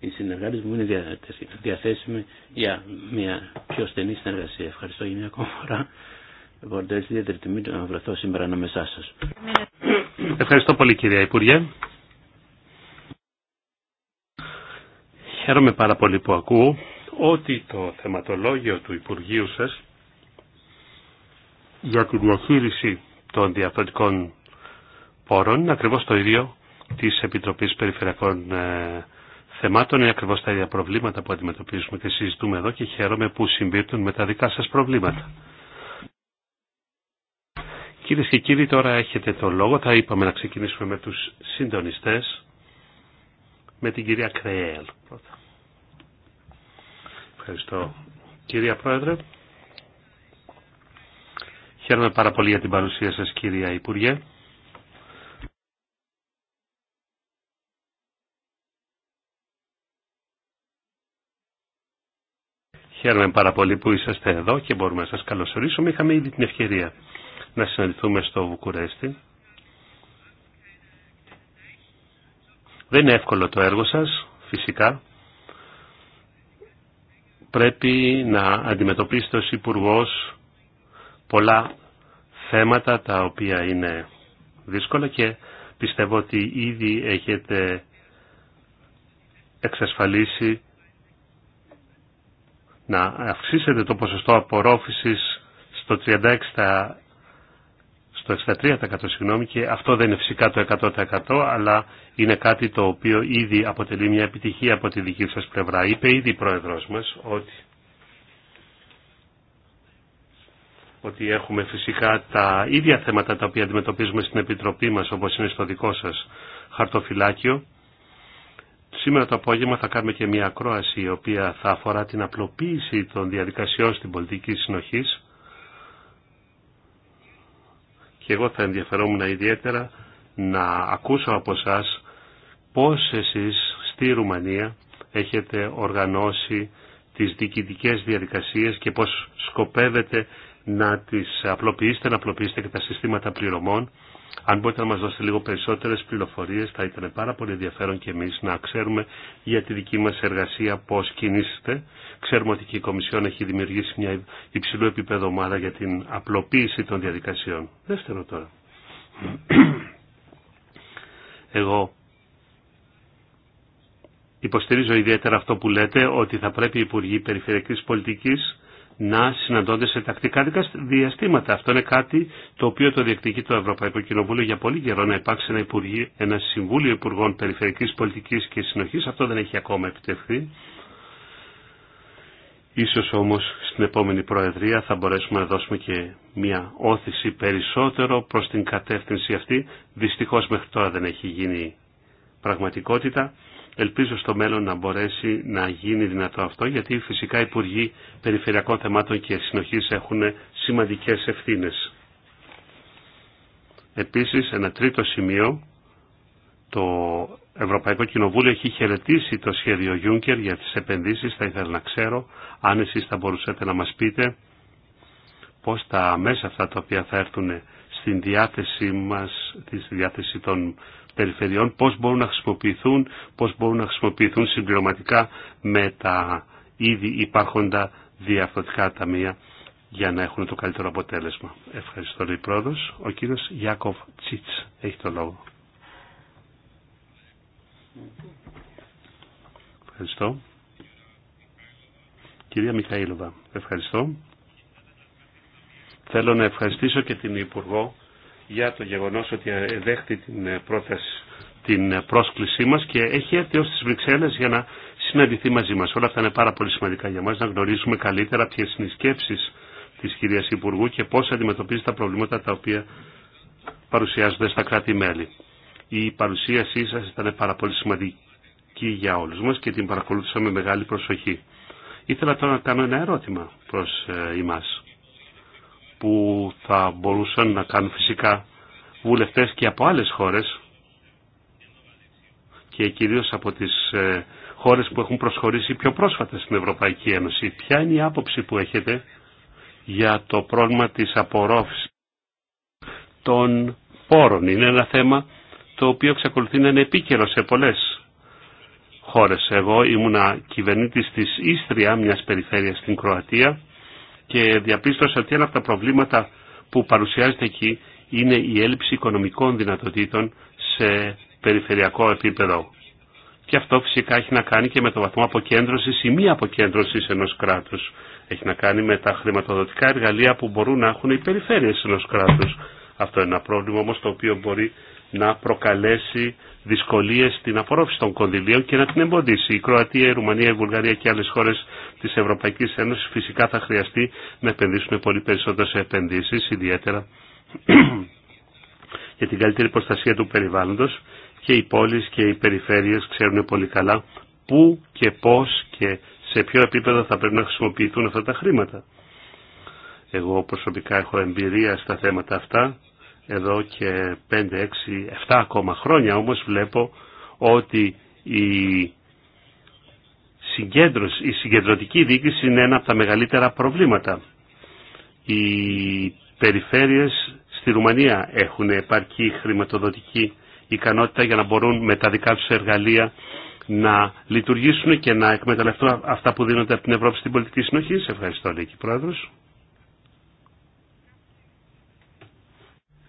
οι συνεργάτες μου είναι διαθέσιμοι για μια πιο στενή συνεργασία. Ευχαριστώ για μια ακόμα φορά. Μπορείτε ιδιαίτερη να βρεθώ σήμερα ανάμεσά σας. Ευχαριστώ πολύ κυρία Υπουργέ. Χαίρομαι πάρα πολύ που ακούω ότι το θεματολόγιο του Υπουργείου σας για τη διαχείριση των διαφορετικών πόρων είναι ακριβώς το ίδιο της Επιτροπής Περιφερειακών ε, Θεμάτων. Είναι ακριβώς τα ίδια προβλήματα που αντιμετωπίζουμε και συζητούμε εδώ και χαίρομαι που συμπίπτουν με τα δικά σας προβλήματα. Κυρίε και κύριοι, τώρα έχετε το λόγο. Θα είπαμε να ξεκινήσουμε με τους συντονιστές με την κυρία Κρέελ. Ευχαριστώ. Κυρία Πρόεδρε, χαίρομαι πάρα πολύ για την παρουσία σας κυρία Υπουργέ. Χαίρομαι πάρα πολύ που είσαστε εδώ και μπορούμε να σας καλωσορίσουμε. Είχαμε ήδη την ευκαιρία να συναντηθούμε στο Βουκουρέστι Δεν είναι εύκολο το έργο σας, φυσικά. Πρέπει να αντιμετωπίσετε ως υπουργό πολλά θέματα τα οποία είναι δύσκολα και πιστεύω ότι ήδη έχετε εξασφαλίσει να αυξήσετε το ποσοστό απορρόφησης στο 36% στο 63% συγγνώμη και αυτό δεν είναι φυσικά το 100% αλλά είναι κάτι το οποίο ήδη αποτελεί μια επιτυχία από τη δική σας πλευρά. Είπε ήδη η Πρόεδρος μας ότι, ότι έχουμε φυσικά τα ίδια θέματα τα οποία αντιμετωπίζουμε στην Επιτροπή μας όπως είναι στο δικό σας χαρτοφυλάκιο. Σήμερα το απόγευμα θα κάνουμε και μια ακρόαση η οποία θα αφορά την απλοποίηση των διαδικασιών στην πολιτική συνοχής και εγώ θα ενδιαφερόμουν ιδιαίτερα να ακούσω από εσά πώς εσείς στη Ρουμανία έχετε οργανώσει τις διοικητικές διαδικασίες και πώς σκοπεύετε να τις απλοποιήσετε, να απλοποιήσετε και τα συστήματα πληρωμών. Αν μπορείτε να μας δώσετε λίγο περισσότερες πληροφορίες θα ήταν πάρα πολύ ενδιαφέρον και εμείς να ξέρουμε για τη δική μας εργασία πώς κινήσετε Ξέρουμε ότι και η Κομισιόν έχει δημιουργήσει μια υψηλού επίπεδο ομάδα για την απλοποίηση των διαδικασιών. Δεύτερο τώρα. Εγώ υποστηρίζω ιδιαίτερα αυτό που λέτε ότι θα πρέπει οι Υπουργοί Περιφερειακής Πολιτικής να συναντώνται σε τακτικά διαστήματα. Αυτό είναι κάτι το οποίο το διεκδικεί το Ευρωπαϊκό Κοινοβούλιο για πολύ καιρό να υπάρξει ένα, ένα Συμβούλιο Υπουργών Περιφερειακής Πολιτικής και Συνοχής. Αυτό δεν έχει ακόμα επιτευχθεί. Ίσως όμως στην επόμενη Προεδρία θα μπορέσουμε να δώσουμε και μια όθηση περισσότερο προς την κατεύθυνση αυτή. Δυστυχώς μέχρι τώρα δεν έχει γίνει πραγματικότητα. Ελπίζω στο μέλλον να μπορέσει να γίνει δυνατό αυτό, γιατί φυσικά οι Υπουργοί Περιφερειακών Θεμάτων και Συνοχής έχουν σημαντικές ευθύνες. Επίσης, ένα τρίτο σημείο, το Ευρωπαϊκό Κοινοβούλιο έχει χαιρετήσει το σχέδιο Juncker για τις επενδύσεις. Θα ήθελα να ξέρω αν εσείς θα μπορούσατε να μας πείτε πώς τα μέσα αυτά τα οποία θα έρθουν στην διάθεσή μας, στη διάθεση των περιφερειών, πώς μπορούν να χρησιμοποιηθούν, πώς μπορούν να χρησιμοποιηθούν συμπληρωματικά με τα ήδη υπάρχοντα διαφορετικά ταμεία για να έχουν το καλύτερο αποτέλεσμα. Ευχαριστώ, Λίπρόδος. Ο κύριος Γιάκοβ Τσίτς έχει το λόγο. Ευχαριστώ. Κυρία Μιχαήλοβα, ευχαριστώ. Θέλω να ευχαριστήσω και την Υπουργό για το γεγονός ότι δέχτη την, ε, πρόθεση, την ε, πρόσκλησή μας και έχει έρθει ως τις Βρυξέλλες για να συναντηθεί μαζί μας. Όλα αυτά είναι πάρα πολύ σημαντικά για μας να γνωρίσουμε καλύτερα ποιες είναι οι σκέψεις της κυρίας Υπουργού και πώς αντιμετωπίζει τα προβλήματα τα οποία παρουσιάζονται στα κράτη-μέλη η παρουσίασή σας ήταν πάρα πολύ σημαντική για όλους μας και την παρακολούθησα με μεγάλη προσοχή. Ήθελα τώρα να κάνω ένα ερώτημα προς ε, εμάς που θα μπορούσαν να κάνουν φυσικά βουλευτές και από άλλες χώρες και κυρίως από τις ε, χώρες που έχουν προσχωρήσει πιο πρόσφατα στην Ευρωπαϊκή Ένωση. Ποια είναι η άποψη που έχετε για το πρόβλημα της απορρόφησης των πόρων. Είναι ένα θέμα το οποίο εξακολουθεί να είναι επίκαιρο σε πολλές χώρες. Εγώ ήμουνα κυβερνήτης της Ίστρια, μιας περιφέρειας στην Κροατία και διαπίστωσα ότι ένα από τα προβλήματα που παρουσιάζεται εκεί είναι η έλλειψη οικονομικών δυνατοτήτων σε περιφερειακό επίπεδο. Και αυτό φυσικά έχει να κάνει και με το βαθμό αποκέντρωσης ή μη αποκέντρωσης ενός κράτους. Έχει να κάνει με τα χρηματοδοτικά εργαλεία που μπορούν να έχουν οι περιφέρειες ενός κράτους. Αυτό είναι ένα πρόβλημα όμως το οποίο μπορεί να προκαλέσει δυσκολίες στην απορρόφηση των κονδυλίων και να την εμποδίσει. Η Κροατία, η Ρουμανία, η Βουλγαρία και άλλες χώρες της Ευρωπαϊκής Ένωσης φυσικά θα χρειαστεί να επενδύσουν πολύ περισσότερες επενδύσεις, ιδιαίτερα για την καλύτερη προστασία του περιβάλλοντος και οι πόλεις και οι περιφέρειες ξέρουν πολύ καλά πού και πώς και σε ποιο επίπεδο θα πρέπει να χρησιμοποιηθούν αυτά τα χρήματα. Εγώ προσωπικά έχω εμπειρία στα θέματα αυτά εδώ και 5, 6, 7 ακόμα χρόνια όμως βλέπω ότι η συγκέντρωση, η συγκεντρωτική διοίκηση είναι ένα από τα μεγαλύτερα προβλήματα. Οι περιφέρειες στη Ρουμανία έχουν επαρκή χρηματοδοτική ικανότητα για να μπορούν με τα δικά τους εργαλεία να λειτουργήσουν και να εκμεταλλευτούν αυτά που δίνονται από την Ευρώπη στην πολιτική συνοχή. Σε ευχαριστώ, Λίκη Πρόεδρος.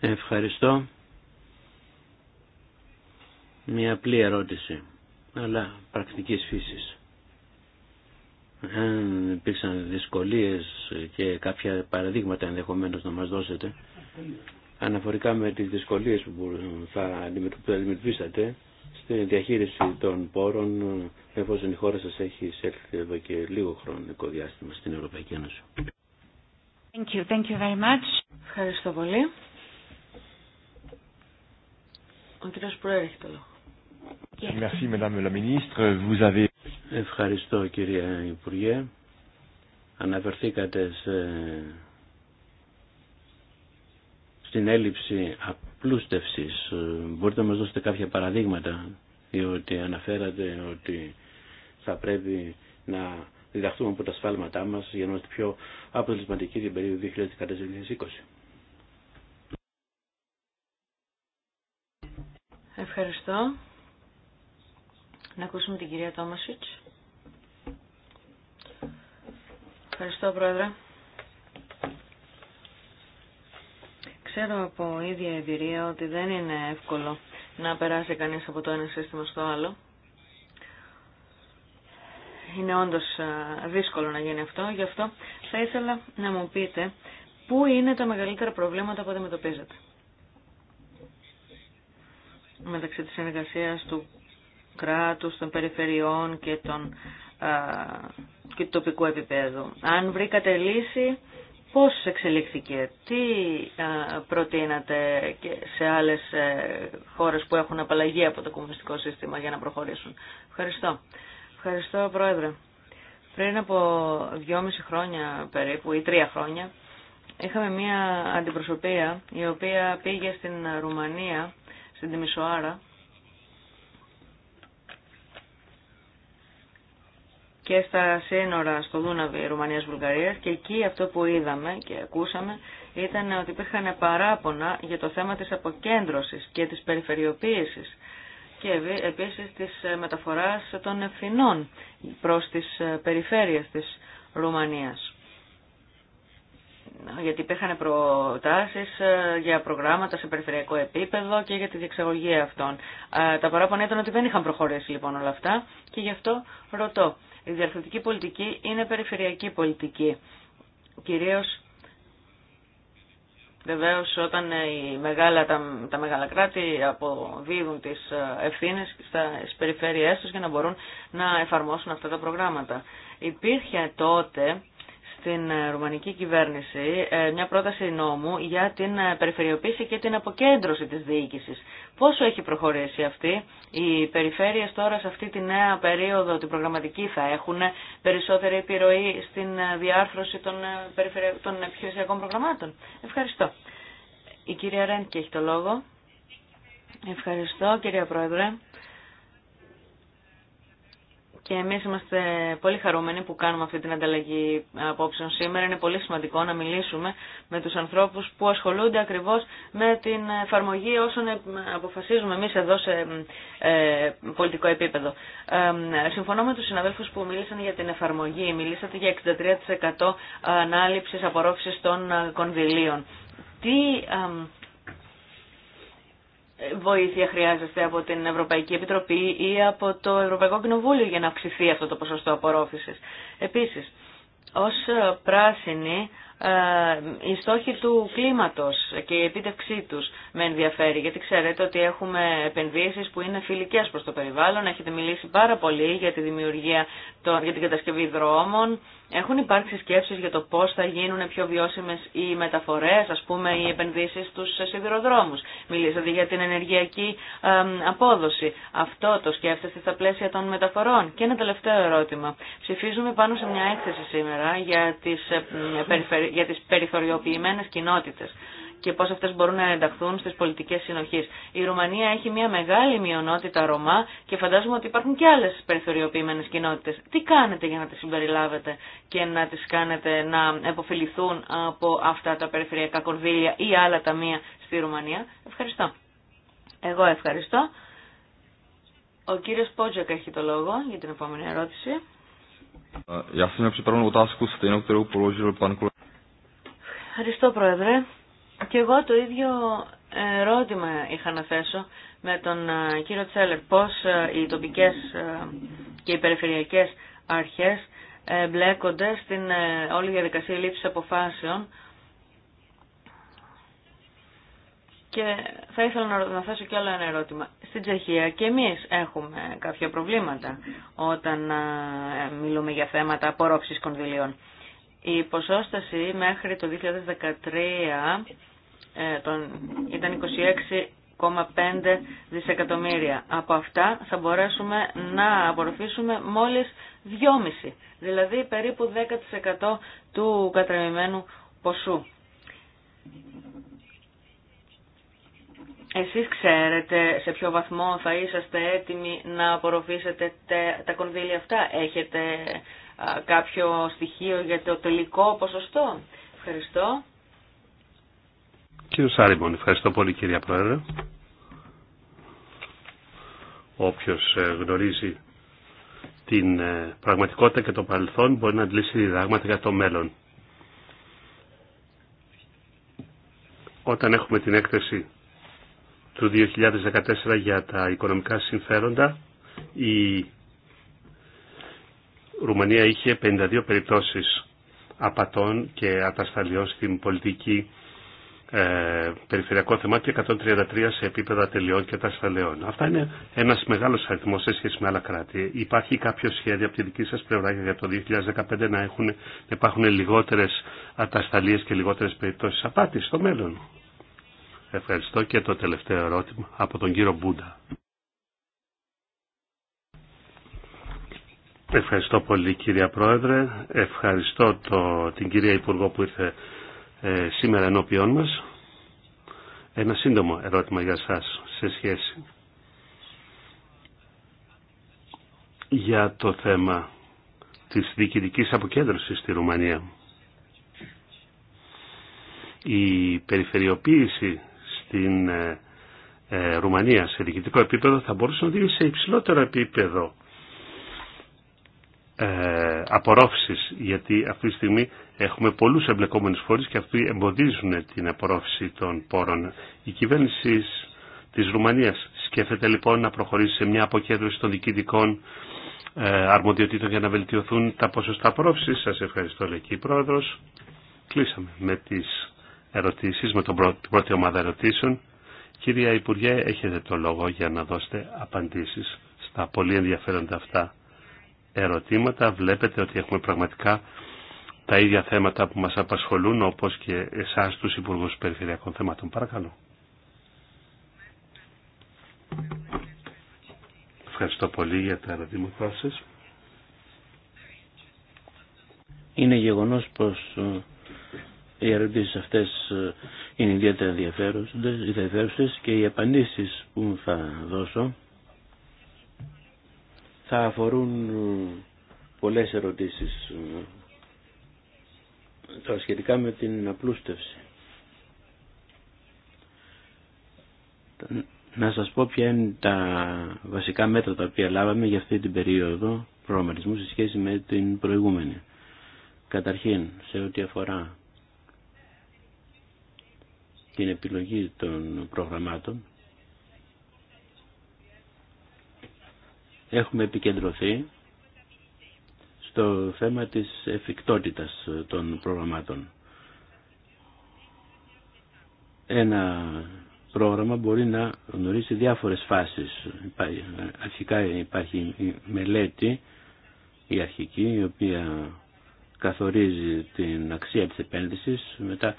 Ευχαριστώ. Μια απλή ερώτηση, αλλά πρακτικής φύσης. Αν υπήρξαν δυσκολίες και κάποια παραδείγματα ενδεχομένως να μας δώσετε, αναφορικά με τις δυσκολίες που θα αντιμετωπίσατε στη διαχείριση των πόρων, εφόσον η χώρα σας έχει εισέλθει εδώ και λίγο χρονικό διάστημα στην Ευρωπαϊκή Ένωση. Thank you. Thank you very much. Ευχαριστώ πολύ. Merci, Madame la Ministre. Vous avez... Ευχαριστώ κυρία Υπουργέ. Αναφερθήκατε σε... στην έλλειψη απλούστευσης. Μπορείτε να μας δώσετε κάποια παραδείγματα, διότι αναφέρατε ότι θα πρέπει να διδαχθούμε από τα σφάλματά μας για να είμαστε πιο αποτελεσματικοί την περίοδο 2014-2020. Ευχαριστώ. Να ακούσουμε την κυρία Τόμασιτς. Ευχαριστώ, Πρόεδρε. Ξέρω από ίδια εμπειρία ότι δεν είναι εύκολο να περάσει κανείς από το ένα σύστημα στο άλλο. Είναι όντως δύσκολο να γίνει αυτό. Γι' αυτό θα ήθελα να μου πείτε πού είναι τα μεγαλύτερα προβλήματα που αντιμετωπίζετε μεταξύ της συνεργασίας του κράτους, των περιφερειών και, των, και του τοπικού επίπεδου. Αν βρήκατε λύση, πώς εξελίχθηκε, τι προτείνατε και σε άλλες ε, χώρες που έχουν απαλλαγή από το κομμουνιστικό σύστημα για να προχωρήσουν. Ευχαριστώ. Ευχαριστώ, Πρόεδρε. Πριν από δυόμιση χρόνια περίπου ή τρία χρόνια, είχαμε μία αντιπροσωπεία η οποία πήγε στην Ρουμανία στην Τιμισοάρα και στα σύνορα στο Δούναβι Ρουμανίας-Βουλγαρίας και εκεί αυτό που είδαμε και ακούσαμε ήταν ότι υπήρχαν παράπονα για το θέμα της αποκέντρωσης και της περιφερειοποίησης και επίσης της μεταφοράς των ευθυνών προς τις ε, περιφέρειες της Ρουμανίας γιατί υπήρχαν προτάσεις ε, για προγράμματα σε περιφερειακό επίπεδο και για τη διεξαγωγή αυτών. Ε, τα παράπονα ήταν ότι δεν είχαν προχωρήσει λοιπόν όλα αυτά και γι' αυτό ρωτώ. Η διαρθρωτική πολιτική είναι περιφερειακή πολιτική. Κυρίως Βεβαίω, όταν ε, μεγάλα, τα, τα μεγάλα κράτη αποδίδουν τι ευθύνε στι περιφέρειέ του για να μπορούν να εφαρμόσουν αυτά τα προγράμματα. Υπήρχε τότε στην ε, ρουμανική κυβέρνηση ε, μια πρόταση νόμου για την ε, περιφερειοποίηση και την αποκέντρωση της διοίκησης. Πόσο έχει προχωρήσει αυτή, οι περιφέρειες τώρα σε αυτή τη νέα περίοδο, την προγραμματική, θα έχουν περισσότερη επιρροή στην διάρθρωση των, των επιχειρησιακών προγραμμάτων. Ευχαριστώ. Η κυρία και έχει το λόγο. Ευχαριστώ κυρία Πρόεδρε. Και εμείς είμαστε πολύ χαρούμενοι που κάνουμε αυτή την ανταλλαγή απόψεων σήμερα. Είναι πολύ σημαντικό να μιλήσουμε με τους ανθρώπους που ασχολούνται ακριβώς με την εφαρμογή όσων αποφασίζουμε εμείς εδώ σε ε, πολιτικό επίπεδο. Ε, συμφωνώ με τους συναδέλφους που μίλησαν για την εφαρμογή. Μιλήσατε για 63% ανάληψης απορρόφησης των κονδυλίων. Τι ε, βοήθεια χρειάζεστε από την Ευρωπαϊκή Επιτροπή ή από το Ευρωπαϊκό Κοινοβούλιο για να αυξηθεί αυτό το ποσοστό απορρόφησης. Επίσης, ως πράσινη, η ε, στόχη του κλίματος και η επίτευξή τους με ενδιαφέρει, γιατί ξέρετε ότι έχουμε επενδύσεις που είναι φιλικές προς το περιβάλλον, έχετε μιλήσει πάρα πολύ για τη δημιουργία, για την κατασκευή δρόμων, έχουν υπάρξει σκέψεις για το πώς θα γίνουν πιο βιώσιμες οι μεταφορές, ας πούμε οι επενδύσεις στους σιδηροδρόμους. Μιλήσατε για την ενεργειακή απόδοση. Αυτό το σκέφτεστε στα πλαίσια των μεταφορών. Και ένα τελευταίο ερώτημα. Ψηφίζουμε πάνω σε μια έκθεση σήμερα για τις, περιφερ, για τις κοινότητες και πώς αυτές μπορούν να ενταχθούν στις πολιτικές συνοχής. Η Ρουμανία έχει μια μεγάλη μειονότητα Ρωμά και φαντάζομαι ότι υπάρχουν και άλλες περιθωριοποιημένες κοινότητες. Τι κάνετε για να τις συμπεριλάβετε και να τις κάνετε να εποφεληθούν από αυτά τα περιφερειακά κονδύλια ή άλλα ταμεία στη Ρουμανία. Ευχαριστώ. Εγώ ευχαριστώ. Ο κύριος Πότζακ έχει το λόγο για την επόμενη ερώτηση. Ε, ευχαριστώ, Πρόεδρε. Και εγώ το ίδιο ερώτημα είχα να θέσω με τον ε, κύριο Τσέλερ. Πώς ε, οι τοπικές ε, και οι περιφερειακές αρχές μπλέκονται στην όλη διαδικασία λήψη αποφάσεων Και θα ήθελα να θέσω κι άλλο ένα ερώτημα. Στην Τσεχία και εμείς έχουμε κάποια προβλήματα όταν μιλούμε για θέματα απορρόψης κονδυλίων. Η ποσόσταση μέχρι το 2013 ε, ήταν 26,5 δισεκατομμύρια. Από αυτά θα μπορέσουμε να απορροφήσουμε μόλις 2,5, δηλαδή περίπου 10% του κατρεμημένου ποσού. Εσείς ξέρετε σε ποιο βαθμό θα είσαστε έτοιμοι να απορροφήσετε τα κονδύλια αυτά. Έχετε κάποιο στοιχείο για το τελικό ποσοστό. Ευχαριστώ. Κύριο Σάριμον, ευχαριστώ πολύ κύριε Πρόεδρε. Όποιος ε, γνωρίζει την ε, πραγματικότητα και το παρελθόν μπορεί να αντλήσει διδάγματα για το μέλλον. Όταν έχουμε την έκθεση του 2014 για τα οικονομικά συμφέροντα, η Ρουμανία είχε 52 περιπτώσεις απατών και ατασταλιών στην πολιτική ε, περιφερειακό και 133 σε επίπεδα τελειών και τασταλαιών. Αυτά είναι ένας μεγάλος αριθμός σε σχέση με άλλα κράτη. Υπάρχει κάποιο σχέδιο από τη δική σα πλευρά για το 2015 να, έχουν, να υπάρχουν λιγότερες ατασταλίε και λιγότερες περιπτώσει απάτη στο μέλλον. Ευχαριστώ και το τελευταίο ερώτημα από τον κύριο Μπούντα. Ευχαριστώ πολύ κυρία Πρόεδρε. Ευχαριστώ το, την κυρία Υπουργό που ήρθε ε, σήμερα ενώπιόν μας. Ένα σύντομο ερώτημα για σας σε σχέση για το θέμα της διοικητικής αποκέντρωσης στη Ρουμανία. Η περιφερειοποίηση στην ε, ε, Ρουμανία σε διοικητικό επίπεδο θα μπορούσε να δίνει σε υψηλότερο επίπεδο ε, απορρόφησης, γιατί αυτή τη στιγμή έχουμε πολλούς εμπλεκόμενους φορείς και αυτοί εμποδίζουν την απορρόφηση των πόρων. Η κυβέρνηση της Ρουμανίας σκέφτεται λοιπόν να προχωρήσει σε μια αποκέντρωση των διοικητικών ε, αρμοδιοτήτων για να βελτιωθούν τα ποσοστά απορρόφησης. Σας ευχαριστώ Λεκύη Πρόεδρος. Κλείσαμε με τις ερωτήσεις, με τον πρώτη, την πρώτη ομάδα ερωτήσεων. Κυρία Υπουργέ, έχετε το λόγο για να δώσετε απαντήσεις στα πολύ ενδιαφέροντα αυτά ερωτήματα. Βλέπετε ότι έχουμε πραγματικά τα ίδια θέματα που μας απασχολούν όπως και εσάς τους Υπουργούς Περιφερειακών Θεμάτων. Παρακαλώ. Ευχαριστώ πολύ για τα ερωτήματά σας. Είναι γεγονός πως ε, οι ερωτήσει αυτές ε, είναι ιδιαίτερα ενδιαφέρουσες και οι απαντήσεις που θα δώσω θα αφορούν πολλές ερωτήσεις ε, τώρα σχετικά με την απλούστευση. Να σας πω ποια είναι τα βασικά μέτρα τα οποία λάβαμε για αυτή την περίοδο προγραμματισμού σε σχέση με την προηγούμενη. Καταρχήν, σε ό,τι αφορά την επιλογή των προγραμμάτων, έχουμε επικεντρωθεί στο θέμα της εφικτότητας των προγραμμάτων. Ένα πρόγραμμα μπορεί να γνωρίσει διάφορες φάσεις. Αρχικά υπάρχει η μελέτη, η αρχική, η οποία καθορίζει την αξία της επένδυσης. Μετά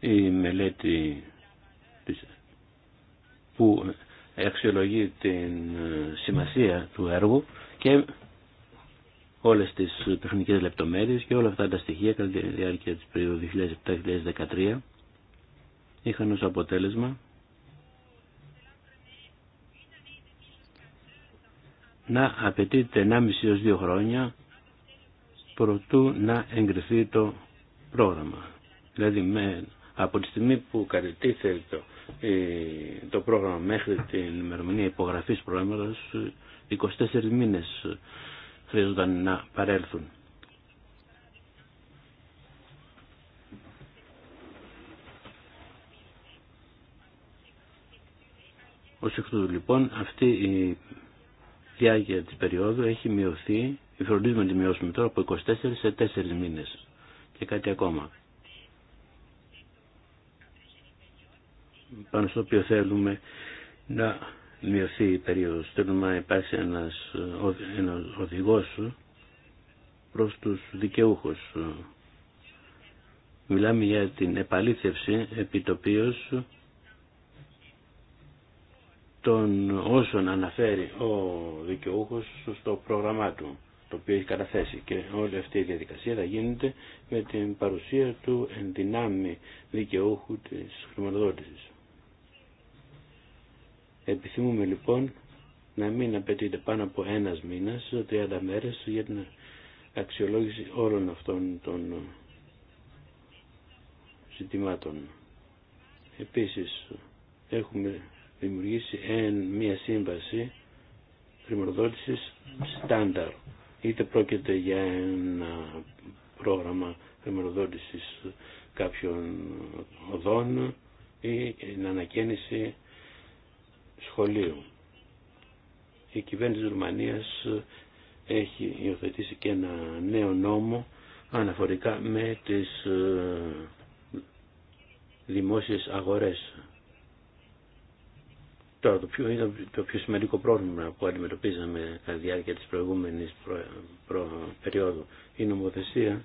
η μελέτη που αξιολογεί την ε, σημασία του έργου και όλες τις τεχνικές λεπτομέρειες και όλα αυτά τα στοιχεία κατά τη διάρκεια της περίοδου 2007-2013 είχαν ως αποτέλεσμα να απαιτείται 1,5 έως 2 χρόνια προτού να εγκριθεί το πρόγραμμα. Δηλαδή από τη στιγμή που το το πρόγραμμα μέχρι την ημερομηνία υπογραφής προγράμματος 24 μήνες χρειάζονταν να παρέλθουν. Ως εκ τούτου λοιπόν αυτή η διάρκεια της περίοδου έχει μειωθεί, η φροντίζουμε να τη μειώσουμε τώρα από 24 σε 4 μήνες και κάτι ακόμα. πάνω στο οποίο θέλουμε να μειωθεί η περίοδος. Θέλουμε να υπάρξει ένας, ένας οδηγός προς τους δικαιούχους. Μιλάμε για την επαλήθευση επιτοπίως των όσων αναφέρει ο δικαιούχος στο πρόγραμμά του το οποίο έχει καταθέσει και όλη αυτή η διαδικασία θα γίνεται με την παρουσία του ενδυνάμει δικαιούχου της χρηματοδότησης. Επιθυμούμε λοιπόν να μην απαιτείται πάνω από ένα μήνας, 30 μέρε για την αξιολόγηση όλων αυτών των ζητημάτων. Επίσης έχουμε δημιουργήσει μία σύμβαση χρηματοδότηση στάνταρ. Είτε πρόκειται για ένα πρόγραμμα χρηματοδότηση κάποιων οδών ή την ανακαίνιση σχολείου. Η κυβέρνηση της Ρουμανίας ε, έχει υιοθετήσει και ένα νέο νόμο αναφορικά με τις ε, δημόσιες αγορές. το πιο, το πιο σημαντικό πρόβλημα που αντιμετωπίζαμε κατά τη διάρκεια της προηγούμενης προ, προ, περίοδου η νομοθεσία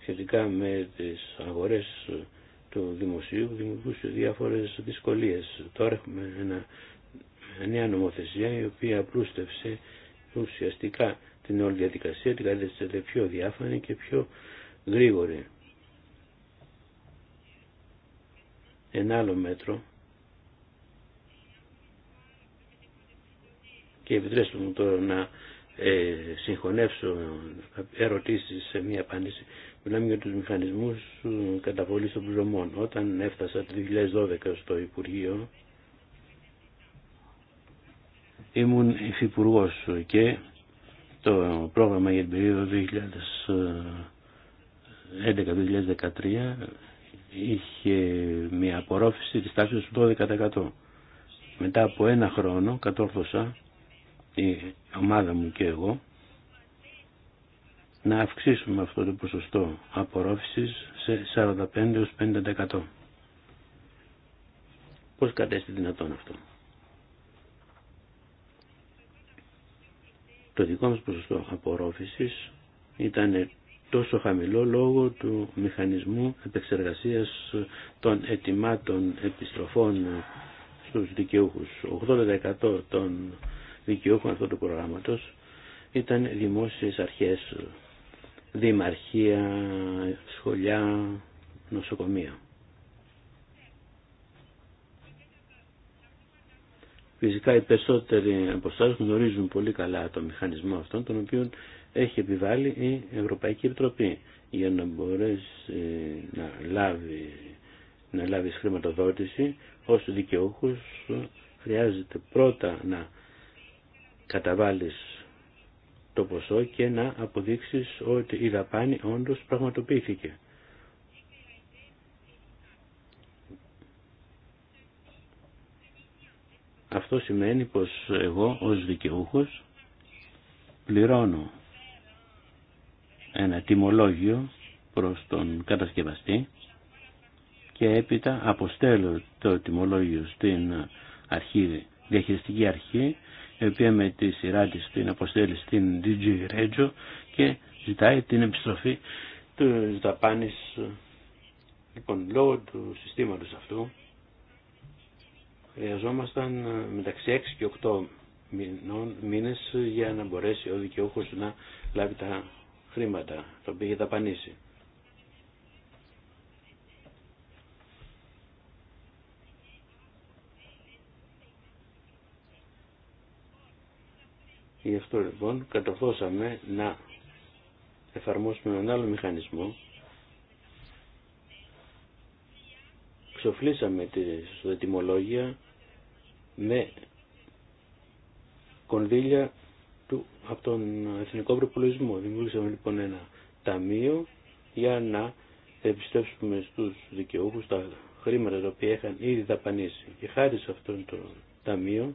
σχετικά με τις αγορές ε, του δημοσίου δημιουργούσε διάφορες δυσκολίες. Τώρα έχουμε μια νέα νομοθεσία η οποία απλούστευσε ουσιαστικά την όλη διαδικασία, την κατέστησε πιο διάφανη και πιο γρήγορη. Ένα άλλο μέτρο και επιτρέψτε μου τώρα να ε, συγχωνεύσω ερωτήσεις σε μία απάντηση Μιλάμε για τους μηχανισμούς ε, καταβολής των πληρωμών. Όταν έφτασα το 2012 στο Υπουργείο, ήμουν υφυπουργό και το πρόγραμμα για την περίοδο 2011-2013 είχε μια απορρόφηση της τάξης του 12%. Μετά από ένα χρόνο κατόρθωσα η ομάδα μου και εγώ να αυξήσουμε αυτό το ποσοστό απορρόφησης σε 45-50%. Πώς κατέστη δυνατόν αυτό. Το δικό μας ποσοστό απορρόφησης ήταν τόσο χαμηλό λόγω του μηχανισμού επεξεργασίας των ετοιμάτων επιστροφών στους δικαιούχους. 80% των δικαιούχων αυτού του προγράμματος ήταν δημόσιες αρχές δημαρχία, σχολιά, νοσοκομεία. Φυσικά οι περισσότεροι από εσάς γνωρίζουν πολύ καλά το μηχανισμό αυτόν τον οποίο έχει επιβάλει η Ευρωπαϊκή Επιτροπή για να μπορέσει να λάβει, να χρηματοδότηση ως δικαιούχος χρειάζεται πρώτα να καταβάλεις το ποσό και να αποδείξεις ότι η δαπάνη όντως πραγματοποιήθηκε. Αυτό σημαίνει πως εγώ ως δικαιούχος πληρώνω ένα τιμολόγιο προς τον κατασκευαστή και έπειτα αποστέλω το τιμολόγιο στην αρχή, διαχειριστική αρχή η οποία με τη σειρά της την αποστέλει στην DG Regio και ζητάει την επιστροφή του δαπάνης λοιπόν λόγω του συστήματος αυτού χρειαζόμασταν μεταξύ 6 και 8 μήνε μήνες για να μπορέσει ο δικαιούχος να λάβει τα χρήματα το οποίο είχε δαπανίσει. Γι' αυτό λοιπόν κατορθώσαμε να εφαρμόσουμε έναν άλλο μηχανισμό. Ξοφλήσαμε τη τιμολόγια με κονδύλια του, από τον Εθνικό Προπολογισμό. Δημιούργησαμε λοιπόν ένα ταμείο για να επιστρέψουμε στους δικαιούχους τα χρήματα τα οποία είχαν ήδη δαπανίσει. Και χάρη σε αυτό το ταμείο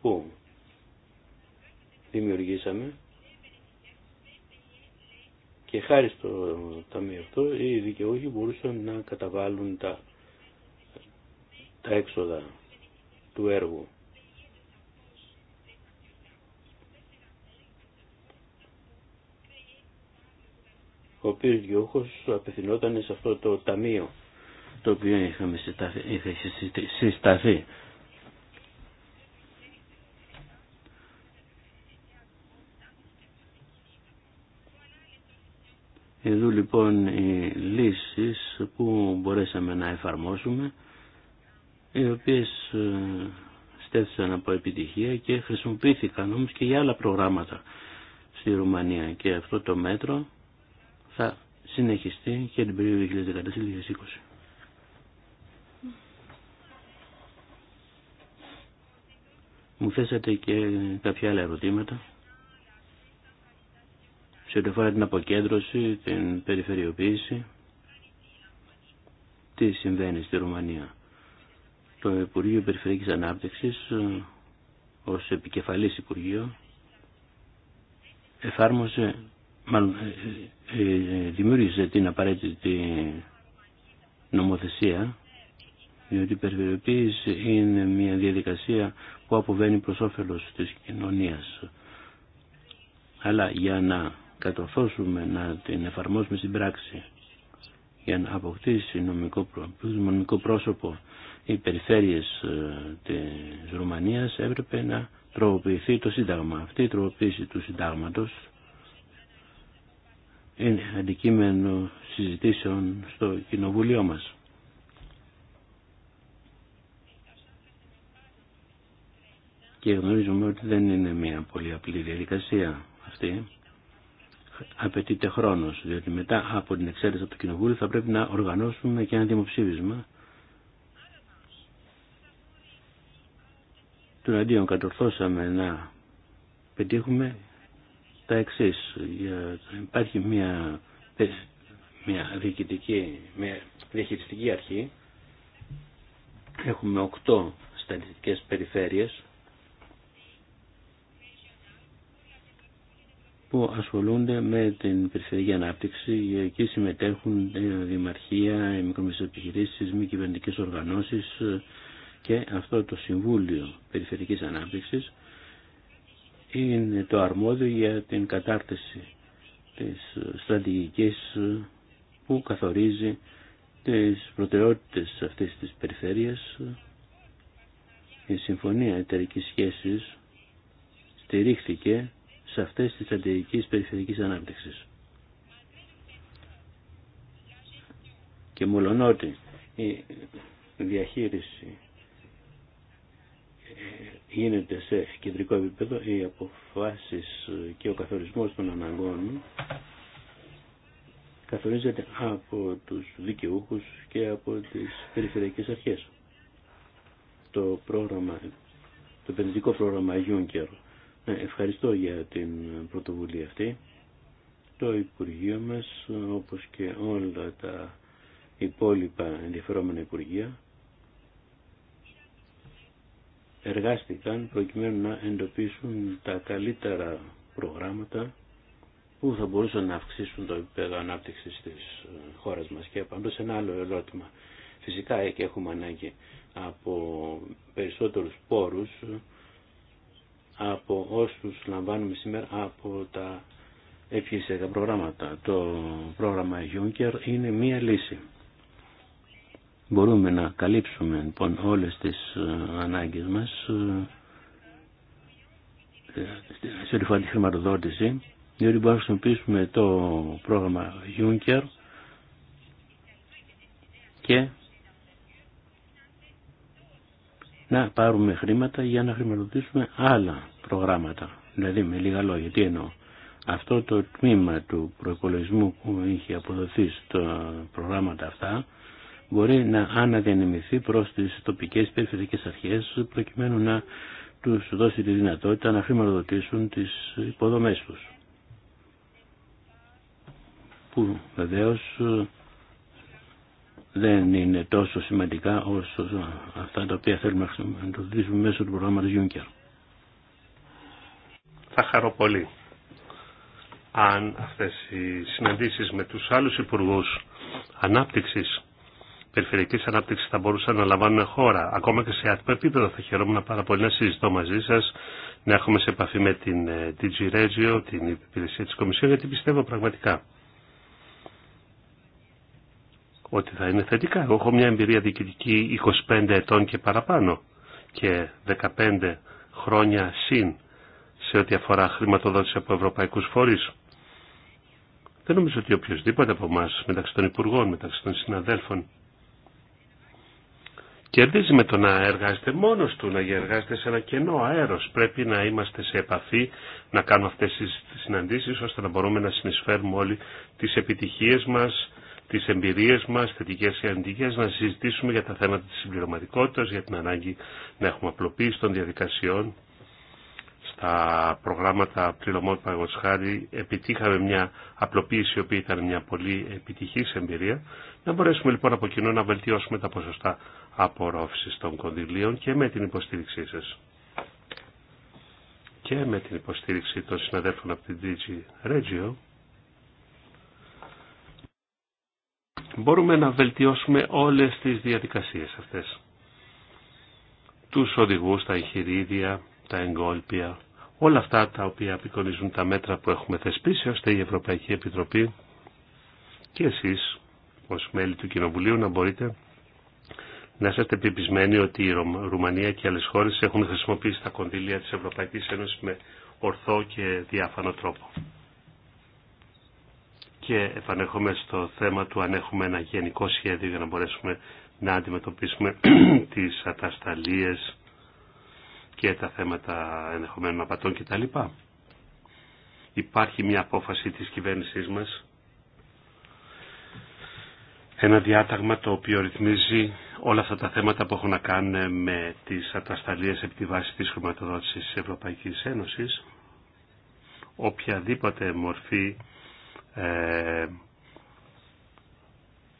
που δημιουργήσαμε και χάρη στο ταμείο αυτό οι δικαιούχοι μπορούσαν να καταβάλουν τα, τα έξοδα του έργου. ο οποίος διόχος απευθυνόταν σε αυτό το ταμείο το οποίο είχαμε συσταθεί. Εδώ λοιπόν οι λύσεις που μπορέσαμε να εφαρμόσουμε οι οποίες ε, στέθησαν από επιτυχία και χρησιμοποιήθηκαν όμως και για άλλα προγράμματα στη Ρουμανία και αυτό το μέτρο θα συνεχιστεί και την περίοδο 2014-2020. Μου θέσατε και κάποια άλλα ερωτήματα σε ό,τι αφορά την αποκέντρωση, την περιφερειοποίηση, τι συμβαίνει στη Ρουμανία. Το Υπουργείο Περιφερειακής Ανάπτυξης ε, ως επικεφαλής Υπουργείο εφάρμοσε, μάλλον, ε, ε, δημιούργησε την απαραίτητη νομοθεσία διότι η περιφερειοποίηση είναι μια διαδικασία που αποβαίνει προς όφελος της κοινωνίας. Αλλά για να κατορθώσουμε να την εφαρμόσουμε στην πράξη για να αποκτήσει νομικό, νομικό πρόσωπο οι περιφέρειες ε, της Ρουμανίας έπρεπε να τροποποιηθεί το Σύνταγμα. Αυτή η τροποποίηση του Συντάγματος είναι αντικείμενο συζητήσεων στο Κοινοβουλίο μας. Και γνωρίζουμε ότι δεν είναι μια πολύ απλή διαδικασία αυτή απαιτείται χρόνος, διότι μετά από την εξέλιξη από το Κοινοβούλιο θα πρέπει να οργανώσουμε και ένα δημοψήφισμα του αντίον κατορθώσαμε να πετύχουμε τα εξή. Υπάρχει μια, μια, διοικητική, μια διαχειριστική αρχή. Έχουμε οκτώ στατιστικές περιφέρειες που ασχολούνται με την περιφερειακή ανάπτυξη. Εκεί συμμετέχουν ε, δημαρχία, οι μικρομεσαίες επιχειρήσεις, μη κυβερνητικέ οργανώσεις ε, και αυτό το Συμβούλιο Περιφερειακής Ανάπτυξης είναι το αρμόδιο για την κατάρτιση της στρατηγικής ε, που καθορίζει τις προτεραιότητες αυτής της περιφέρειας. Η Συμφωνία Εταιρικής Σχέσης στηρίχθηκε σε αυτές τις στρατηγικές περιφερειακής ανάπτυξης. Και μολονότι η διαχείριση ε, γίνεται σε κεντρικό επίπεδο, οι αποφάσεις και ο καθορισμός των αναγκών καθορίζεται από τους δικαιούχους και από τις περιφερειακές αρχές. Το πρόγραμμα, το επενδυτικό πρόγραμμα Juncker ε, ευχαριστώ για την πρωτοβουλία αυτή. Το Υπουργείο μας, όπως και όλα τα υπόλοιπα ενδιαφερόμενα Υπουργεία, εργάστηκαν προκειμένου να εντοπίσουν τα καλύτερα προγράμματα που θα μπορούσαν να αυξήσουν το επίπεδο ανάπτυξη τη ε, χώρα μα. Και πάντως ένα άλλο ερώτημα. Φυσικά ε, και έχουμε ανάγκη από περισσότερου πόρου από όσους λαμβάνουμε σήμερα από τα ευχησιακά προγράμματα. Το πρόγραμμα Juncker είναι μία λύση. Μπορούμε να καλύψουμε λοιπόν όλες τις ε, ανάγκες μας ε, σε ρηφά τη χρηματοδότηση διότι μπορούμε να χρησιμοποιήσουμε το πρόγραμμα Juncker και να πάρουμε χρήματα για να χρηματοδοτήσουμε άλλα προγράμματα. Δηλαδή με λίγα λόγια, τι εννοώ. Αυτό το τμήμα του προϋπολογισμού που είχε αποδοθεί στα προγράμματα αυτά μπορεί να αναδιανεμηθεί προς τις τοπικές περιφερειακές αρχές προκειμένου να του δώσει τη δυνατότητα να χρηματοδοτήσουν τις υποδομές τους. Που βεβαίως δεν είναι τόσο σημαντικά όσο αυτά τα οποία θέλουμε να χρησιμοποιήσουμε μέσω του προγράμματος Juncker. Θα χαρώ πολύ αν αυτές οι συναντήσεις με τους άλλους υπουργούς ανάπτυξης, περιφερειακής ανάπτυξης θα μπορούσαν να λαμβάνουν χώρα. Ακόμα και σε άτομο επίπεδο θα χαιρόμουν πάρα πολύ να συζητώ μαζί σας, να έχουμε σε επαφή με την DG ε, Regio, την υπηρεσία της Κομισιόν, γιατί πιστεύω πραγματικά ότι θα είναι θετικά. Εγώ έχω μια εμπειρία διοικητική 25 ετών και παραπάνω και 15 χρόνια συν σε ό,τι αφορά χρηματοδότηση από Ευρωπαϊκού φορεί. Δεν νομίζω ότι οποιοδήποτε από εμά, μεταξύ των υπουργών, μεταξύ των συναδέλφων, κερδίζει με το να εργάζεται μόνος του, να εργάζεται σε ένα κενό αέρος. Πρέπει να είμαστε σε επαφή, να κάνουμε αυτέ τι συναντήσει ώστε να μπορούμε να συνεισφέρουμε όλοι τι επιτυχίε μα τις εμπειρίες μας, θετικές ή αντικές, να συζητήσουμε για τα θέματα της συμπληρωματικότητας, για την ανάγκη να έχουμε απλοποίηση των διαδικασιών. Στα προγράμματα πληρωμών παγκοσχάρη επιτύχαμε μια απλοποίηση, η οποία ήταν μια πολύ επιτυχής εμπειρία. Να μπορέσουμε λοιπόν από κοινού να βελτιώσουμε τα ποσοστά απορρόφησης των κονδυλίων και με την υποστήριξή σας και με την υποστήριξη των συναδέλφων από την DG Regio μπορούμε να βελτιώσουμε όλες τις διαδικασίες αυτές. Τους οδηγούς, τα εγχειρίδια, τα εγκόλπια, όλα αυτά τα οποία απεικονίζουν τα μέτρα που έχουμε θεσπίσει, ώστε η Ευρωπαϊκή Επιτροπή και εσείς ως μέλη του Κοινοβουλίου να μπορείτε να είστε επιπισμένοι ότι η Ρουμανία και άλλες χώρες έχουν χρησιμοποιήσει τα κονδύλια της Ευρωπαϊκής Ένωσης με ορθό και διάφανο τρόπο και επανέρχομαι στο θέμα του αν έχουμε ένα γενικό σχέδιο για να μπορέσουμε να αντιμετωπίσουμε τις ατασταλίες και τα θέματα ενδεχομένων απατών κτλ. Υπάρχει μια απόφαση της κυβέρνησής μας, ένα διάταγμα το οποίο ρυθμίζει όλα αυτά τα θέματα που έχουν να κάνουν με τις ατασταλίες επί τη βάση της χρηματοδότησης της Ευρωπαϊκής Ένωσης, οποιαδήποτε μορφή ε,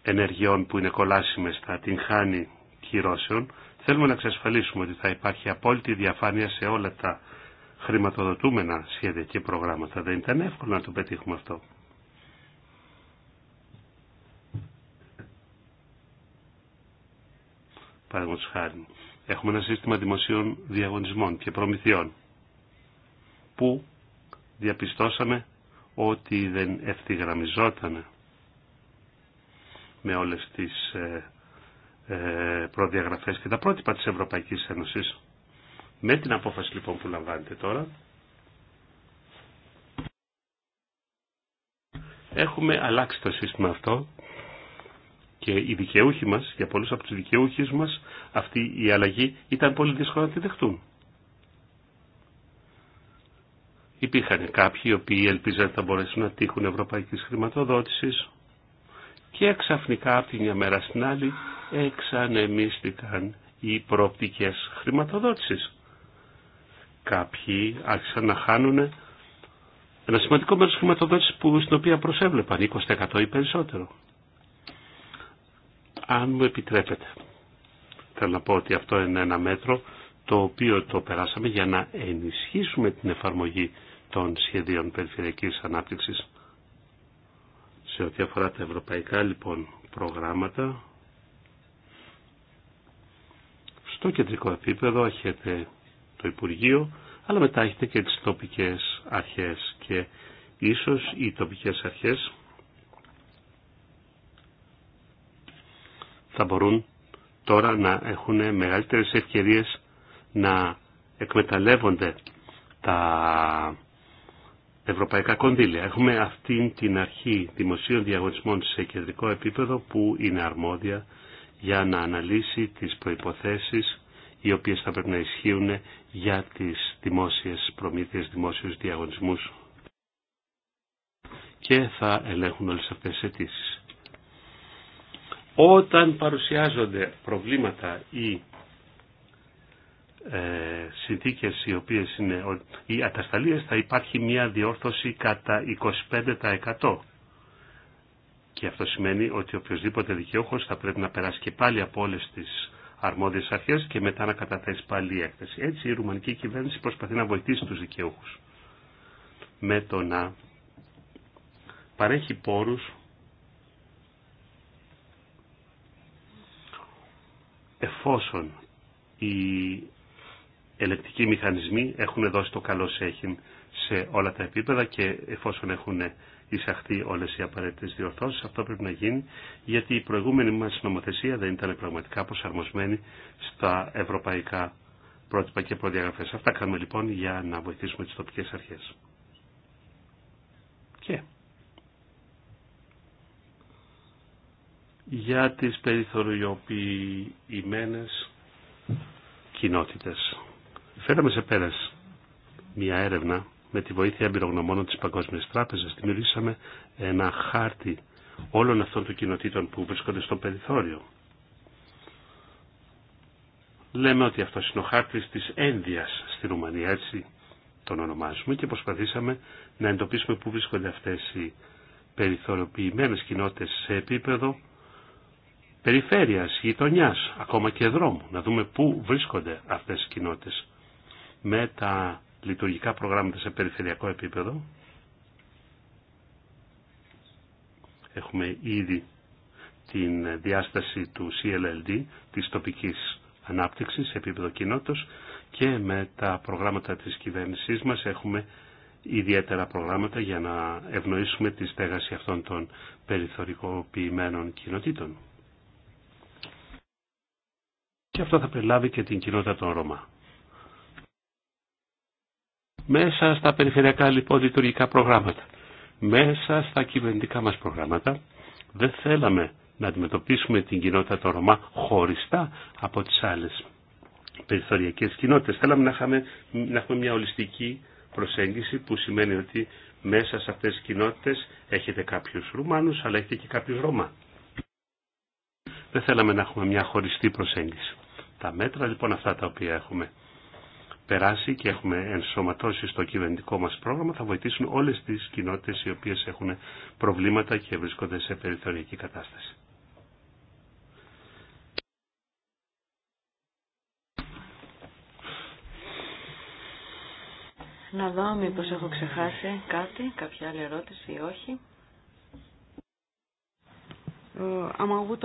ενεργειών που είναι κολάσιμες θα την χάνει κυρώσεων. Θέλουμε να εξασφαλίσουμε ότι θα υπάρχει απόλυτη διαφάνεια σε όλα τα χρηματοδοτούμενα σχέδια και προγράμματα. Δεν ήταν εύκολο να το πετύχουμε αυτό. Παραδείγματος χάρη. Έχουμε ένα σύστημα δημοσίων διαγωνισμών και προμηθειών που διαπιστώσαμε ότι δεν ευθυγραμμιζόταν με όλες τις ε, ε, προδιαγραφές και τα πρότυπα της Ευρωπαϊκής Ένωσης. Με την απόφαση λοιπόν που λαμβάνετε τώρα, έχουμε αλλάξει το σύστημα αυτό και οι δικαιούχοι μας, για πολλούς από τους δικαιούχους μας, αυτή η αλλαγή ήταν πολύ δύσκολο να τη δεχτούν. Υπήρχαν κάποιοι οι οποίοι ελπίζαν ότι θα μπορέσουν να τύχουν ευρωπαϊκής χρηματοδότησης και ξαφνικά από τη μια μέρα στην άλλη εξανεμίστηκαν οι προοπτικές χρηματοδότησης. Κάποιοι άρχισαν να χάνουν ένα σημαντικό μέρος χρηματοδότησης που, στην οποία προσέβλεπαν 20% ή περισσότερο. Αν μου επιτρέπετε, θέλω να πω ότι αυτό είναι ένα μέτρο το οποίο το περάσαμε για να ενισχύσουμε την εφαρμογή των σχεδίων περιφερειακής ανάπτυξης. Σε ό,τι αφορά τα ευρωπαϊκά λοιπόν προγράμματα, στο κεντρικό επίπεδο έχετε το Υπουργείο, αλλά μετά έχετε και τις τοπικές αρχές και ίσως οι τοπικές αρχές θα μπορούν τώρα να έχουν μεγαλύτερες ευκαιρίες να εκμεταλλεύονται τα ευρωπαϊκά κονδύλια. Έχουμε αυτήν την αρχή δημοσίων διαγωνισμών σε κεντρικό επίπεδο που είναι αρμόδια για να αναλύσει τις προϋποθέσεις οι οποίες θα πρέπει να ισχύουν για τις δημόσιες προμήθειες, δημόσιους διαγωνισμούς και θα ελέγχουν όλες αυτές τις αιτήσει. Όταν παρουσιάζονται προβλήματα ή ε, συνθήκες οι οποίες είναι οι ατασταλίες θα υπάρχει μια διόρθωση κατά 25% και αυτό σημαίνει ότι οποιοδήποτε δικαιούχος θα πρέπει να περάσει και πάλι από όλες τις αρμόδιες αρχές και μετά να καταθέσει πάλι η έκθεση. Έτσι η ρουμανική κυβέρνηση προσπαθεί να βοηθήσει τους δικαιούχους με το να παρέχει πόρους εφόσον οι ελεκτικοί μηχανισμοί έχουν δώσει το καλό σέχιν σε όλα τα επίπεδα και εφόσον έχουν εισαχθεί όλες οι απαραίτητες διορθώσεις, αυτό πρέπει να γίνει γιατί η προηγούμενη μας νομοθεσία δεν ήταν πραγματικά προσαρμοσμένη στα ευρωπαϊκά πρότυπα και προδιαγραφές. Αυτά κάνουμε λοιπόν για να βοηθήσουμε τις τοπικές αρχές. Και για τις περιθωριοποιημένες κοινότητες. Φέραμε σε πέρας μια έρευνα με τη βοήθεια εμπειρογνωμόνων της Παγκόσμιας Τράπεζας. Δημιουργήσαμε ένα χάρτη όλων αυτών των κοινοτήτων που βρίσκονται στο περιθώριο. Λέμε ότι αυτό είναι ο χάρτης της ένδυας στη Ρουμανία, έτσι τον ονομάζουμε και προσπαθήσαμε να εντοπίσουμε πού βρίσκονται αυτές οι περιθωριοποιημένες κοινότητες σε επίπεδο περιφέρειας, γειτονιάς, ακόμα και δρόμου, να δούμε πού βρίσκονται αυτές οι κοινότητε με τα λειτουργικά προγράμματα σε περιφερειακό επίπεδο. Έχουμε ήδη την διάσταση του CLLD, της τοπικής ανάπτυξης σε επίπεδο κοινότητος και με τα προγράμματα της κυβέρνησής μας έχουμε ιδιαίτερα προγράμματα για να ευνοήσουμε τη στέγαση αυτών των περιθωρικοποιημένων κοινοτήτων. Και αυτό θα περιλάβει και την κοινότητα των Ρωμά μέσα στα περιφερειακά λοιπόν λειτουργικά προγράμματα, μέσα στα κυβερνητικά μας προγράμματα, δεν θέλαμε να αντιμετωπίσουμε την κοινότητα των Ρωμά χωριστά από τις άλλες περιθωριακές κοινότητες. Θέλαμε να, να έχουμε μια ολιστική προσέγγιση που σημαίνει ότι μέσα σε αυτές τις κοινότητες έχετε κάποιους Ρουμάνους αλλά έχετε και κάποιους Ρώμα. Δεν θέλαμε να έχουμε μια χωριστή προσέγγιση. Τα μέτρα λοιπόν αυτά τα οποία έχουμε περάσει και έχουμε ενσωματώσει στο κυβερνητικό μας πρόγραμμα θα βοηθήσουν όλες τις κοινότητες οι οποίες έχουν προβλήματα και βρίσκονται σε περιθωριακή κατάσταση. Να δω μήπως έχω ξεχάσει κάτι, κάποια άλλη ερώτηση ή όχι. Uh, am avut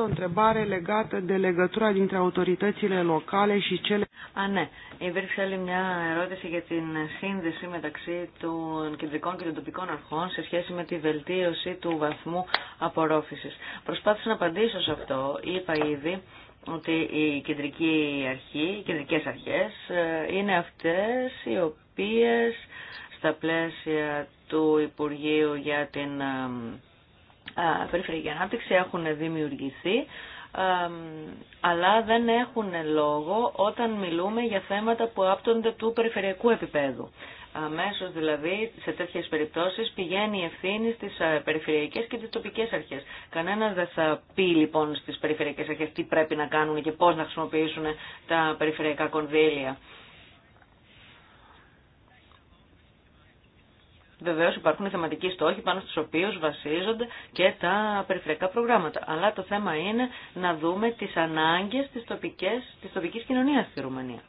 Α, ναι. Υπήρξε άλλη μια ερώτηση για την σύνδεση μεταξύ των κεντρικών και των τοπικών αρχών σε σχέση με τη βελτίωση του βαθμού απορρόφησης. Προσπάθησα να απαντήσω σε αυτό. Είπα ήδη ότι η κεντρική αρχή, οι κεντρικές αρχές ε, είναι αυτές οι οποίες στα πλαίσια του Υπουργείου για την ε, περιφερειακή ανάπτυξη έχουν δημιουργηθεί αλλά δεν έχουν λόγο όταν μιλούμε για θέματα που άπτονται του περιφερειακού επίπεδου. Αμέσω δηλαδή σε τέτοιε περιπτώσει πηγαίνει η ευθύνη στι περιφερειακέ και τι τοπικέ αρχέ. Κανένα δεν θα πει λοιπόν στι περιφερειακέ αρχέ τι πρέπει να κάνουν και πώ να χρησιμοποιήσουν τα περιφερειακά κονδύλια. Βεβαίω υπάρχουν θεματικοί στόχοι πάνω στου οποίου βασίζονται και τα περιφερειακά προγράμματα. Αλλά το θέμα είναι να δούμε τι ανάγκε τη τοπική κοινωνία στη Ρουμανία.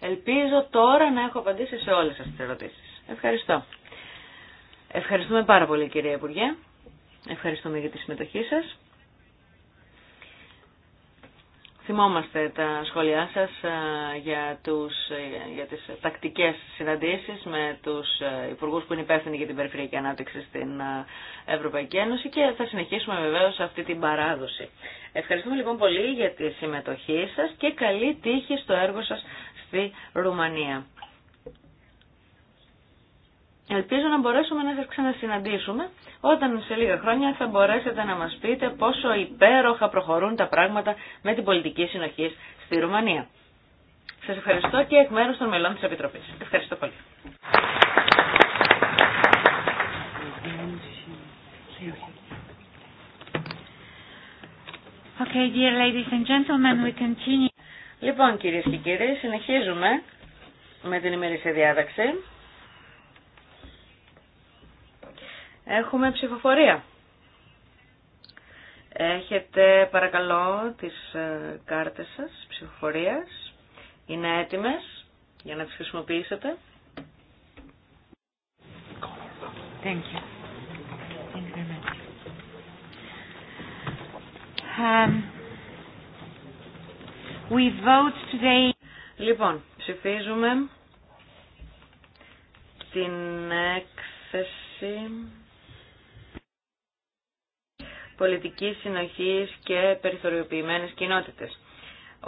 Ελπίζω τώρα να έχω απαντήσει σε όλε σα τι ερωτήσει. Ευχαριστώ. Ευχαριστούμε πάρα πολύ κυρία Υπουργέ. Ευχαριστούμε για τη συμμετοχή σας. Θυμόμαστε τα σχόλιά σας για, τους, για τις τακτικές συναντήσεις με τους υπουργούς που είναι υπεύθυνοι για την περιφερειακή ανάπτυξη στην Ευρωπαϊκή Ένωση και θα συνεχίσουμε βεβαίως αυτή την παράδοση. Ευχαριστούμε λοιπόν πολύ για τη συμμετοχή σας και καλή τύχη στο έργο σας στη Ρουμανία. Ελπίζω να μπορέσουμε να σας ξανασυναντήσουμε όταν σε λίγα χρόνια θα μπορέσετε να μας πείτε πόσο υπέροχα προχωρούν τα πράγματα με την πολιτική συνοχή στη Ρουμανία. Σας ευχαριστώ και εκ μέρους των μελών της Επιτροπής. Ευχαριστώ πολύ. Okay, dear ladies and gentlemen, we continue. Λοιπόν, κυρίες και κύριοι, συνεχίζουμε με την ημερήσια διάταξη. Έχουμε ψηφοφορία. Έχετε παρακαλώ τις ε, κάρτες σας ψηφοφορίας. Είναι έτοιμες για να τις χρησιμοποιήσετε. Thank you. Thank um, we vote today. Λοιπόν, ψηφίζουμε την έκθεση πολιτικής συνοχής και περιθωριοποιημένες κοινότητες.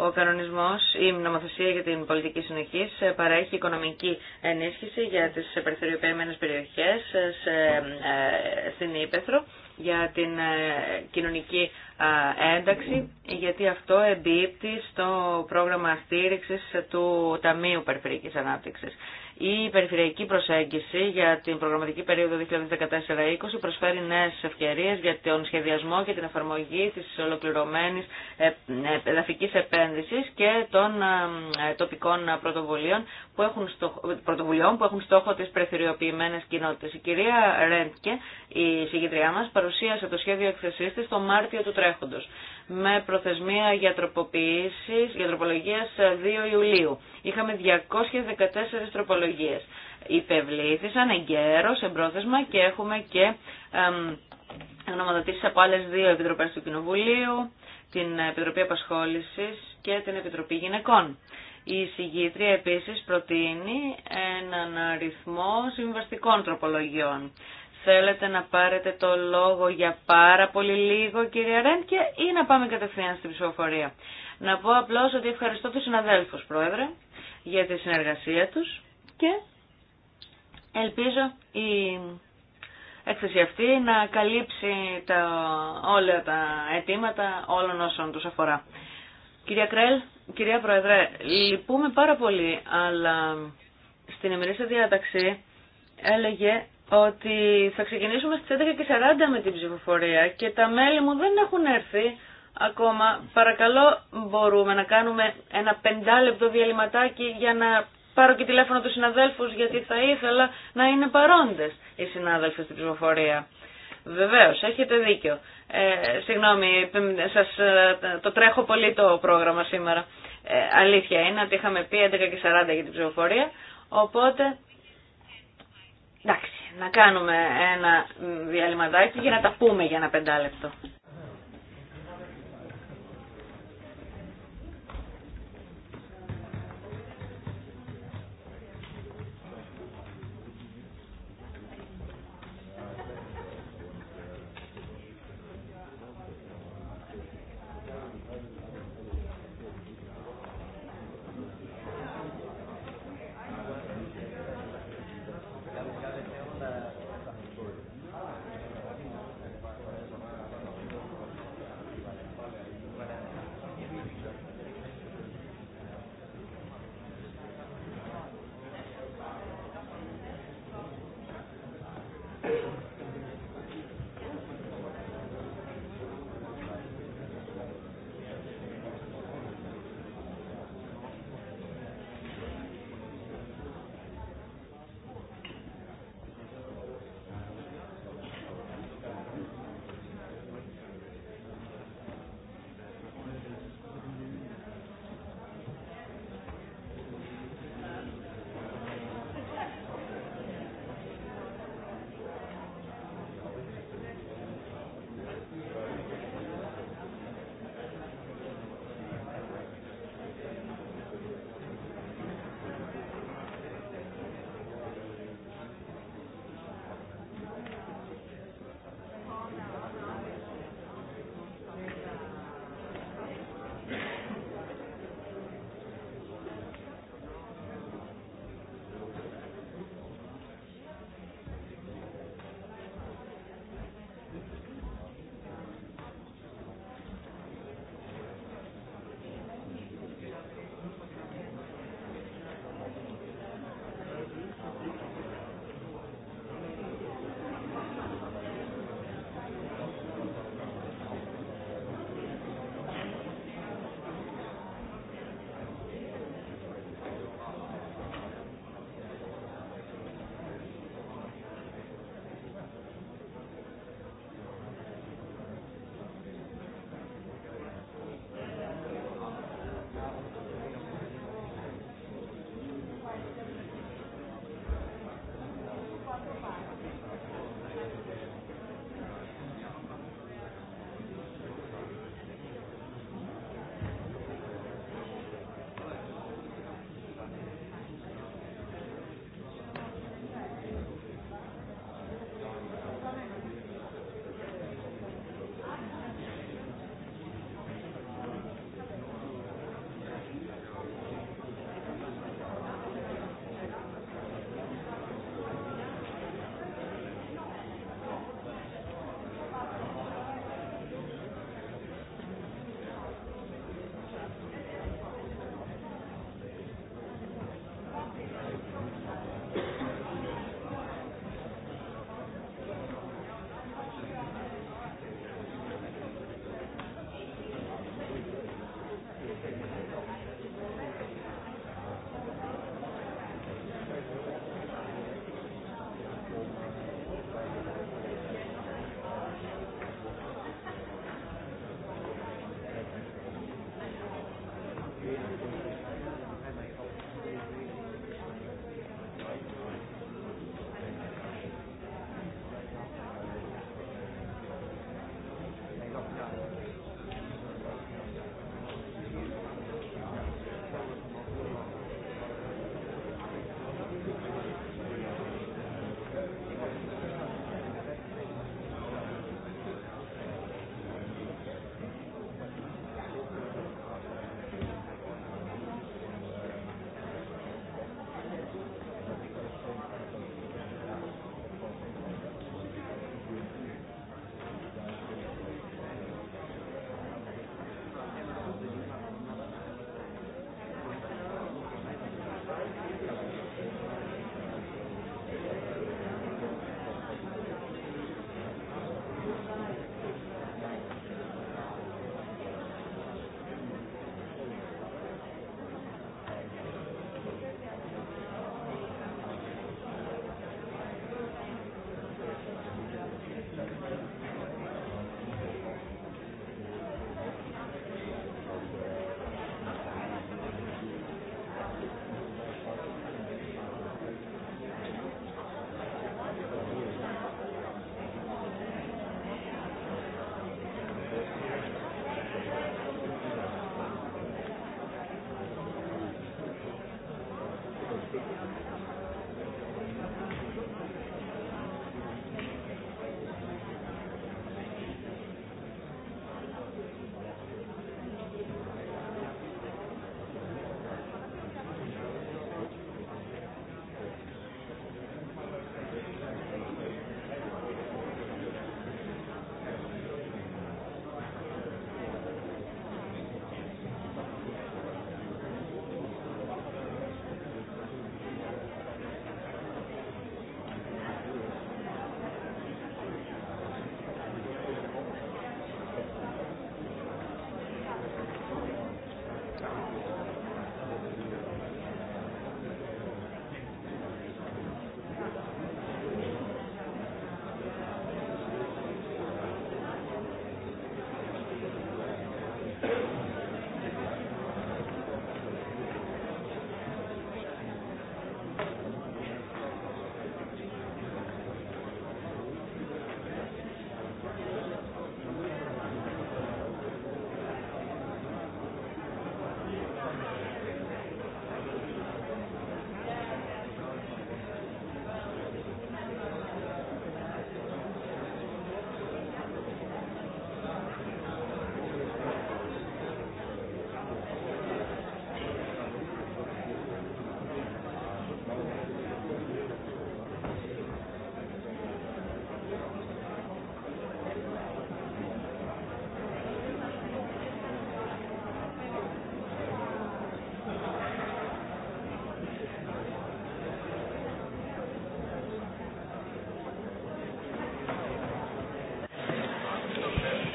Ο κανονισμός, η νομοθεσία για την πολιτική συνοχή παρέχει οικονομική ενίσχυση για τις περιθωριοποιημένες περιοχές ε, στην Ήπεθρο για την ε, κοινωνική ένταξη, γιατί αυτό εμπίπτει στο πρόγραμμα στήριξης του Ταμείου Περιφερειακής Ανάπτυξης. Η περιφερειακή προσέγγιση για την προγραμματική περίοδο 2014-2020 προσφέρει νέε ευκαιρίε για τον σχεδιασμό και την εφαρμογή τη ολοκληρωμένη ε, ε, εδαφική επένδυση και των ε, τοπικών πρωτοβουλίων που έχουν στόχο, πρωτοβουλειών που έχουν στόχο τι περιφερειοποιημένε κοινότητε. Η κυρία Ρέντκε, η συγκεντριά μα, παρουσίασε το σχέδιο εκθεσή τη το Μάρτιο του τρέχοντο με προθεσμία για γιατροπολογίας 2 ε, Ιουλίου. Είχαμε 214 τροπολογίες. Υπευλήθησαν εγκαίρως, εμπρόθεσμα και έχουμε και γνωμοδοτήσεις από άλλες δύο επιτροπές του Κοινοβουλίου, την Επιτροπή Απασχόλησης και την Επιτροπή Γυναικών. Η συγγήτρια επίσης προτείνει έναν αριθμό συμβαστικών τροπολογιών. Θέλετε να πάρετε το λόγο για πάρα πολύ λίγο, κύριε Ρέντκε, ή να πάμε κατευθείαν στην ψηφοφορία. Να πω απλώς ότι ευχαριστώ τους συναδέλφους, Πρόεδρε, για τη συνεργασία τους και ελπίζω η έκθεση αυτή να καλύψει τα, όλα τα αιτήματα όλων όσων τους αφορά. Κυρία Κρέλ, κυρία Πρόεδρε, λυπούμε πάρα πολύ, αλλά στην ημερήσια διάταξη έλεγε ότι θα ξεκινήσουμε στις 11.40 με την ψηφοφορία και τα μέλη μου δεν έχουν έρθει ακόμα. Παρακαλώ μπορούμε να κάνουμε ένα πεντάλεπτο διαλυματάκι για να πάρω και τηλέφωνο του συναδέλφου γιατί θα ήθελα να είναι παρόντες οι συνάδελφοι στην ψηφοφορία. Βεβαίως, έχετε δίκιο. Ε, συγγνώμη, σας, ε, το τρέχω πολύ το πρόγραμμα σήμερα. Ε, αλήθεια είναι ότι είχαμε πει 11.40 για την ψηφοφορία, οπότε Εντάξει, να κάνουμε ένα διαλυματάκι για να τα πούμε για ένα πεντάλεπτο.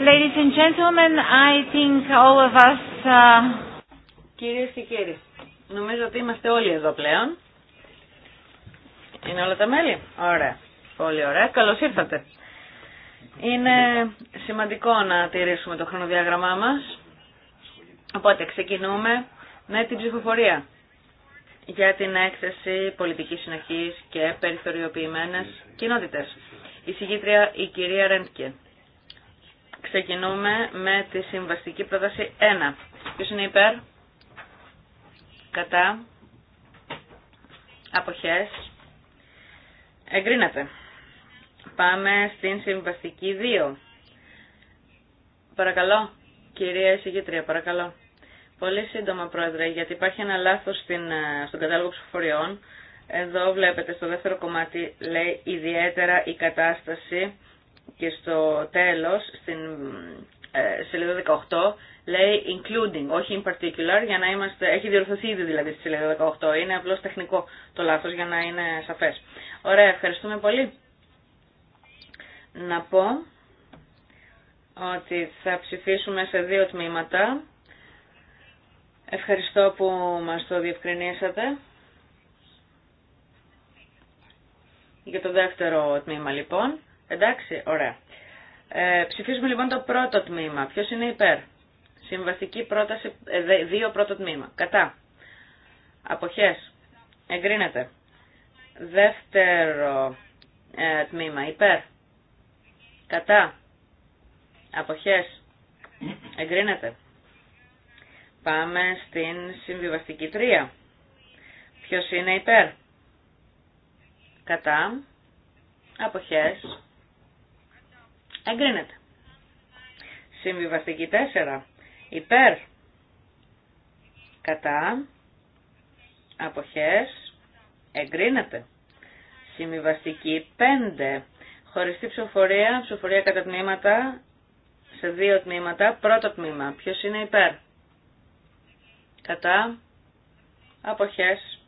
Ladies uh, Κυρίες και κύριοι, νομίζω ότι είμαστε όλοι εδώ πλέον. Είναι όλα τα μέλη. Ωραία. Πολύ ωραία. Καλώς ήρθατε. Είναι σημαντικό να τηρήσουμε το χρονοδιάγραμμά μας. Οπότε ξεκινούμε με την ψηφοφορία για την έκθεση πολιτικής συνοχής και περιθωριοποιημένες κοινότητες. Η συγγήτρια η κυρία Ξεκινούμε με τη συμβαστική πρόταση 1. Ποιος είναι υπέρ, κατά, αποχές, εγκρίνεται. Πάμε στην συμβαστική 2. Παρακαλώ, κυρία εισηγήτρια, παρακαλώ. Πολύ σύντομα, Πρόεδρε, γιατί υπάρχει ένα λάθος ε, στον κατάλογο ψηφοφοριών. Εδώ βλέπετε στο δεύτερο κομμάτι λέει ιδιαίτερα η κατάσταση και στο τέλος, στην ε, σελίδα 18, λέει including, όχι in particular, για να είμαστε, έχει διορθωθεί ήδη δηλαδή στη σελίδα 18, είναι απλώς τεχνικό το λάθος για να είναι σαφές. Ωραία, ευχαριστούμε πολύ. Να πω ότι θα ψηφίσουμε σε δύο τμήματα. Ευχαριστώ που μας το διευκρινίσατε. Για το δεύτερο τμήμα λοιπόν. Εντάξει, ωραία. Ε, ψηφίζουμε λοιπόν το πρώτο τμήμα. Ποιο είναι υπέρ. Συμβαστική πρόταση, ε, δύο πρώτο τμήμα. Κατά. Αποχές. Εγκρίνεται. Δεύτερο ε, τμήμα. Υπέρ. Κατά. Αποχές. Εγκρίνεται. Πάμε στην συμβιβαστική τρία. Ποιος είναι υπέρ. Κατά. Αποχές. Εγκρίνεται. Συμβιβαστική 4. Υπέρ. Κατά. Αποχές. Εγκρίνεται. Συμβιβαστική 5. Χωριστή ψηφοφορία. Ψηφοφορία κατά τμήματα. Σε δύο τμήματα. Πρώτο τμήμα. Ποιος είναι υπέρ. Κατά. Αποχές.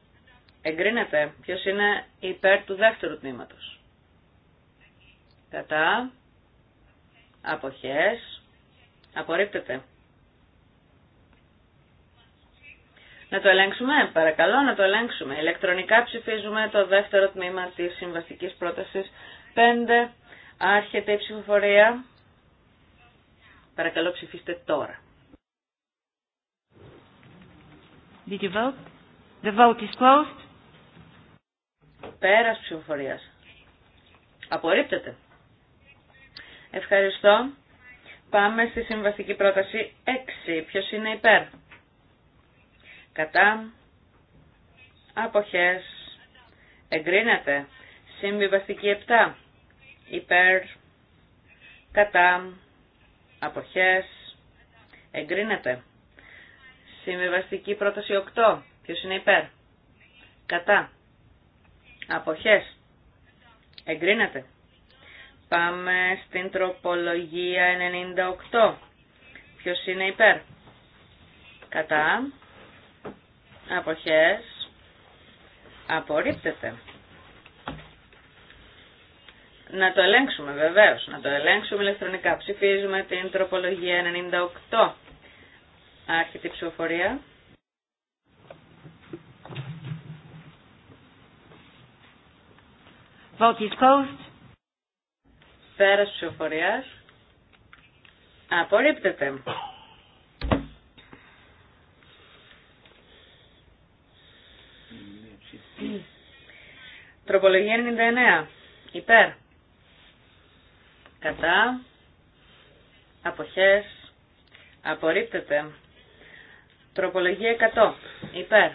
Εγκρίνεται. Ποιος είναι υπέρ του δεύτερου τμήματος. Κατά αποχές, απορρίπτεται. Να το ελέγξουμε, παρακαλώ να το ελέγξουμε. Ηλεκτρονικά ψηφίζουμε το δεύτερο τμήμα της συμβαστικής πρότασης 5. Άρχεται η ψηφοφορία. Παρακαλώ ψηφίστε τώρα. Did you vote? The vote is closed. Πέρας ψηφοφορίας. Απορρίπτεται. Ευχαριστώ. Πάμε στη συμβαστική πρόταση 6. Ποιος είναι υπέρ. Κατά. Αποχές. Εγκρίνεται. Συμβιβαστική 7. Υπέρ. Κατά. Αποχές. Εγκρίνεται. Συμβιβαστική πρόταση 8. Ποιος είναι υπέρ. Κατά. Αποχές. Εγκρίνεται. Πάμε στην τροπολογία 98. Ποιος είναι υπέρ. Κατά. Αποχές. Απορρίπτεται. Να το ελέγξουμε βεβαίως. Να το ελέγξουμε ηλεκτρονικά. Ψηφίζουμε την τροπολογία 98. Άρχιτη η ψηφοφορία της ψηφοφορίας. Απορρίπτεται. Τροπολογία 99. Υπέρ. Κατά. Αποχές. Απορρίπτεται. Τροπολογία 100. Υπέρ.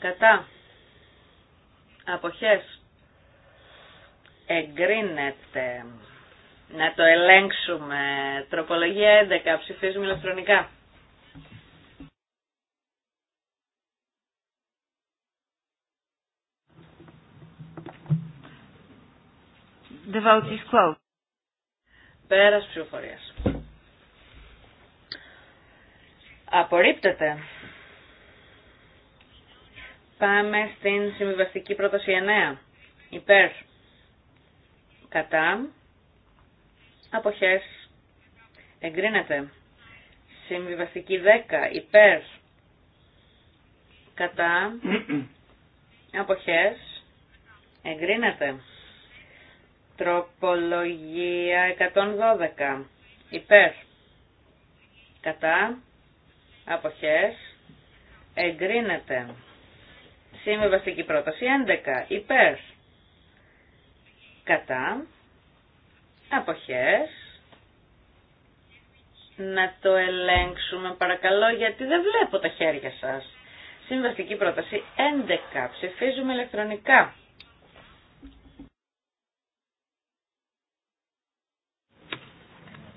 Κατά. Αποχές εγκρίνεται. Να το ελέγξουμε. Τροπολογία 11. Ψηφίζουμε ηλεκτρονικά. The vote Πέρας ψηφοφορίας. Απορρίπτεται. Πάμε στην συμβιβαστική πρόταση 9. Υπέρ κατά, αποχές, εγκρίνεται. Συμβιβαστική 10, υπέρ, κατά, αποχές, εγκρίνεται. Τροπολογία 112, υπέρ, κατά, αποχές, εγκρίνεται. Συμβιβαστική πρόταση 11, υπέρ, κατά, αποχές, να το ελέγξουμε παρακαλώ γιατί δεν βλέπω τα χέρια σας. Συμβαστική πρόταση 11. Ψηφίζουμε ηλεκτρονικά.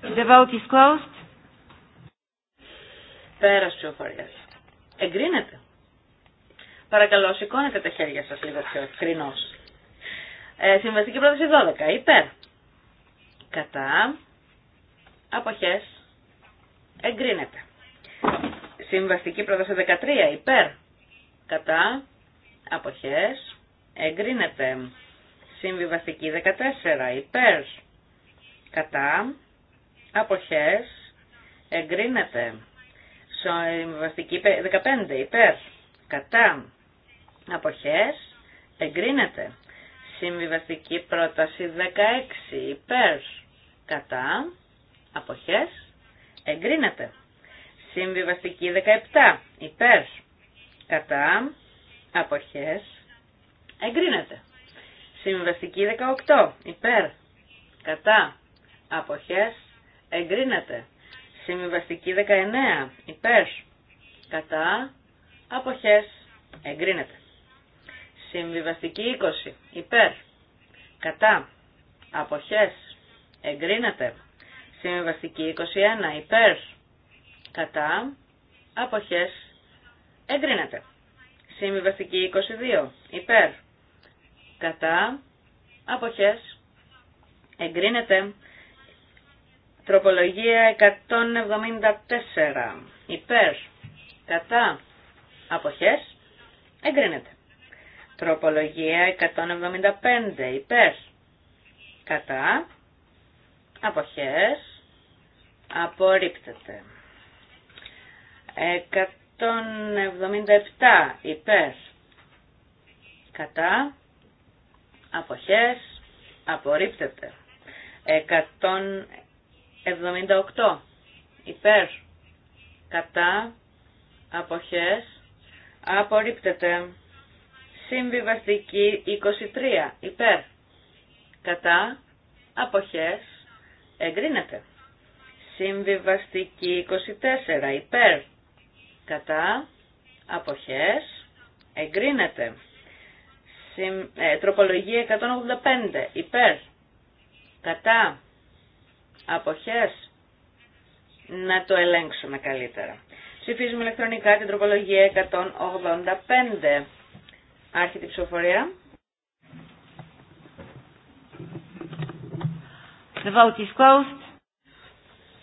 The vote is closed. Πέρας Εγκρίνεται. Παρακαλώ, σηκώνετε τα χέρια σας λίγο πιο ευκρινώς. Ε, συμβαστική πρόταση 12. Υπέρ. Κατά. Αποχές. Εγκρίνεται. Συμβαστική πρόταση 13. Υπέρ. Κατά. Αποχές. Εγκρίνεται. Συμβιβαστική 14. Υπέρ. Κατά. Αποχές. Εγκρίνεται. Συμβιβαστική 15. Υπέρ. Κατά. Αποχές. Εγκρίνεται. Συμβιβαστική πρόταση 16 υπέρ κατά αποχές εγκρίνεται. Συμβιβαστική 17 υπέρ κατά αποχές εγκρίνεται. Συμβιβαστική 18 υπέρ κατά αποχές εγκρίνεται. Συμβιβαστική 19 υπέρ κατά αποχές εγκρίνεται. Συμβιβαστική 20. Υπέρ. Κατά. Αποχές. Εγκρίνεται. Συμβιβαστική 21. Υπέρ. Κατά. Αποχές. Εγκρίνεται. Συμβιβαστική 22. Υπέρ. Κατά. Αποχές. Εγκρίνεται. Τροπολογία 174. Υπέρ. Κατά. Αποχές. Εγκρίνεται. Τροπολογία 175 υπέρ. Κατά. Αποχές. Απορρίπτεται. 177 υπέρ. Κατά. Αποχές. Απορρίπτεται. 178 υπέρ. Κατά. Αποχές. Απορρίπτεται. Συμβιβαστική 23 υπέρ κατά αποχές εγκρίνεται. Συμβιβαστική 24 υπέρ κατά αποχές εγκρίνεται. Ε, τροπολογία 185 υπέρ κατά αποχές να το ελέγξουμε καλύτερα. Ψηφίζουμε ηλεκτρονικά την τροπολογία 185. Άρχεται η ψηφοφορία. The vote is closed.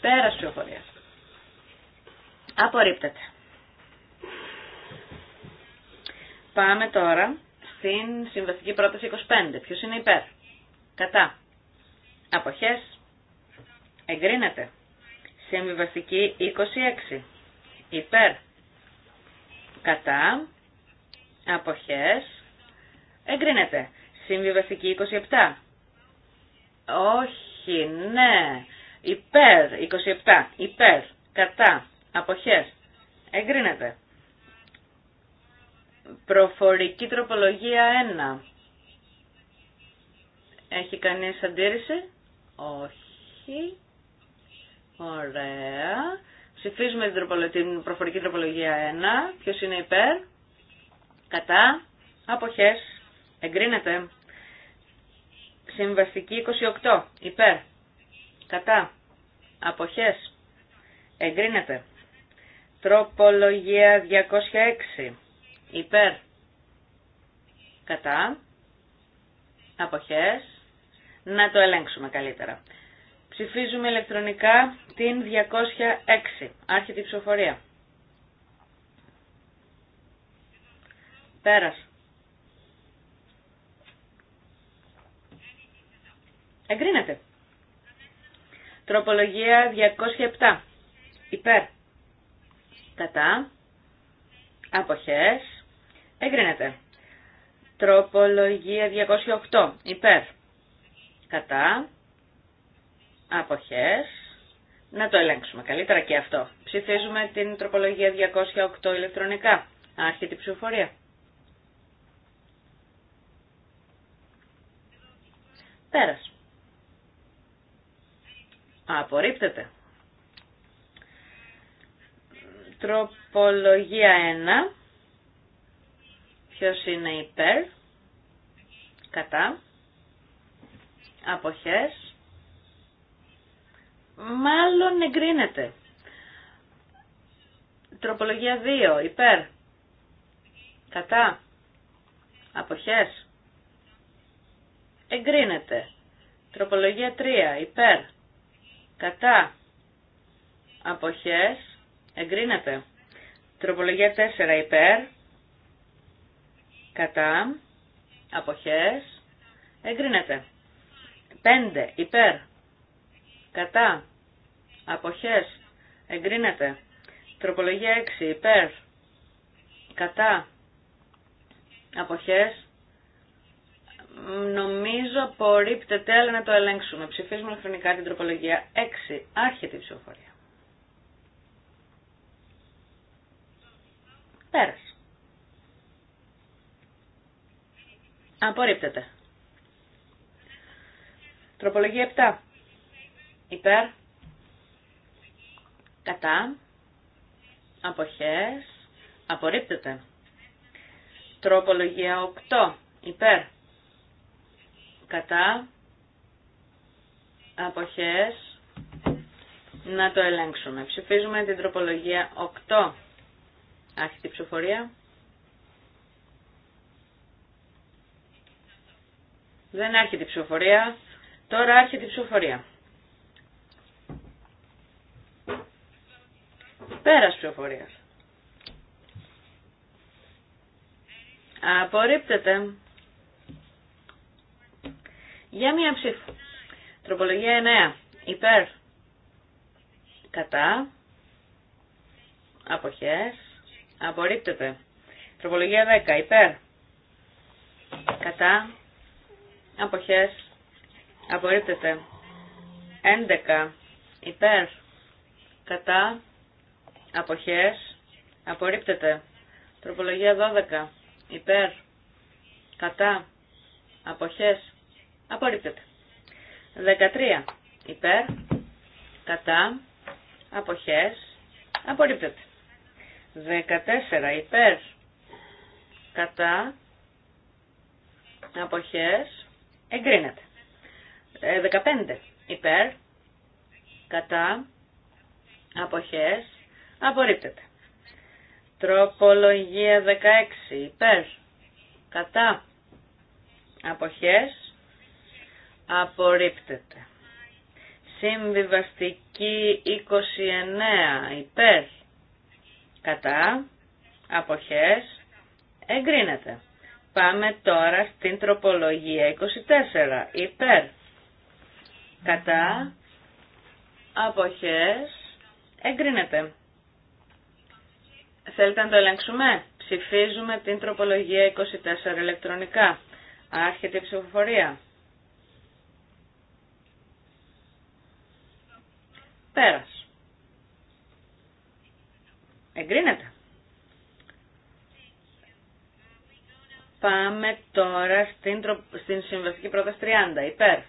Πέρας ψηφοφορίας. Απορρίπτεται. Πάμε τώρα στην συμβαστική πρόταση 25. Ποιος είναι υπέρ. Κατά. Αποχές. Εγκρίνεται. Συμβαστική 26. Υπέρ. Κατά αποχές, εγκρίνεται. Συμβιβαστική 27. Όχι, ναι. Υπέρ, 27. Υπέρ, κατά, αποχές, εγκρίνεται. Προφορική τροπολογία 1. Έχει κάνει αντίρρηση? Όχι. Ωραία. Ψηφίζουμε την προφορική τροπολογία 1. Ποιος είναι υπέρ? κατά, αποχές, εγκρίνεται. Συμβαστική 28, υπέρ, κατά, αποχές, εγκρίνεται. Τροπολογία 206, υπέρ, κατά, αποχές, να το ελέγξουμε καλύτερα. Ψηφίζουμε ηλεκτρονικά την 206, άρχεται η ψηφοφορία. Πέρας. Εγκρίνεται. Τροπολογία 207. Υπέρ. Κατά. Αποχές. Εγκρίνεται. Τροπολογία 208. Υπέρ. Κατά. Αποχές. Να το ελέγξουμε καλύτερα και αυτό. Ψηφίζουμε την τροπολογία 208 ηλεκτρονικά. Άρχεται η ψηφοφορία. Πέρας. Απορρίπτεται. Τροπολογία 1. Ποιος είναι υπέρ. Κατά. Αποχές. Μάλλον εγκρίνεται. Τροπολογία 2. Υπέρ. Κατά. Αποχές εγκρίνεται. Τροπολογία 3 υπέρ κατά αποχές εγκρίνεται. Τροπολογία 4 υπέρ κατά αποχές εγκρίνεται. 5 υπέρ κατά αποχές εγκρίνεται. Τροπολογία 6 υπέρ κατά αποχές Νομίζω απορρίπτεται, αλλά να το ελέγξουμε. Ψηφίζουμε χρονικά την τροπολογία 6. Άρχεται η ψηφοφορία. Πέρασε. Απορρίπτεται. Τροπολογία 7. Υπέρ. Κατά. Αποχές. Απορρίπτεται. Τροπολογία 8. Υπέρ κατά, αποχές, να το ελέγξουμε. Ψηφίζουμε την τροπολογία 8. Άρχιτη ψηφοφορία. Δεν άρχεται η ψηφοφορία. Τώρα άρχεται η ψηφοφορία. Πέρας ψηφοφορίας. Απορρίπτεται. Για μία ψήφο. Τροπολογία 9. Υπέρ. Κατά. Αποχές. Απορρίπτεται. Τροπολογία 10. Υπέρ. Κατά. Αποχές. Απορρίπτεται. 11. Υπέρ. Κατά. Αποχές. Απορρίπτεται. Τροπολογία 12. Υπέρ. Κατά. Αποχές. Απορρίπτεται. 13 υπέρ, κατά, αποχές, απορρίπτεται. 14 υπέρ, κατά, αποχές, εγκρίνεται. 15 ε, υπέρ, κατά, αποχές, απορρίπτεται. Τροπολογία 16 υπέρ, κατά, αποχές, απορρίπτεται. Συμβιβαστική 29 υπέρ κατά αποχές εγκρίνεται. Πάμε τώρα στην τροπολογία 24 υπέρ κατά αποχές εγκρίνεται. Θέλετε να το ελέγξουμε. Ψηφίζουμε την τροπολογία 24 ηλεκτρονικά. Άρχεται η ψηφοφορία. Πέρας. Εγκρίνεται. Πάμε τώρα στην, στην συμβαστική πρόταση 30. Υπέρ.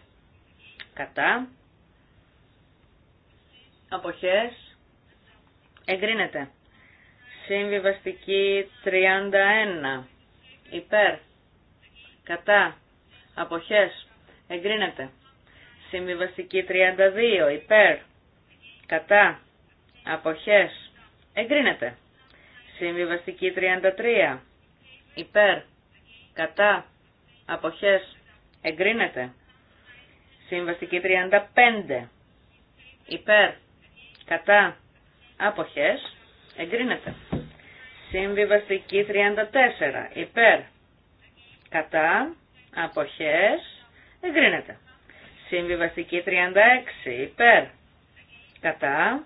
Κατά. Αποχές. Εγκρίνεται. Συμβιβαστική 31. Υπέρ. Κατά. Αποχές. Εγκρίνεται. Συμβιβαστική 32. Υπέρ κατά, αποχές, εγκρίνεται. Συμβιβαστική 33, υπέρ, κατά, αποχές, εγκρίνεται. Συμβαστική 35, υπέρ, κατά, αποχές, εγκρίνεται. Συμβιβαστική 34, υπέρ, κατά, αποχές, εγκρίνεται. Συμβιβαστική 36, υπέρ, κατά,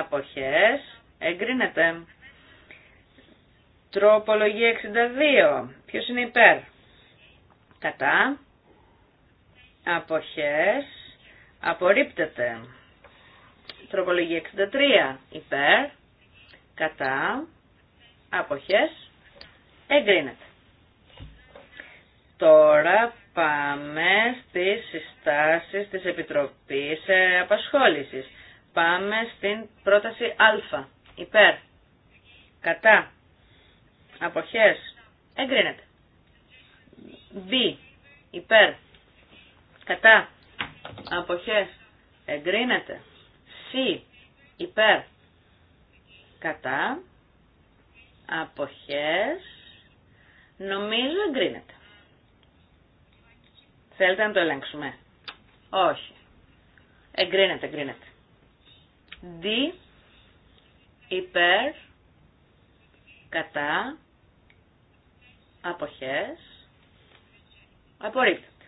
αποχές, εγκρίνεται. Τροπολογία 62, ποιος είναι υπέρ, κατά, αποχές, απορρίπτεται. Τροπολογία 63, υπέρ, κατά, αποχές, εγκρίνεται. Τώρα πάμε στις συστάσεις της Επιτροπής ε, Απασχόλησης. Πάμε στην πρόταση α. Υπέρ. Κατά. Αποχές. Εγκρίνεται. Β. Υπέρ. Κατά. Αποχές. Εγκρίνεται. Σ. Υπέρ. Κατά. Αποχές. Νομίζω εγκρίνεται. Θέλετε να το ελέγξουμε. Όχι. Εγκρίνεται, εγκρίνεται. Δι υπέρ κατά αποχές απορρίπτεται.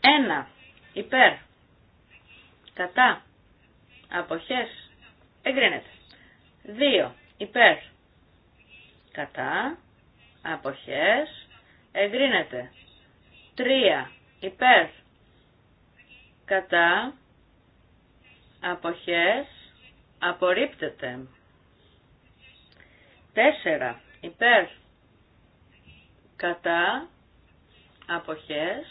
Ένα υπέρ κατά αποχές εγκρίνεται. Δύο υπέρ κατά αποχές εγκρίνεται. Τρία υπέρ κατά αποχές απορρίπτεται. τέσσερα υπέρ κατά αποχές.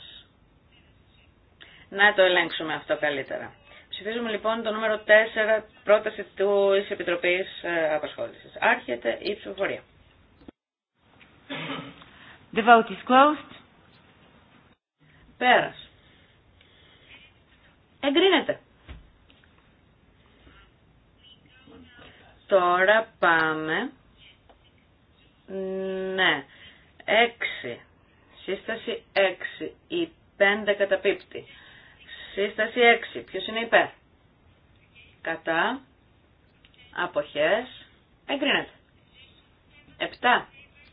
Να το ελέγξουμε αυτό καλύτερα. Ψηφίζουμε λοιπόν το νούμερο 4, πρόταση του Επιτροπής ε, Απασχόλησης. Άρχεται η ψηφοφορία. The vote is closed. Πέρας. Εγκρίνεται. Τώρα πάμε. Ναι. 6. Σύσταση 6. Η 5 καταπίπτει. Σύσταση 6. Ποιος είναι υπέρ. Κατά. Αποχές. Εγκρίνεται. 7.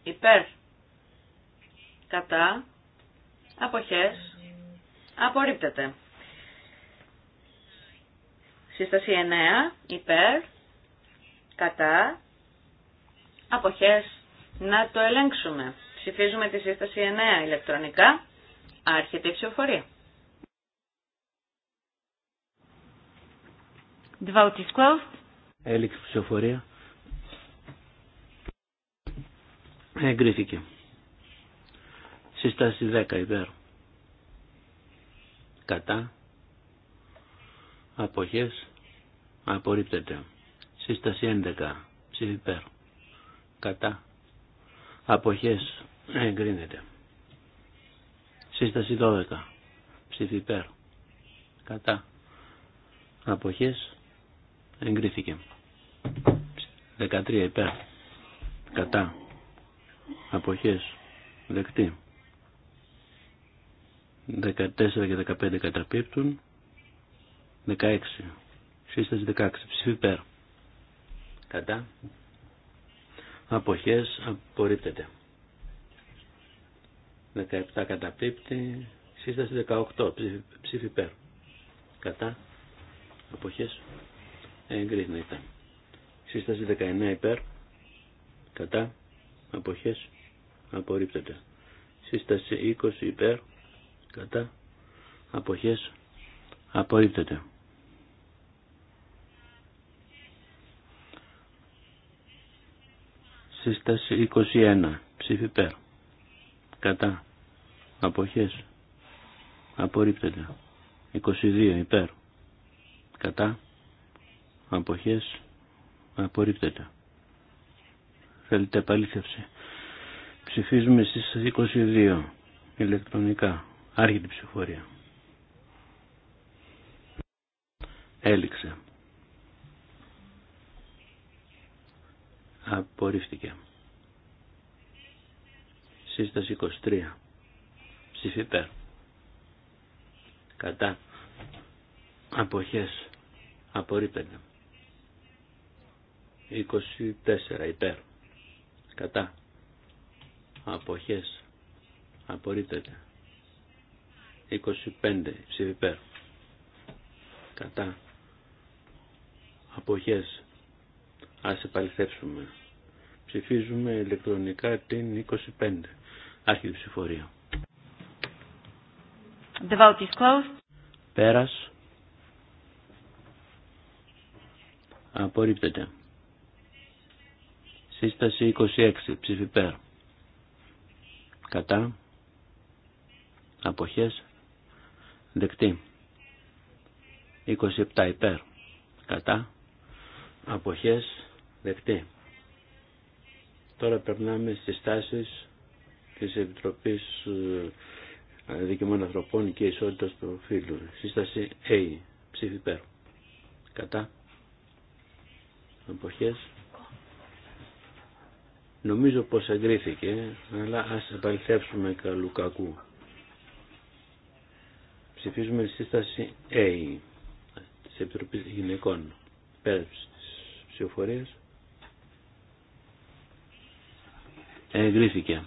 Υπέρ. Κατά. Αποχές. Απορρίπτεται. Σύσταση 9. Υπέρ κατά, αποχές, να το ελέγξουμε. Ψηφίζουμε τη σύσταση 9 ηλεκτρονικά, άρχεται η ψηφοφορία. vote Έληξη ψηφοφορία. Εγκρίθηκε. Σύσταση 10 υπέρ. Κατά. Αποχές. Απορρίπτεται. Σύσταση 11. Ψήφι Κατά. Αποχές. Εγκρίνεται. Σύσταση 12. Ψήφι Κατά. Αποχές. Εγκρίθηκε. 13 υπέρ. Κατά. Αποχές. Δεκτή. 14 και 15 καταπίπτουν. 16. Σύσταση 16. Ψήφι υπέρ κατά αποχές απορρίπτεται. 17 καταπίπτει, σύσταση 18, ψήφι, υπέρ. Κατά αποχές εγκρίνεται. Σύσταση 19 υπέρ, κατά αποχές απορρίπτεται. Σύσταση 20 υπέρ, κατά αποχές απορρίπτεται. Σύσταση 21. Ψήφι πέρα. Κατά. Αποχές. Απορρίπτεται. 22. Υπέρ. Κατά. Αποχές. Απορρίπτεται. Θέλετε επαλήθευση. Ψηφίζουμε στις 22. Ηλεκτρονικά. Άρχιτη ψηφορία. Έληξε. απορρίφθηκε. Σύσταση 23. Ψήφι Κατά. Αποχές. Απορρίπτεται. 24 υπέρ. Κατά. Αποχές. Απορρίπτεται. 25 ψήφι Κατά. Αποχές. Ας επαληθεύσουμε. Ψηφίζουμε ηλεκτρονικά την 25. Άρχιτη ψηφορία. The vote is closed. Πέρας. Απορρίπτεται. Σύσταση 26. Ψήφι Κατά. Αποχές. Δεκτή. 27 υπέρ. Κατά. Αποχές. Δεκτή. Τώρα περνάμε στις τάσεις της Επιτροπής ε, Δικαιωμένων Ανθρωπών και Ισότητας του Φίλου. Σύσταση A. Ψήφι πέρ Κατά. Εποχές. Νομίζω πως εγκρίθηκε, αλλά ας επαληθεύσουμε καλού κακού. Ψηφίζουμε τη σύσταση A της Επιτροπής Γυναικών. Πέρα της ψηφοφορίας. εγκρίθηκε.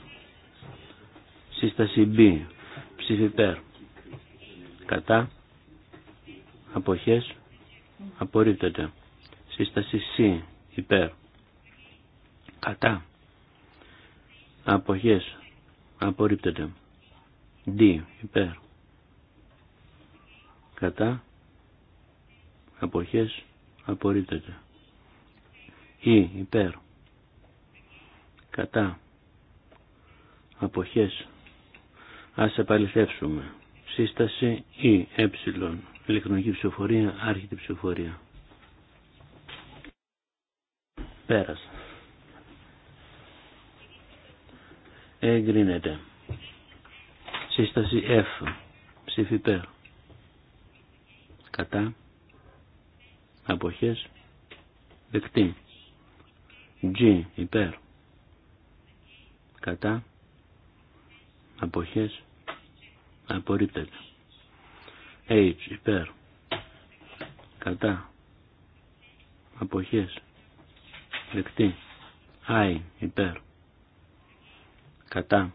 Σύσταση B. Ψηφιπέρ. Κατά. Αποχές. Απορρίπτεται. Σύσταση C. Υπέρ. Κατά. Αποχές. Απορρίπτεται. D. Υπέρ. Κατά. Αποχές. Απορρίπτεται. E, υπέρ. Κατά αποχές ας επαληθεύσουμε σύσταση ή ε ηλεκτρονική ψηφοφορία άρχιτη ψηφοφορία Πέρασα. εγκρίνεται σύσταση F ψήφι πέρ κατά αποχές δεκτή G υπέρ κατά αποχές απορρίπτεται. H υπέρ κατά αποχές δεκτή. I υπέρ κατά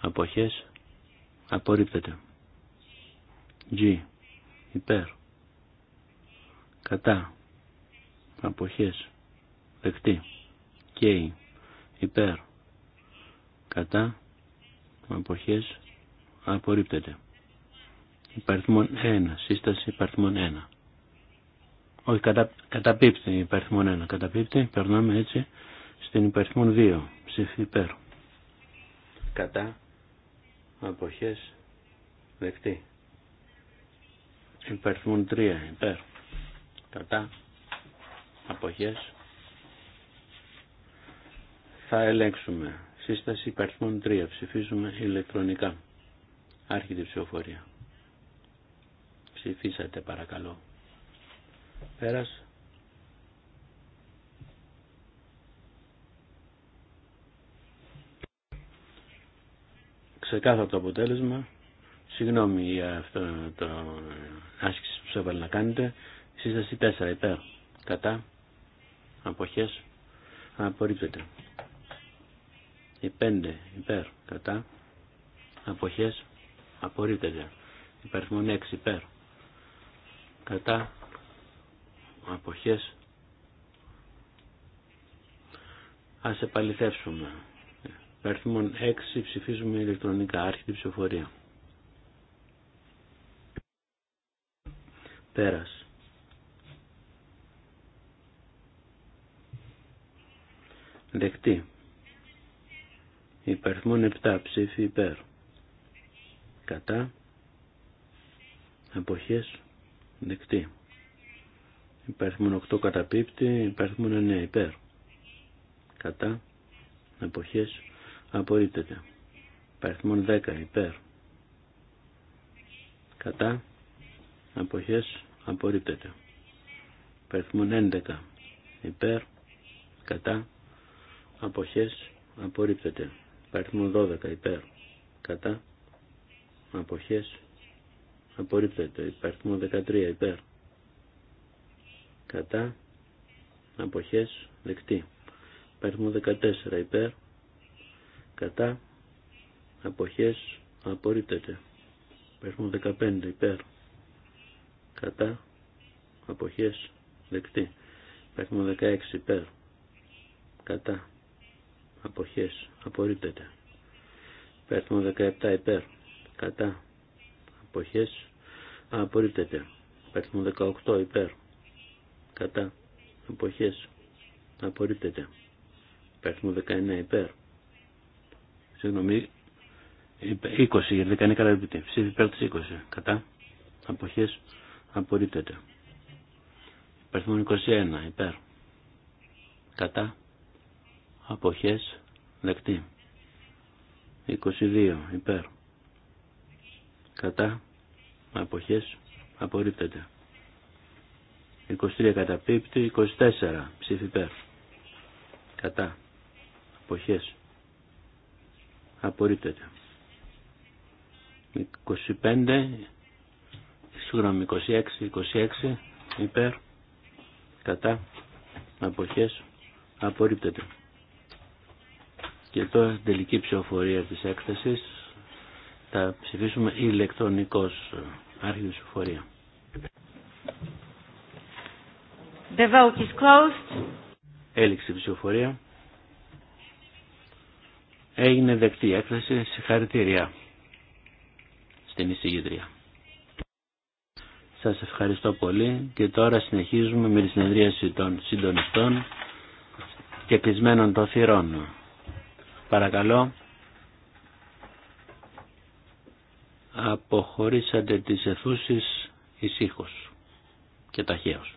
αποχές απορρίπτεται. G υπέρ κατά αποχές δεκτή. K υπέρ κατά αποχές απορρίπτεται. Υπαριθμόν 1, σύσταση υπαριθμόν 1. Όχι, κατα, καταπίπτει υπαριθμόν 1, καταπίπτει, περνάμε έτσι στην υπαριθμόν 2, ψήφι υπέρ. Κατά, αποχές, δεκτή. Υπαριθμόν 3, υπέρ. Κατά, αποχές, θα ελέγξουμε Σύσταση υπαριθμών 3. Ψηφίζουμε ηλεκτρονικά. Άρχιτη ψηφοφορία. Ψηφίσατε παρακαλώ. Πέρας. Ξεκάθαρο το αποτέλεσμα. Συγγνώμη για αυτό το άσκηση που σας έβαλε να κάνετε. Σύσταση 4. Υπέρ. Κατά. Αποχές. Απορρίπτεται οι 5 υπέρ κατά αποχές απορρίπτεται. Υπαριθμόν 6 υπέρ κατά αποχές ας επαληθεύσουμε. Υπαριθμόν 6 ψηφίζουμε ηλεκτρονικά άρχιτη ψηφοφορία. Πέρας. Δεκτή υπαριθμόν 7 ψήφι υπέρ κατά εποχές δεκτή Υπαριθμόν 8 καταπίπτει Υπαριθμόν 9 υπέρ κατά εποχές απορρίπτεται Υπαριθμόν 10 υπέρ κατά εποχές απορρίπτεται Υπαριθμόν 11 υπέρ κατά αποχές απορρίπτεται Παριθμόν 12 υπέρ κατά αποχές απορρίπτεται. Υπαριθμό 13 υπέρ κατά αποχές δεκτή. Υπαριθμό 14 υπέρ κατά αποχές απορρίπτεται. Υπαριθμό 15 υπέρ κατά αποχές δεκτή. Υπαριθμό 16 υπέρ κατά αποχές απορρίπτεται. Υπέρθμο 17 υπέρ κατά αποχές απορρίπτεται. Υπέρθμο 18 υπέρ κατά αποχές απορρίπτεται. Υπέρθμο 19 υπέρ. Συγγνωμή, 20 γιατί δεν κάνει καλά Ψήφι υπέρ της 20 κατά αποχές απορρίπτεται. Υπέρθμο 21 υπέρ κατά αποχές δεκτή 22 υπέρ κατά αποχές απορρίπτεται 23 καταπίπτει 24 ψήφι υπέρ κατά αποχές απορρίπτεται 25 συγγνώμη 26 26 υπέρ κατά αποχές απορρίπτεται και τώρα στην τελική ψηφοφορία της έκθεσης θα ψηφίσουμε ηλεκτρονικός ε, άρχιδη ψηφοφορία. The Έληξε η ψηφοφορία. Έγινε δεκτή έκθεση. Συγχαρητήρια στην εισηγητρία. Σας ευχαριστώ πολύ και τώρα συνεχίζουμε με τη συνεδρίαση των συντονιστών και κλεισμένων των θυρών. Παρακαλώ. Αποχωρήσατε τις αιθούσεις ησύχως και ταχαίως.